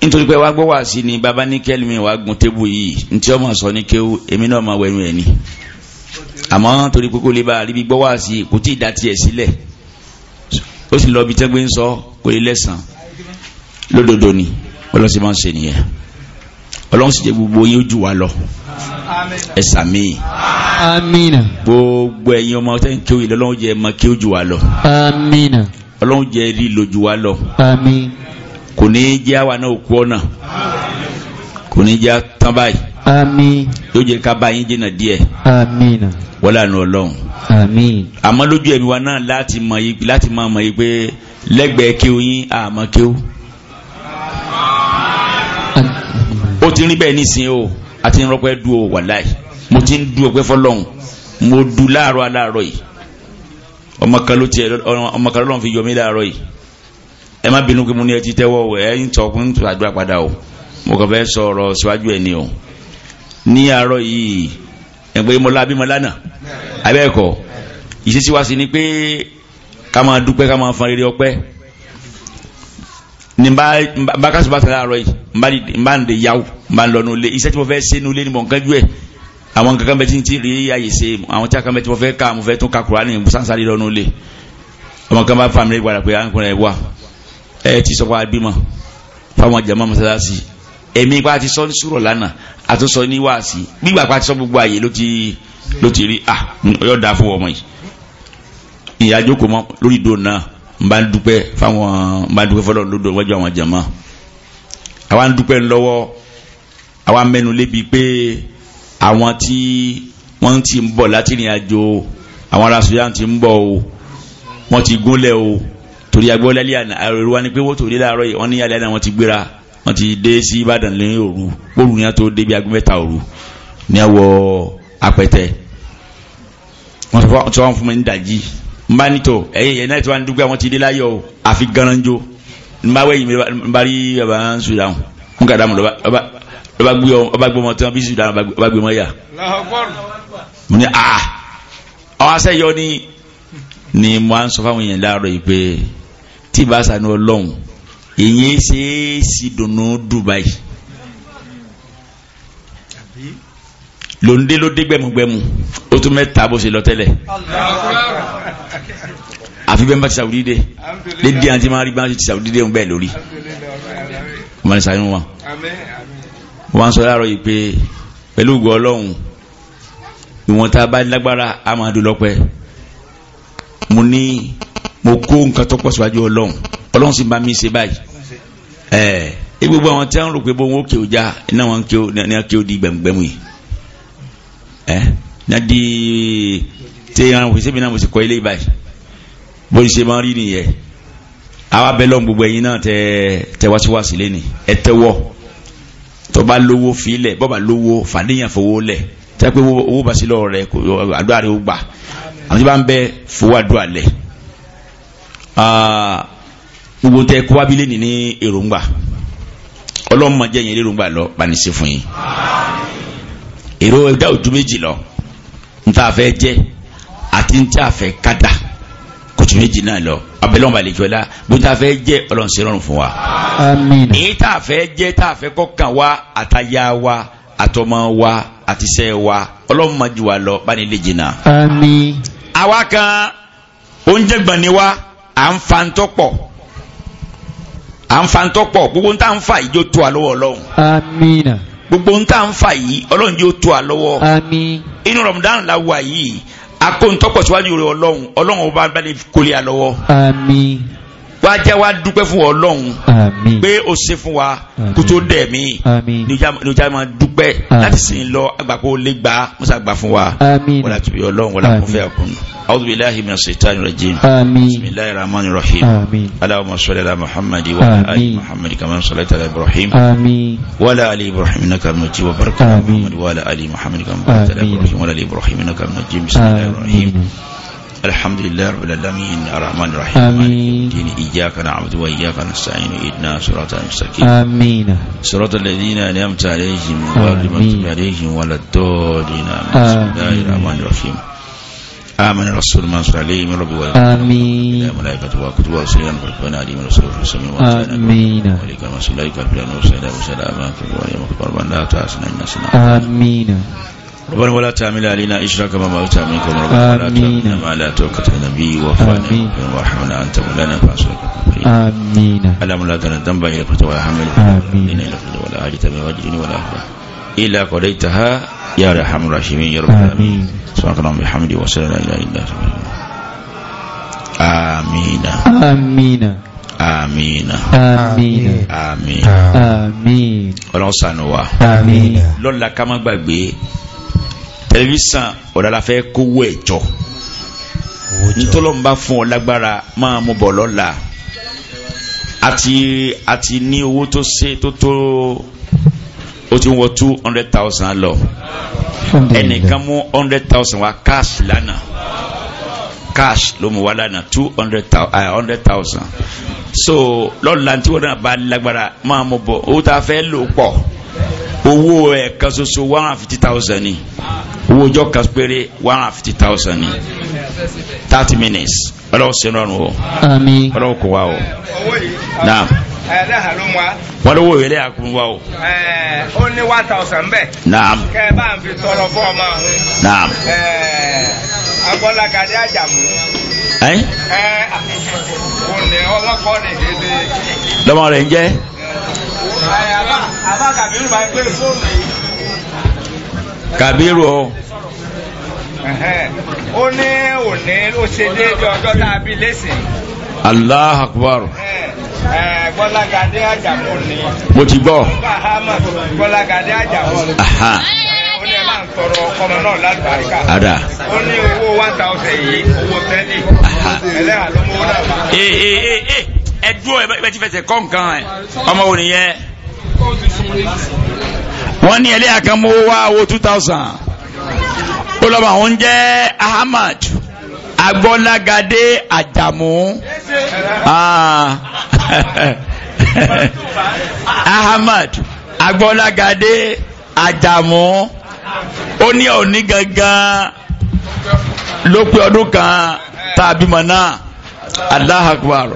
nítorí pé wá gbọ́ wá sí ni baba ní kẹ́lìmí wá gun tébù yìí ntí ọmọ sọ ní kéwú èmi náà máa wẹnu ẹ̀ ni àmọ́ torí pé kó lè bá àríbí gbọ́ wá sí kò tí ì dá tiẹ̀ sílẹ̀ ó sì lọ bí tẹ́gbẹ́ ń sọ kò lè lẹ́sàn lódodo ni ọlọ́run sì máa ń ṣe nìyẹn ọlọ́run sì jẹ́ gbogbo yín ó jù lọ ẹ̀sà míì gbogbo ẹ̀yin ọmọ tẹ́ ń kéwú ìlọ́lọ́run jẹ́ máa kéwú jù wá lọ ọlọ́run jẹ́ rí lójú wá lọ àmín kò ní jẹ́ àwa náà kú ọ̀nà kò ní jẹ́ tán báyìí. àmín. yóò jẹ́ ká bá yín jìnnà díẹ̀. àmín na. wọ́n lànà ọlọ́run. àmín. àmọ́ lójú ẹ̀mí wa náà láti mọ̀ yìí láti máa mọ̀ yìí pé lẹ́gbẹ̀ẹ́ kéwù yín àmọ́ kéwù. ó ti rí bẹ́ẹ̀ nísìnyí o àti rọpẹ́ du o wàláì mo ti ń du ọpẹ́ fọlọ́run mo du láàárọ̀ aláàárọ̀ yìí ọmọ kan ló tiẹ̀ ọmọ lọ́n fi yọ mí láàárọ̀ yìí ẹ má bínú pé mo ní ẹ ti tẹ́wọ́ o ẹ ń tọ́ ń tún àdúrà padà o mo kàn fẹ́ sọ̀rọ̀ síwájú ẹ̀ ni o ní àárọ̀ yìí ẹ pé mo lábí mo lánàá abẹ́ẹ̀kọ́ ìṣesí wa sí ni pé ká máa dúpẹ́ ká máa fan rere ọpẹ́ ní bá kásù bá tẹ̀lé àárọ̀ yìí n bá ń de yáwó n bá ń lọ nulẹ̀ iṣẹ́ tí mo fẹ́ ṣe nulẹ̀ ni mò ń kánjú ẹ̀ àwọn kankan bẹ tí n ti rí àyè ṣe àwọn tí a kan bẹ tí mo fẹ́ ká mo fẹ́ tún ka Kùránì sánsáré lọ nulẹ̀ ọmọ kan bá fàmílẹ̀ gbàdá pé à ń kúnlẹ̀ wá ẹ ti sọ fún abimọ fáwọn jama masalasi ẹ̀mí ipa ti sọ ní sùrọ̀ lánàá àtúnṣọ ní wáàsí gbígbà pa ti sọ gbogbo àyè ló ti ló ti rí à ah, yóò dáa fún ọmọ yìí ìyá jókòó mọ lórí ìdó náà n bá ń dúpẹ́ fáwọn n bá ń dúpẹ́ fọlọ́ lódò wájú àwọn jama àwa ń dúpẹ́ lọ́wọ́ àwa mẹ́nu lébi pé àwọn tí wọ́n ti ń bọ̀ láti ìrìn àjò àwọn ará sudan ti ń bọ̀ o wọ́n ti gúnlẹ̀ o torí agbọ́ lálẹ́ àná àròrò wa ni pé wọ́n torí láàárọ̀ yìí wọ́n ní alẹ́ àná wọ́n ti gbéra wọ́n ti dé sí Ìbàdàn lẹ́yìn òru òru ni wọ́n tó débi aago mẹ́ta òru ní àwọ̀ apẹ̀tẹ̀ wọ́n sọ wọn fún mi ní dàjí n bá nítọ̀ ẹ̀yìn ẹ̀yìn náà tí wọ́n á dúpẹ́ àwọn ti dé láyọ̀ o àfi garanjo n wẹ̀yìn n rí baba ń sùn dáhùn n kà dáhùn ọba gbé ọmọ tí wọ́n fi sùn dáhùn ọba ah, ah. ni ni mo á ń sọ tí ìbá sànú ọlọ́run èyí ṣe é sì dùnú Dubai lòndé ló dé gbẹmugbẹmu ó tún mẹ́ta bó ṣe lọ tẹ́lẹ̀ àfi bẹ́ẹ̀ bá ti sàwùdí dé lédi àti máa rí bá ti sàwùdí dé bẹ́ẹ̀ lórí wọn ni sàyẹn wọn wọn sọ láàárọ̀ yìí pé pẹ̀lú ògùn ọlọ́run ìwọ̀n tá a bá lágbára a máa dùn lọ́pẹ́ mo ní mo kó nǹkan tó pọ̀ síwájú ọlọ́run ọlọ́run sì bá mi ṣe báyìí ẹ̀ ẹ gbogbo àwọn tí wọ́n rò pé bó ó kí o já iná wọn ní kí o di gbẹ̀mùgbẹ̀mù yìí ẹ̀ ní a di tí wọn kò sẹ́mi náà mo sì kọ́ ilé báyìí bó ṣe máa rí nìyẹn àwa bẹ lọ́n gbogbo ẹ̀yin náà tẹ tẹ wáṣíwáṣí lé ní ẹ tẹ́wọ́ tó bá lówó filẹ̀ bó lówó fàníyàn fowó lẹ̀ tẹ́ pé owó bá sí lọ́wọ́ rẹ àdúrà rẹ ó gbà àwọn tí bá ń bẹ fowó àdúrà lẹ̀ gbogbo ah, tẹ kó wábílẹ̀ ní èròǹgbà ọlọ́run máa jẹ́ yẹn èròǹgbà lọ bani sí fún yín èrò ẹ̀dá òjú méjì lọ n ta fẹ́ jẹ́ àti n ta fẹ́ kádà kùtù méjì náà lọ abẹ́lẹ́ wọn balẹ̀ jọlá bó ta fẹ́ jẹ́ ọlọ́run ṣe rọrùn wa. àmín. ta fẹ́ jẹ́ ta fẹ́ kọ́kàn wa àtàyà wa àtọmọ wa àtisẹ́ wa ọlọ́run máa jù wa lọ bani lè jìnnà. àmín. àwa kan oúnjẹ gbọ̀n ni wa à ń fa ntọ́pọ̀ à ń fa ntọ́pọ̀ gbogbo ń tà ń fa yìí yóò tó a lọ́wọ́ ọlọ́run. amiina. gbogbo ń tà ń fa yìí ọlọ́run yóò tó a lọ́wọ́. inú rọ̀mùdán la wà yìí akóńtọ́pọ̀ síwájú rẹ̀ ọlọ́run ọlọ́run ọba bá ní kólé a lọ́wọ́ wá jẹ́ wá dúpẹ́ fún ọlọ́run pé o ṣe fún wa kó tó dẹ̀ mí níjà máa dúpẹ́ láti sìn lọ àgbàpọ̀ lè gbà mọ́sá gbà fún wa wọ́n láti bí ọlọ́run wọ́n láti fẹ́ ọkùn a'udhu billahi minash shaitani rajim bismillahir rahmanir rahim allahumma salli ala muhammad wa ala ali muhammad kama sallaita ala ibrahim wa ali ibrahim innaka hamidun wa barik ala muhammad wa ala ali Muhammadi kama barakta ala ibrahim wa ali ibrahim innaka hamidun bismillahir rahim الحمد لله رب العالمين الرحمن الرحيم آمين الدين إياك نعبد وإياك نستعين إدنا صراط المستقيم آمين صراط الذين أنعمت عليهم غير عليهم ولا الضالين بسم الله الرحمن الرحيم آمن الرسول من صلى عليه من ربه آمين إلى ملائكة وكتب ورسوله أن فرقنا عليه من رسول السميع آمين وليك المسيح لا يكفر لنا وسلام وسلام كفر وليم أكبر من لا تأسنا إن آمين ربنا ولا تعمل علينا إشراك ما تعملكم ربنا ولا تعملنا ما لا توقت النبي وفانا وارحمنا أنت مولانا فانصرنا آمين اللهم لا تدع الذنب إلى الفتوى ولا حمل آمين الا الفتوى ولا حاجة من وجه ولا أخرى إلا قضيتها يا أرحم الراحمين يا رب العالمين سبحانك اللهم بحمدك وسلام على إله إلا أنت آمين آمين آمين آمين آمين àmín ọlọ́sàn آمين àmín lọ́la ká má gbàgbé tẹlifíṣàn ọ̀dàlàfẹ́ kówó ẹ̀ jọ ntọ́lọ́mùbá fún ọ lágbára máa mú bọ̀ lọ́la àti àti ní owó tó ṣe tó tó ó ti wọ two hundred thousand lọ ẹnìkan mú hundred thousand wa cash lánàá cash ló mu wá lánàá two eh, hundred thousand so lọ́la tí wọ́n náà bá lágbára máa mú bọ̀ owó tá a fẹ́ lò pọ̀ owó ẹ̀ ṣoṣo one hundred fifty thousand ni owó ọjọ́ kan one hundred fifty thousand ni thirty minutes ọlọ́wọ́ sẹ́nu ọ̀run o àmín ọlọ́wọ́ kò wá o naam wọ́n lówó ìwé lẹ́yà kún wa o. ó ní one thousand bẹ́ẹ̀. naam kẹ́ ẹ bá ń fi tọrọ fún ọmọ ọ̀hún. naam agbọ́lagàdé àjàmú. ẹ ẹ kò ní ọlọ́kọ́ ní ìdílé. lọ́mọ rẹ̀ ń jẹ́. àbá kàbí ń bá gbé fóònù yìí kàbírù ọ. ó ní òní ó ṣe déédéé ọjọ́ tá a bí lẹ́sìn. allah akbar. Gbọ́lágadé Àjàmú ni. mo ti gbọ́. Gbọ́lágadé Àjàmú. ó ní ẹ máa ń tọrọ ọmọ náà lálùbáríkà. ada. ó ní owó one thousand yìí owó tẹ́lẹ̀. ẹlẹ́yà ló mú owó náà bá. ee eh, ee eh, ee eh, ẹ dúró ẹ bẹ ti fẹsẹ̀ kọ́ ẹ ọmọ wo nìyẹn wọ́n ní ẹlẹ́yà kan mú wá owó two thousand ó lọ́ba òun jẹ́ Ahmad agbọ́lágadé àjàmú ah. [LAUGHS] Ahmad agbọ́lágadé àjàmú ó ní òní gangan ló pé ọdún kan tàbí mọ̀ náà Allahu Akbar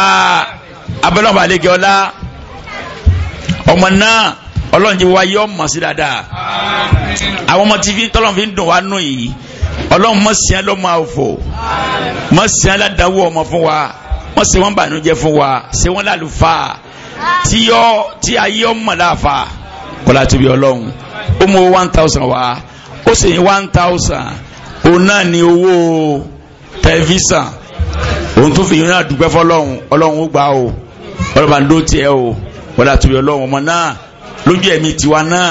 ah, abẹ́lẹ́ ọ̀bàlẹ́gẹ́ ọlá ọmọ náà ọlọ́run ti wáyé ọmọ sí dáadáa àwọn ọmọ tí tọ́lọ́run fi ń dùn wá nù yìí ọlọ́run mọ̀ sí ẹ àwòfò mọ̀ sí ẹ ládàáwò ọmọ fún wa mọ̀ sí wọn bànújẹ́ fún wa ṣé wọn lálùfáà tí yọ tí ayé ọmọ láàfà kọlá tóbi ọlọ́run ó mú one thousand wá ó sì ní one thousand òun náà ní owó tẹlifíṣàn òun tún fi yín náà dúpẹ́ fọlọ́run ọlọ́run ó gbà o ọlọ́run bá ń dó tiẹ̀ o wọ́n àtúbí ọlọ́run ọmọ náà lójú ẹ̀mí tiwa náà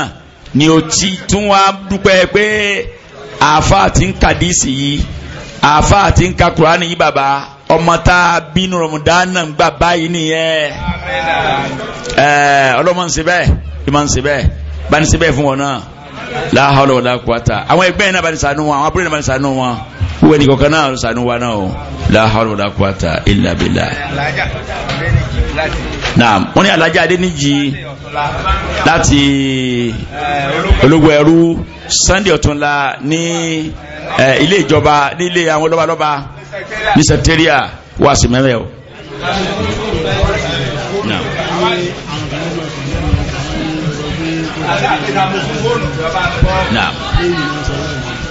ni ó ti tún wá dúpẹ́ pé àáfàá ti ń kàdísì yìí àáfàá ti ń ka kùránì yìí bàbá ọmọ tá a bínú rọmùdánà ń gbà báyìí nìyẹn ọlọ́mọ ń ṣe bẹ́ẹ̀ ìmọ̀ ń ṣe bẹ́ẹ̀ bá ń ṣe bẹ́ẹ̀ fún wọn náà láhàlọ́ wọ̀lá kùwátà àwọn ẹgbẹ́ yẹn náà bá ní sànú wọn àwọn abúlé náà bá ní sànú wọn wọ́n ẹnì kọ̀ọ̀kan náà sànú wa náà o láhàlọ́ wọ̀lá kùwátà ìlàbílà naam wọ́n ní alájà adéníjì lati eh, ológun ẹrú sunday ọ̀túnla ní eh, ilé ìjọba ní ilé àwọn lọ́balọ́ba ní sẹtẹ́ríà wá sí mẹ́rẹ̀ o. naam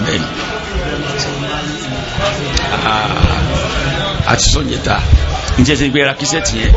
bẹ́ẹ̀ni ah, àti sọ́njẹ́ta njẹ́ ti gbéra kí sẹ́ẹ̀tì yẹn.